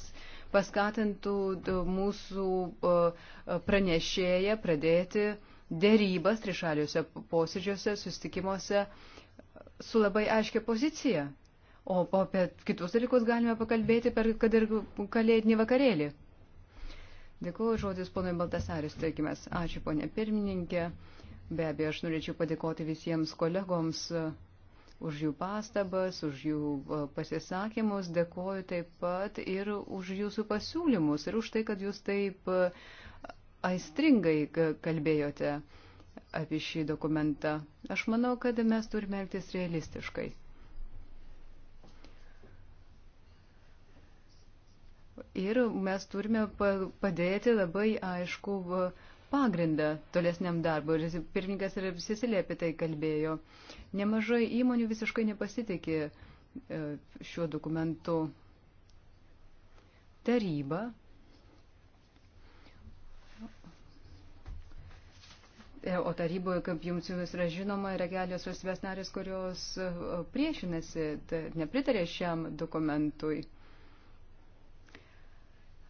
paskatintų mūsų e, e, pranešėją pradėti dėrybas trišaliuose posėdžiuose, sustikimuose su labai aiškia pozicija. O apie kitus dalykus galime pakalbėti per kad ir kalėdinį vakarėlį. Dėkuoju žodis ponui Baltasarius, teikimės. Ačiū ponė pirmininkė. Be abejo, aš norėčiau padėkoti visiems kolegoms e, už jų pastabas, už jų e, pasisakymus, dėkoju taip pat ir už jūsų pasiūlymus ir už tai, kad jūs taip e, aistringai kalbėjote apie šį dokumentą. Aš manau, kad mes turime elgtis realistiškai. Ir mes turime padėti labai aišku pagrindą tolesniam darbui. Ir pirmininkas ir Sisilė apie tai kalbėjo. Nemažai įmonių visiškai nepasitikė e, šiuo dokumentu. Taryba e, O taryboje, kaip jums vis yra žinoma, yra kelios valstybės narės, kurios e, priešinasi, tai nepritarė šiam dokumentui.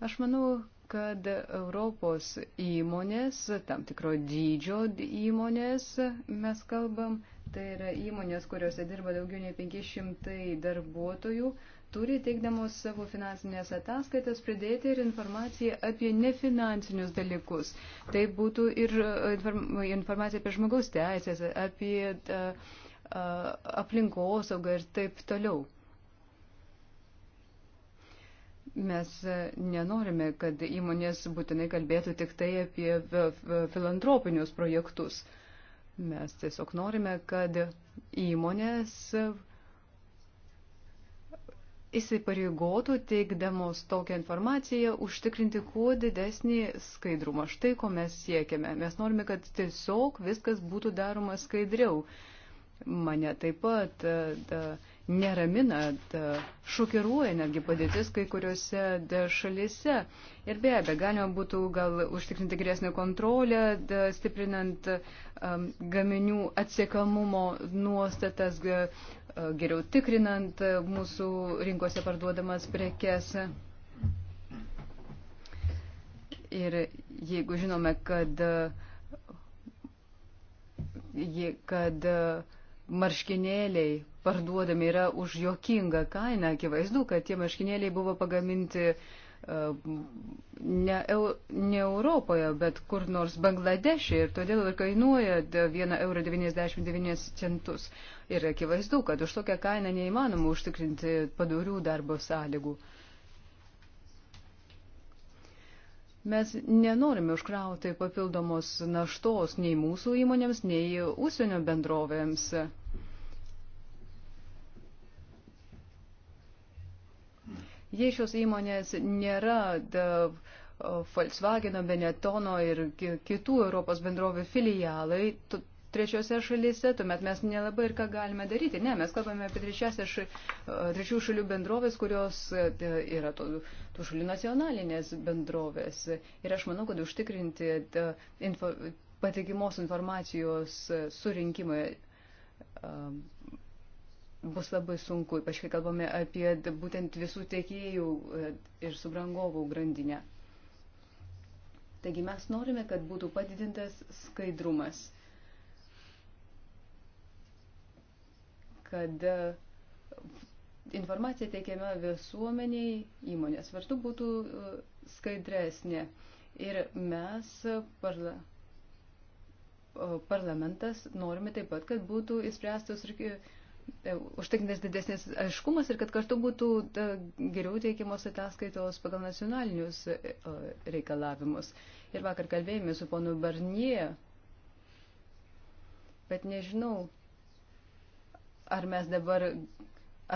Aš manau, kad Europos įmonės, tam tikro dydžio įmonės mes kalbam, tai yra įmonės, kuriuose dirba daugiau nei 500 darbuotojų, turi teikdamos savo finansinės ataskaitas pridėti ir informaciją apie nefinansinius dalykus. Tai būtų ir e, informacija apie žmogaus teisės, apie e, e, aplinkosaugą ir taip toliau. Mes e, nenorime, kad įmonės būtinai kalbėtų tik tai apie filantropinius projektus. Mes tiesiog norime, kad įmonės įsipareigotų teikdamos tokią informaciją užtikrinti kuo didesnį skaidrumą. Štai ko mes siekiame. Mes norime, kad tiesiog viskas būtų daroma skaidriau. Mane taip pat. E, da, da, neramina, šokiruoja netgi padėtis kai kuriuose šalise. Ir be abejo, galima būtų gal užtikrinti geresnę kontrolę, da, stiprinant um, gaminių atsiekamumo nuostatas, ga, geriau tikrinant mūsų rinkose parduodamas prekes. Ir jeigu žinome, kad, kad marškinėliai, parduodami yra už jokingą kainą. Akivaizdu, kad tie marškinėliai buvo pagaminti e, ne, ne Europoje, bet kur nors Bangladešė ir todėl ir kainuoja 1,99 centus. Ir akivaizdu, kad už tokią kainą neįmanoma užtikrinti padorių darbo sąlygų. Mes nenorime užkrauti papildomos naštos nei mūsų įmonėms, nei užsienio bendrovėms. Jei šios įmonės nėra da, Volkswageno, Benetono ir kitų Europos bendrovių filialai, trečiose šalyse, tuomet mes nelabai ir ką galime daryti. Ne, mes kalbame apie š, trečių šalių bendrovės, kurios yra tų, tų šalių nacionalinės bendrovės. Ir aš manau, kad užtikrinti info, patikimos informacijos surinkimą bus labai sunku, ypač kai kalbame apie būtent visų tiekėjų e, ir subrangovų grandinę. Taigi mes norime, kad būtų padidintas skaidrumas, kad e, informacija teikiama visuomeniai įmonės vardu būtų e, skaidresnė. Ir mes parla, parlamentas norime taip pat, kad būtų įspręstos ir E, užtikrintas didesnis aiškumas ir kad kartu būtų e, geriau teikiamos ataskaitos pagal nacionalinius e, reikalavimus. Ir vakar kalbėjome su ponu Barnie, bet nežinau, ar mes dabar,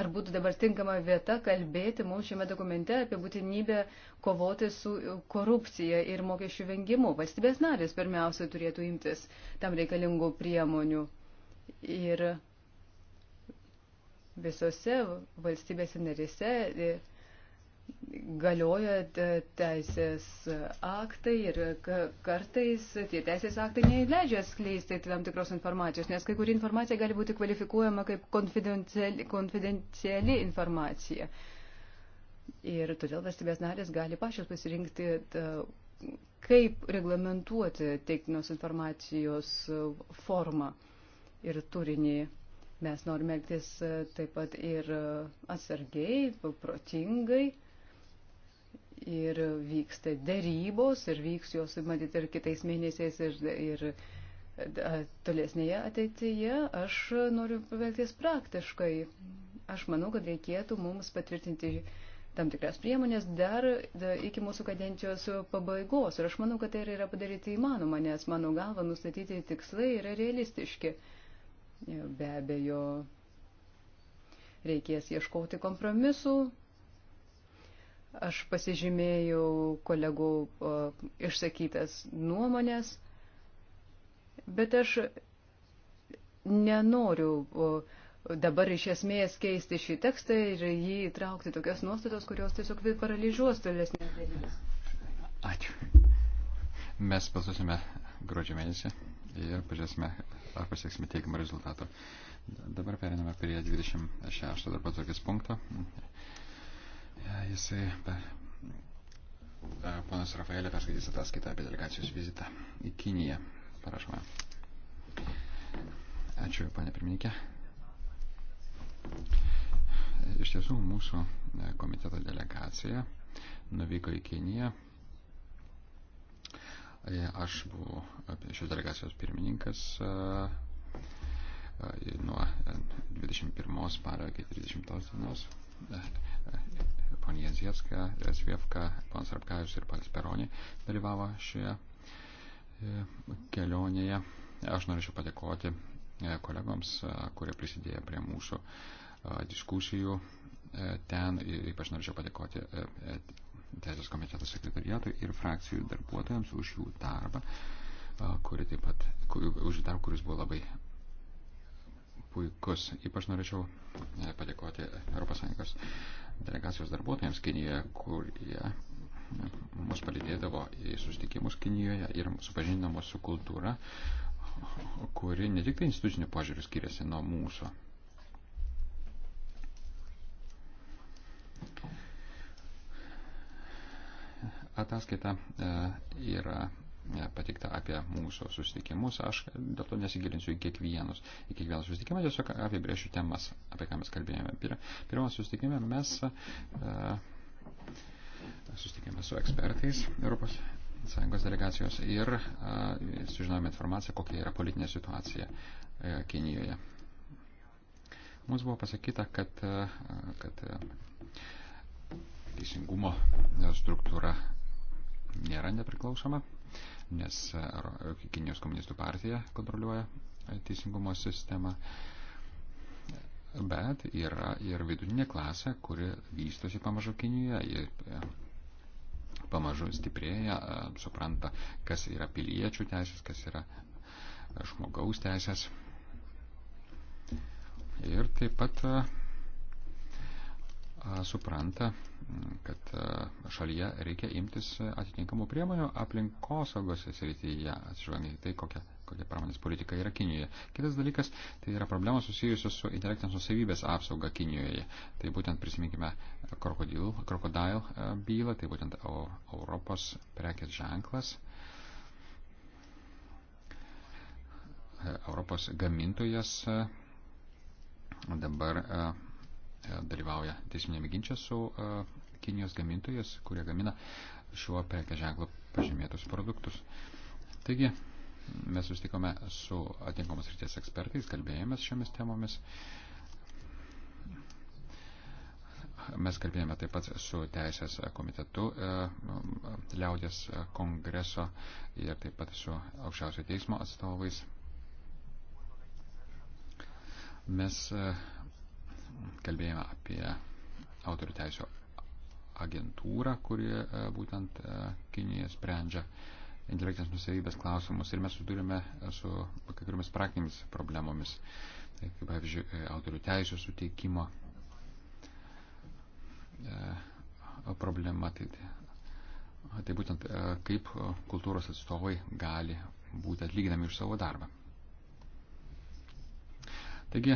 ar būtų dabar tinkama vieta kalbėti mums šiame dokumente apie būtinybę kovoti su korupcija ir mokesčių vengimu. Valstybės narės pirmiausia turėtų imtis tam reikalingų priemonių. Ir visose valstybėse narėse e, galioja e, teisės aktai ir kartais tie teisės aktai neįleidžia skleisti tam tikros informacijos, nes kai kuri informacija gali būti kvalifikuojama kaip konfidenciali, konfidenciali informacija. Ir todėl valstybės narės gali pačios pasirinkti, e, kaip reglamentuoti teiktinos informacijos formą ir turinį. Mes norime elgtis e, taip pat ir e, atsargiai, protingai. Ir vyksta dėrybos, ir vyks jos, matyt, ir kitais mėnesiais, ir, ir tolesnėje ateityje. Aš noriu pavelgtis praktiškai. Aš manau, kad reikėtų mums patvirtinti tam tikras priemonės dar iki mūsų kadencijos pabaigos. Ir aš manau, kad tai yra padaryti įmanoma, nes mano galva nustatyti tikslai yra realistiški. Be abejo, reikės ieškoti kompromisų. Aš pasižymėjau kolegų išsakytas nuomonės, bet aš nenoriu dabar iš esmės keisti šį tekstą ir jį įtraukti tokias nuostatos, kurios tiesiog paralyžiuos tolesnės darybas. Ačiū. Mes balsuosime gruodžio mėnesį ir pažiūrėsime, ar pasieksime teigiamą rezultatą. Dabar periname prie 26 darbo tokis punkto. Jisai, e, ponas Rafaelė, perskaitys ataskaitą apie delegacijos vizitą į Kiniją. Parašome. Ačiū, panė pirmininkė. Iš tiesų, mūsų e, komiteto delegacija nuvyko į Kiniją E, aš buvau šios delegacijos pirmininkas e, e, nuo 21 spalio iki 30 dienos. Pon Jenzievska, Svievka, pon Sarpkajus ir pats Peronė dalyvavo šioje kelionėje. Aš norėčiau padėkoti kolegoms, kurie prisidėjo prie mūsų diskusijų ten. Ypač norėčiau padėkoti Teisės komiteto sekretariatui ir frakcijų darbuotojams už jų darbą, kuri taip pat, už darbą, kuris buvo labai puikus. Ypač norėčiau e, padėkoti ES delegacijos darbuotojams Kinijoje, kurie mus palidėdavo į susitikimus Kinijoje ir supažindavo su kultūra, kuri ne tik tai institucinių požiūrių skiriasi nuo mūsų ataskaita e, yra e, patikta apie mūsų susitikimus. Aš dėl to nesigilinsiu į kiekvienus. Į kiekvieną susitikimą tiesiog apibrėšiu temas, apie ką mes kalbėjome. Pirmą susitikimą mes e, susitikėme su ekspertais Europos Sąjungos delegacijos ir sužinojome informaciją, kokia yra politinė situacija Kinijoje. Mums buvo pasakyta, kad, kad teisingumo struktūra nėra nepriklausoma, nes e, e, Kinijos komunistų partija kontroliuoja e, teisingumo sistemą. Bet yra ir vidutinė klasė, kuri vystosi pamažu Kinijoje, ji pamažu stiprėja, supranta, kas yra piliečių teisės, kas yra žmogaus teisės. Ir taip pat supranta, kad šalyje reikia imtis atitinkamų priemonių aplinkosaugos srityje, atsižvelgiant į tai, kokia, kokia pramonės politika yra Kinijoje. Kitas dalykas, tai yra problemos susijusios su intelektinės nusavybės apsauga Kinijoje. Tai būtent prisiminkime krokodil, krokodil e, bylą, tai būtent Europos prekės ženklas. E, Europos gamintojas e, dabar E, dalyvauja teisminėme ginčia su e, Kinijos gamintojas, kurie gamina šiuo prekė ženklu pažymėtus produktus. Taigi, mes susitikome su atinkamos ryties ekspertais, kalbėjomės šiomis temomis. Mes kalbėjome taip pat su Teisės komitetu e, Liaudės kongreso ir taip pat su aukščiausio teismo atstovais. Mes kalbėjome apie autorių teisų agentūrą, kuri e, būtent e, Kinijoje sprendžia intelektinės nusavybės klausimus ir mes susidurime e, su kokiamis praktinėmis problemomis, tai, kaip pavyzdžiui, autorių teisų suteikimo problema. Tai, tai, tai būtent kaip kultūros atstovai gali būti atlyginami už savo darbą. Taigi,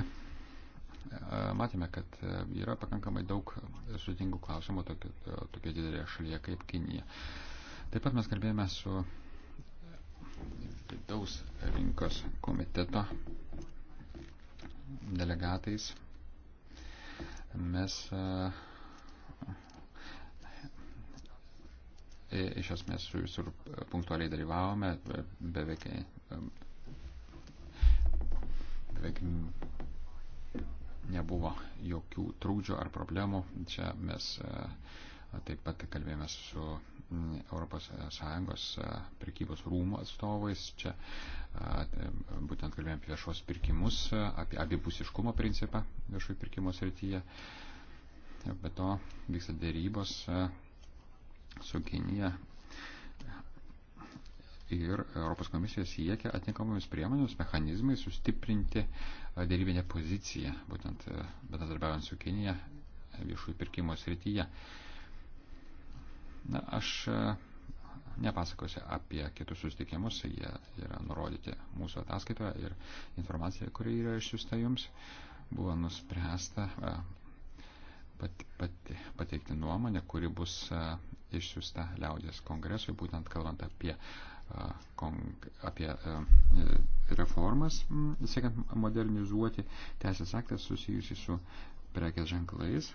matėme, kad e, yra pakankamai daug sudingų klausimų tokio, e, tokio didelėje šalyje kaip Kinija. Taip pat mes kalbėjome su vidaus rinkos komiteto delegatais. Mes e, iš esmės visur punktualiai dalyvavome, beveik, beveik nebuvo jokių trūkdžių ar problemų. Čia mes e, taip pat kalbėjome su ES e, prekybos rūmų atstovais. Čia e, būtent kalbėjome apie viešos pirkimus, apie abipusiškumo principą viešųjų pirkimų srityje. Be to vyksta dėrybos su Kinija ir Europos komisija siekia atinkamomis priemonėmis, mechanizmais sustiprinti dėrybinę poziciją, būtent bendradarbiaujant su Kinija viešųjų pirkimo srityje. Na, aš nepasakosiu apie kitus susitikimus, jie yra nurodyti mūsų ataskaitoje ir informacija, kuri yra išsiusta jums, buvo nuspręsta pat, pat, pateikti nuomonę, kuri bus išsiusta liaudės kongresui, būtent kalbant apie apie reformas, siekiant modernizuoti teisės aktas susijusi su prekės ženklais.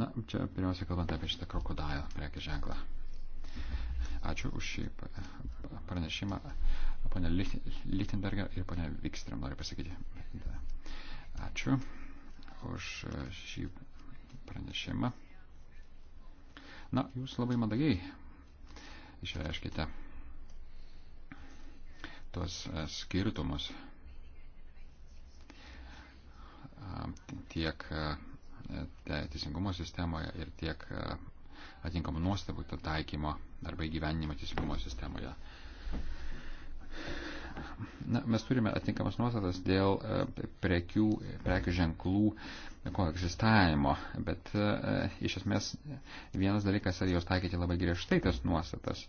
Na, čia pirmiausia kalbant apie šitą krokodilą prekės ženklą. Ačiū už šį pranešimą. Pane Lichtenberger ir pane Vikstram noriu pasakyti. Ačiū už šį pranešimą. Na, jūs labai mandagiai išreiškite tuos e, skirtumus tiek e, teisingumo sistemoje ir tiek e, atinkamų nuostabų taikymo arba įgyvenimo teisingumo sistemoje. Na, mes turime atinkamas nuostatas dėl e, prekių, prekių ženklų e, koegzistavimo, bet e, iš esmės vienas dalykas yra jos taikyti labai griežtai tas nuostatas,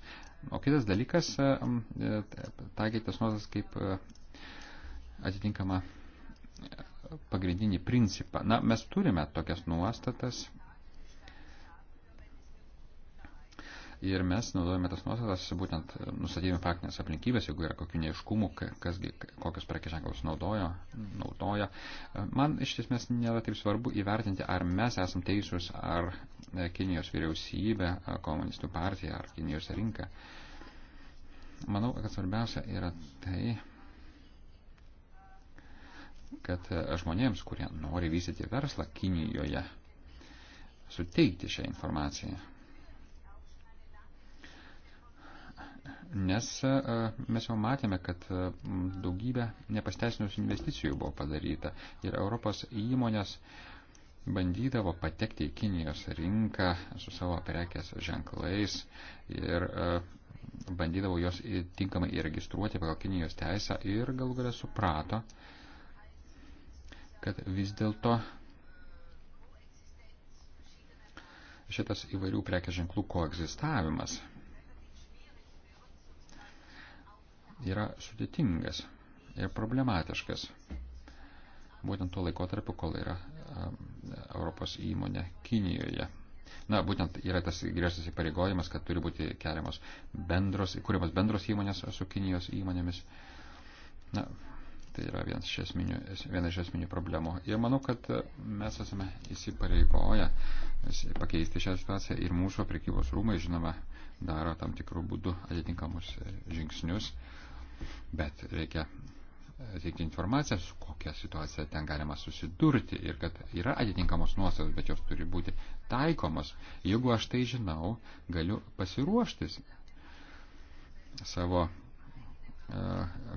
o kitas dalykas taikyti tas nuostatas kaip atitinkama pagrindinį principą. Na, mes turime tokias nuostatas Ir mes naudojame tas nuostatas, būtent e, nustatydami faktinės aplinkybės, jeigu yra kokių neiškumų, kasgi, kokius prekiženklus naudojo, naudoja. E, man iš esmės nėra taip svarbu įvertinti, ar mes esam teisūs, ar e, Kinijos vyriausybė, ar komunistų partija, ar Kinijos rinka. Manau, kad svarbiausia yra tai, kad žmonėms, kurie nori vystyti verslą Kinijoje, suteikti šią informaciją. Nes e, mes jau matėme, kad e, daugybė nepasteisinusių investicijų buvo padaryta ir Europos įmonės bandydavo patekti į Kinijos rinką su savo prekės ženklais ir e, bandydavo juos tinkamai įregistruoti pagal Kinijos teisę ir gal galia suprato, kad vis dėlto šitas įvairių prekės ženklų koegzistavimas yra sudėtingas ir problematiškas. Būtent tuo laikotarpiu, kol yra Europos įmonė Kinijoje. Na, būtent yra tas griežtas įpareigojimas, kad turi būti keliamos bendros, kūriamas bendros įmonės su Kinijos įmonėmis. Na, tai yra viena iš esminių, viena iš esminių problemų. Ir manau, kad e, mes esame įsipareigoję pakeisti šią situaciją ir mūsų prekybos rūmai, žinoma, daro tam tikrų būdų atitinkamus e, žingsnius. Uh, bet reikia reikia informacijos, su kokia situacija ten galima susidurti ir kad yra atitinkamos nuostatos, bet jos turi būti taikomos. Jeigu aš tai žinau, galiu pasiruoštis savo e,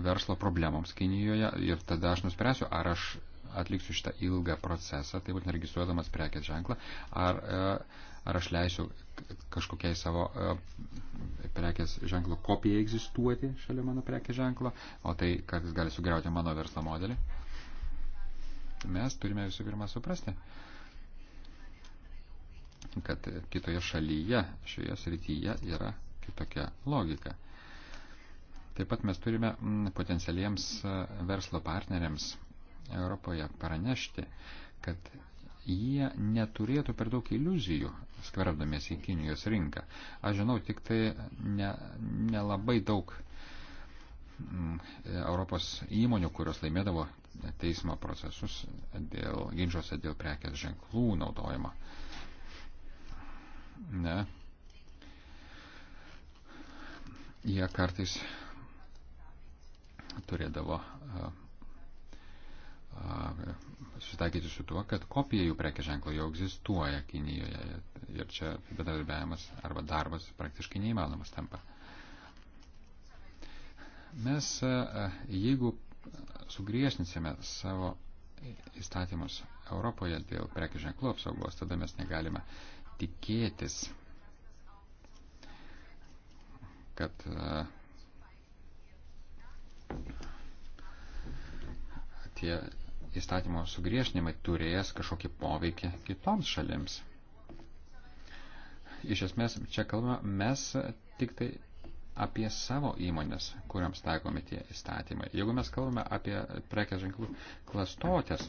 verslo problemoms Kinijoje ir tada aš nuspręsiu, ar aš atliksiu šitą ilgą procesą, taip pat registruodamas prekės ženklą, ar e, ar aš leisiu kažkokiai savo e, prekės ženklo kopijai egzistuoti šalia mano prekės ženklo, o tai kartais gali sugriauti mano verslo modelį. Mes turime visų pirma suprasti, kad kitoje šalyje šioje srityje yra kitokia logika. Taip pat mes turime mm, potencialiems e, verslo partneriams Europoje pranešti, kad jie neturėtų per daug iliuzijų, skverbdamiesi į Kinijos rinką. Aš žinau tik tai nelabai ne, ne daug mm, Europos įmonių, kurios laimėdavo teismo procesus dėl ginčiuose dėl prekės ženklų naudojimo. Ne. Jie kartais turėdavo uh, susitaikyti su tuo, kad kopija jų prekės ženklo jau egzistuoja Kinijoje ir čia bendradarbiavimas arba darbas praktiškai neįmanomas tampa. Mes, jeigu sugriešninsime savo įstatymus Europoje dėl prekės ženklo apsaugos, tada mes negalime tikėtis, kad tie įstatymo sugriešinimai turės kažkokį poveikį kitoms šalims. Iš esmės, čia kalbame mes tik tai apie savo įmonės, kuriams taikomi tie įstatymai. Jeigu mes kalbame apie prekės ženklų klastotės,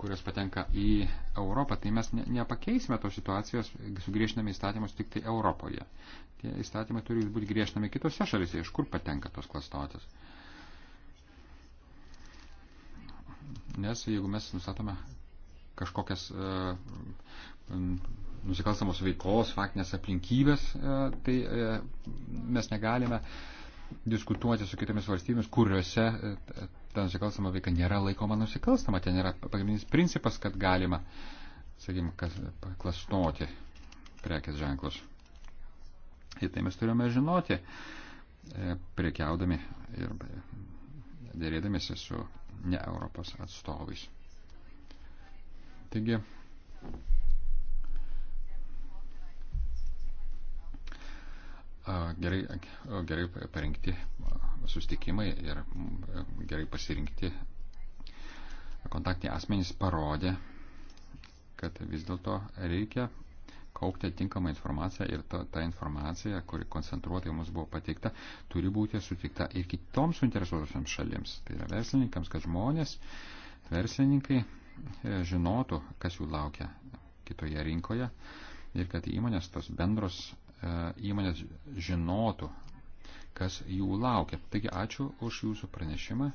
kurios patenka į Europą, tai mes ne, nepakeisime tos situacijos, sugriešinami įstatymus tik tai Europoje. Tie įstatymai turi būti griežtinami kitose šalise, iš kur patenka tos klastotės. Nes jeigu mes nustatome kažkokias e, nusikalstamos veikos, faktinės aplinkybės, e, tai e, mes negalime diskutuoti su kitomis valstybėmis, kuriuose ta nusikalstama veika nėra laikoma nusikalstama. Ten yra pagrindinis principas, kad galima, sakykime, klastoti prekės ženklus. Ir tai mes turime žinoti, prekiaudami ir dėrėdamėsi su ne Europos atstovais. Taigi, gerai, gerai parengti sustikimai ir gerai pasirinkti kontaktiniai asmenys parodė, kad vis dėlto reikia kaupti tinkamą informaciją ir ta, ta informacija, kuri koncentruotai mums buvo pateikta, turi būti sutikta ir kitoms suinteresuotosiams šalims. Tai yra verslininkams, kad žmonės, verslininkai e, žinotų, kas jų laukia kitoje rinkoje ir kad įmonės, tos bendros e, įmonės žinotų, kas jų laukia. Taigi ačiū už jūsų pranešimą.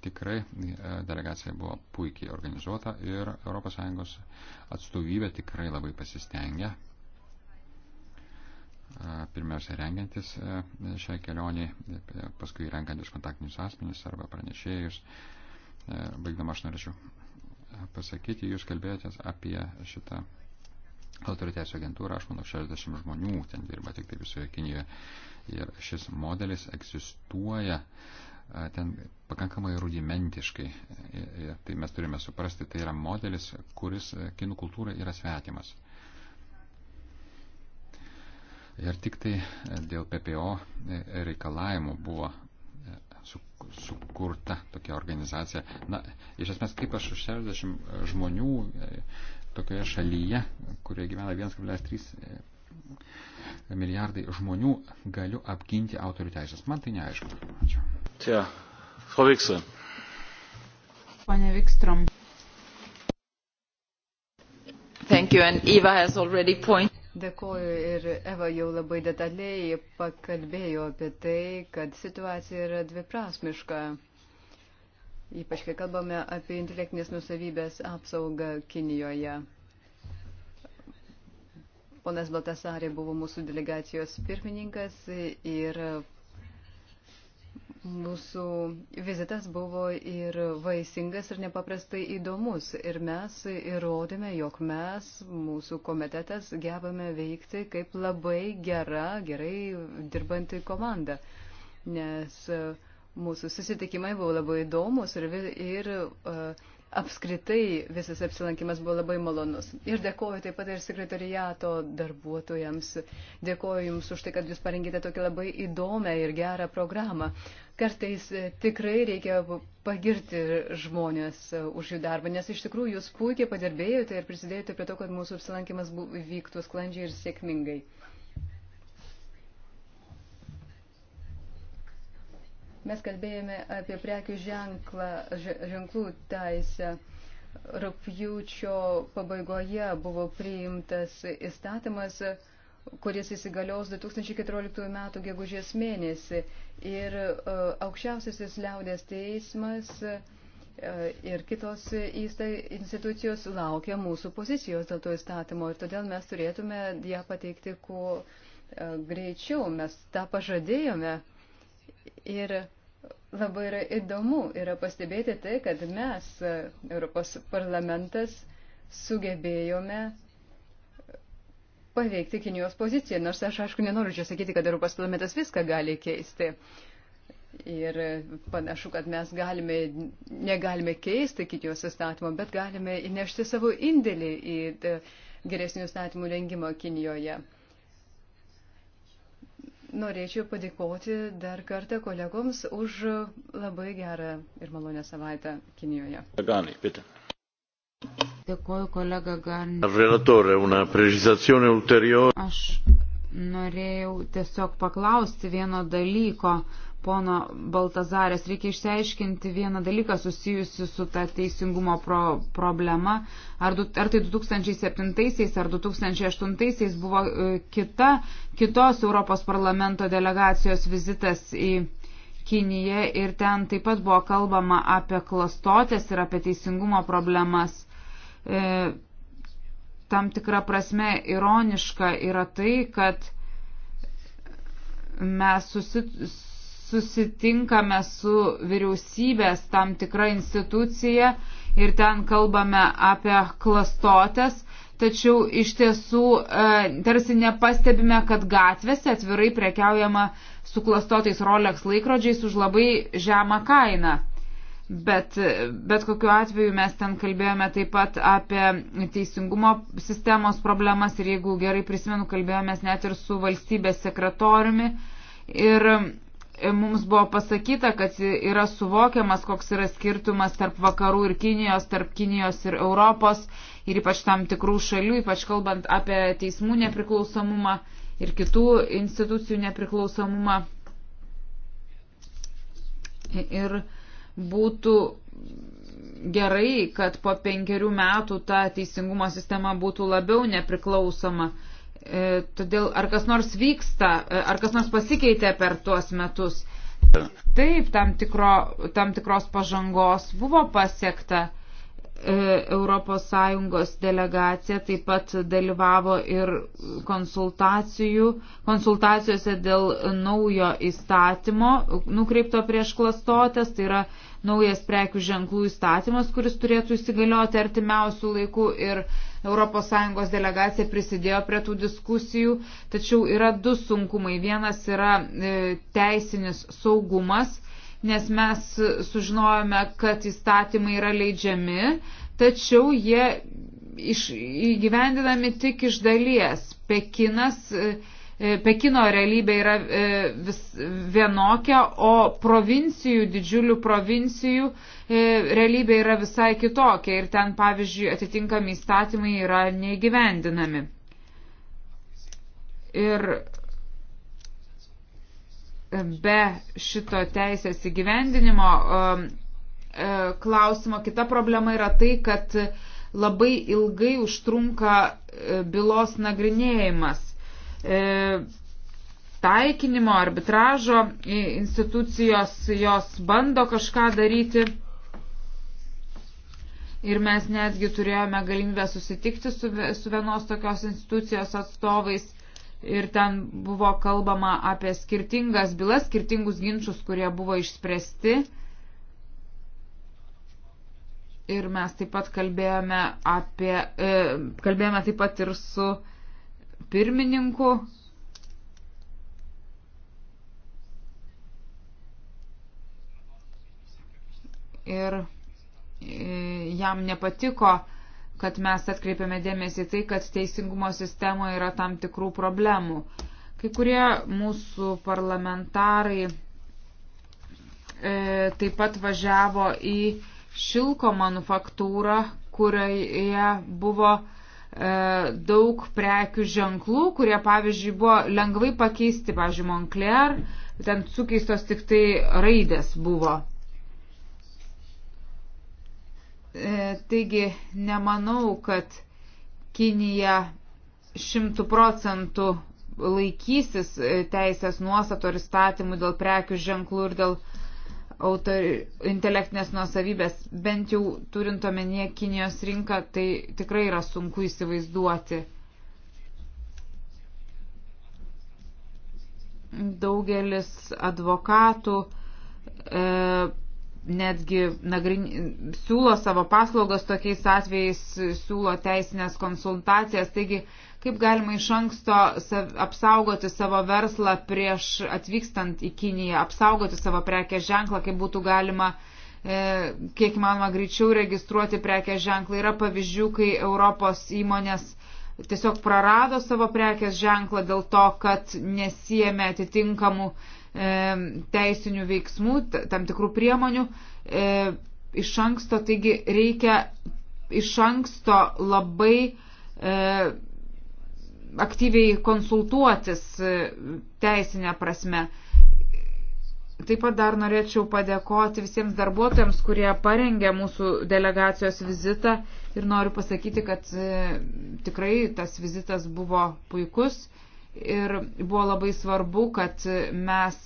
Tikrai e, delegacija buvo puikiai organizuota ir ES atstovybė tikrai labai pasistengė. E, pirmiausia, rengiantis e, šiai kelioniai, paskui rengiantis kontaktinius asmenys arba pranešėjus. Baigdama aš norėčiau pasakyti, jūs kalbėjote apie šitą autoritėsio agentūrą, aš manau, 60 žmonių ten dirba tik tai visoje Kinijoje. Ir šis modelis egzistuoja ten pakankamai rudimentiškai. Tai mes turime suprasti, tai yra modelis, kuris e, kinų kultūrai yra svetimas. Ir tik tai e, dėl PPO e, reikalavimų buvo sukurta tokia organizacija. Na, iš esmės, kaip aš 60 žmonių tokioje šalyje, kurioje gyvena 1,3 milijardai žmonių galiu apginti autorių teisės. Man tai neaišku. Ačiū. Tja, Frau Vikström. Pane Vikström. Thank you, and Eva has already pointed. Dėkoju ir Eva jau labai detaliai pakalbėjo apie tai, kad situacija yra dviprasmiška. Ypač kai kalbame apie intelektinės nusavybės apsaugą Kinijoje. Ponas Baltasarė buvo mūsų delegacijos pirmininkas ir mūsų vizitas buvo ir vaisingas ir nepaprastai įdomus. Ir mes įrodėme, jog mes, mūsų komitetas, gebame veikti kaip labai gera, gerai dirbanti komanda. Nes mūsų susitikimai buvo labai įdomus ir, ir uh, apskritai visas apsilankimas buvo labai malonus. Ir dėkoju taip pat ir sekretariato darbuotojams. Dėkoju Jums už tai, kad Jūs parengėte tokią labai įdomią ir gerą programą. Kartais e, tikrai reikia pagirti žmonės e, už jų darbą, nes iš tikrųjų Jūs puikiai padirbėjote ir prisidėjote prie to, kad mūsų apsilankimas vyktų sklandžiai ir sėkmingai. Mes kalbėjome apie prekių ženklą, ženklų teisę. Rūpjūčio pabaigoje buvo priimtas įstatymas, kuris įsigalios 2014 m. gegužės mėnesį. Ir e, aukščiausiasis liaudės teismas e, ir kitos institucijos laukia mūsų pozicijos dėl to įstatymo ir todėl mes turėtume ją pateikti kuo e, greičiau. Mes tą pažadėjome Ir labai yra įdomu yra pastebėti tai, kad mes, Europos parlamentas, sugebėjome paveikti Kinijos poziciją. Nors aš, aišku, nenoriu čia sakyti, kad Europos parlamentas viską gali keisti. Ir panašu, kad mes galime, negalime keisti Kinijos įstatymą, bet galime įnešti savo indėlį į e, geresnių įstatymų rengimą Kinijoje norėčiau padėkoti dar kartą kolegoms už labai gerą ir malonę savaitę Kinijoje. Ganai, pite. Dėkuoju kolega Ganai. Relatore, una precizazione ulteriore. Aš norėjau tiesiog paklausti vieno dalyko pono Baltazarės. Reikia išsiaiškinti vieną dalyką susijusi su ta teisingumo pro, problema. Ar, du, ar tai 2007 ar 2008 buvo e, kita, kitos Europos parlamento delegacijos vizitas į Kiniją ir ten taip pat buvo kalbama apie klastotės ir apie teisingumo problemas. E, tam tikra prasme ironiška yra tai, kad mes susitikome susitinkame su vyriausybės tam tikra institucija ir ten kalbame apie klastotės, tačiau iš tiesų e, tarsi nepastebime, kad gatvėse atvirai prekiaujama su klastotais Rolex laikrodžiais už labai žemą kainą. Bet, bet kokiu atveju mes ten kalbėjome taip pat apie teisingumo sistemos problemas ir jeigu gerai prisimenu, kalbėjome net ir su valstybės sekretoriumi. Ir mums buvo pasakyta, kad yra suvokiamas, koks yra skirtumas tarp vakarų ir Kinijos, tarp Kinijos ir Europos ir ypač tam tikrų šalių, ypač kalbant apie teismų nepriklausomumą ir kitų institucijų nepriklausomumą. Ir būtų gerai, kad po penkerių metų ta teisingumo sistema būtų labiau nepriklausoma. E, todėl ar kas nors vyksta, e, ar kas nors pasikeitė per tuos metus? Taip, tam, tikro, tam tikros pažangos buvo pasiekta. ES delegacija taip pat dalyvavo ir konsultacijose dėl naujo įstatymo nukreipto prieš klastotės, tai yra naujas prekių ženklų įstatymas, kuris turėtų įsigalioti artimiausių laikų ir e, ES delegacija prisidėjo prie tų diskusijų, tačiau yra du sunkumai. Vienas yra e, teisinis saugumas, nes mes sužinojome, kad įstatymai yra leidžiami, tačiau jie iš, įgyvendinami tik iš dalies. Pekinas e, E, Pekino realybė yra e, vis vienokia, o provincijų, didžiulių provincijų e, realybė yra visai kitokia ir ten, pavyzdžiui, atitinkami įstatymai yra neįgyvendinami. Ir be šito teisės įgyvendinimo klausimo kita problema yra tai, kad labai ilgai užtrunka bylos nagrinėjimas E, taikinimo arbitražo institucijos, jos bando kažką daryti. Ir mes netgi turėjome galimybę susitikti su, su vienos tokios institucijos atstovais ir ten buvo kalbama apie skirtingas bylas, skirtingus ginčius, kurie buvo išspręsti. Ir mes taip pat kalbėjome apie, e, kalbėjome taip pat ir su e, pirmininku. Ir e, jam nepatiko, kad mes atkreipiame dėmesį tai, kad teisingumo sistemoje yra tam tikrų problemų. Kai kurie mūsų parlamentarai e, taip pat važiavo į šilko manufaktūrą, kurioje buvo e, E, daug prekių ženklų, kurie, pavyzdžiui, buvo lengvai pakeisti, pavyzdžiui, Moncler, ten sukeistos tik tai raidės buvo. E, taigi, nemanau, kad Kinija šimtų procentų laikysis e, teisės nuostato ir statymų dėl prekių ženklų ir dėl uh, autor, intelektinės nuosavybės, bent jau turint omenyje Kinijos rinką, tai tikrai yra sunku įsivaizduoti. Daugelis advokatų e, netgi nagrin, siūlo savo paslaugas tokiais atvejais, siūlo teisinės konsultacijas, taigi e, kaip galima iš anksto apsaugoti savo verslą prieš atvykstant į Kiniją, apsaugoti savo prekės ženklą, kaip būtų galima e, kiek įmanoma greičiau registruoti prekės ženklą. Yra pavyzdžių, kai Europos įmonės tiesiog prarado savo prekės ženklą dėl to, kad nesijėmė atitinkamų e, teisinių veiksmų, tam tikrų priemonių. E, iš anksto, taigi reikia iš anksto labai e, aktyviai konsultuotis e, teisinę prasme. Taip pat dar norėčiau padėkoti visiems darbuotojams, kurie parengė mūsų delegacijos vizitą ir noriu pasakyti, kad e, tikrai tas vizitas buvo puikus ir buvo labai svarbu, kad e, mes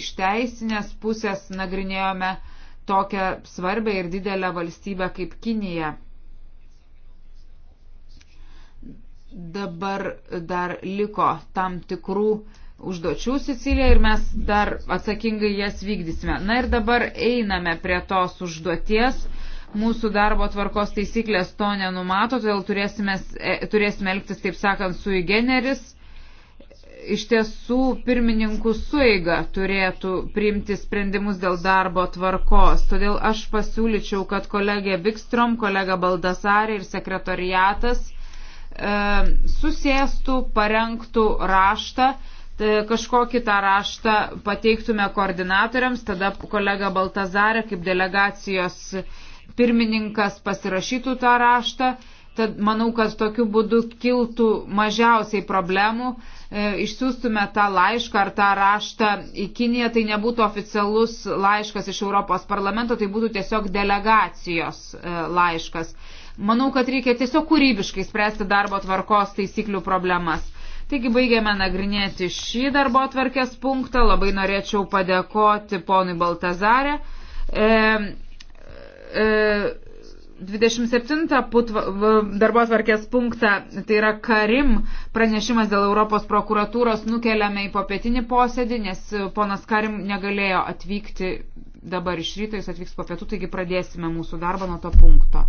iš teisinės pusės nagrinėjome tokią svarbę ir didelę valstybę kaip Kinija. Dabar dar liko tam tikrų užduočių Sicilija ir mes dar atsakingai jas vykdysime. Na ir dabar einame prie tos užduoties. Mūsų darbo tvarkos taisyklės to nenumato, todėl turėsime, e, turėsime elgtis, taip sakant, su įgeneris. Iš tiesų, pirmininkų suiga turėtų priimti sprendimus dėl darbo tvarkos. Todėl aš pasiūlyčiau, kad kolegė Vikstrom, kolega Baldasarė ir sekretariatas E, susėstų, parengtų raštą, tai kažkokį tą raštą pateiktume koordinatoriams, tada kolega Baltazarė kaip delegacijos pirmininkas pasirašytų tą raštą. Tad manau, kad tokiu būdu kiltų mažiausiai problemų. E, išsiųstume tą laišką ar tą raštą į Kiniją, tai nebūtų oficialus laiškas iš Europos parlamento, tai būtų tiesiog delegacijos e, laiškas. Manau, kad reikia tiesiog kūrybiškai spręsti darbo tvarkos taisyklių problemas. Taigi baigėme nagrinėti šį darbo tvarkės punktą. Labai norėčiau padėkoti ponui Baltazarė. E, e, 27 darbo atvarkės punktą, tai yra Karim pranešimas dėl Europos prokuratūros, nukeliame į popietinį posėdį, nes ponas Karim negalėjo atvykti dabar iš ryto, jis atvyks po pietų, taigi pradėsime mūsų darbą nuo to punkto.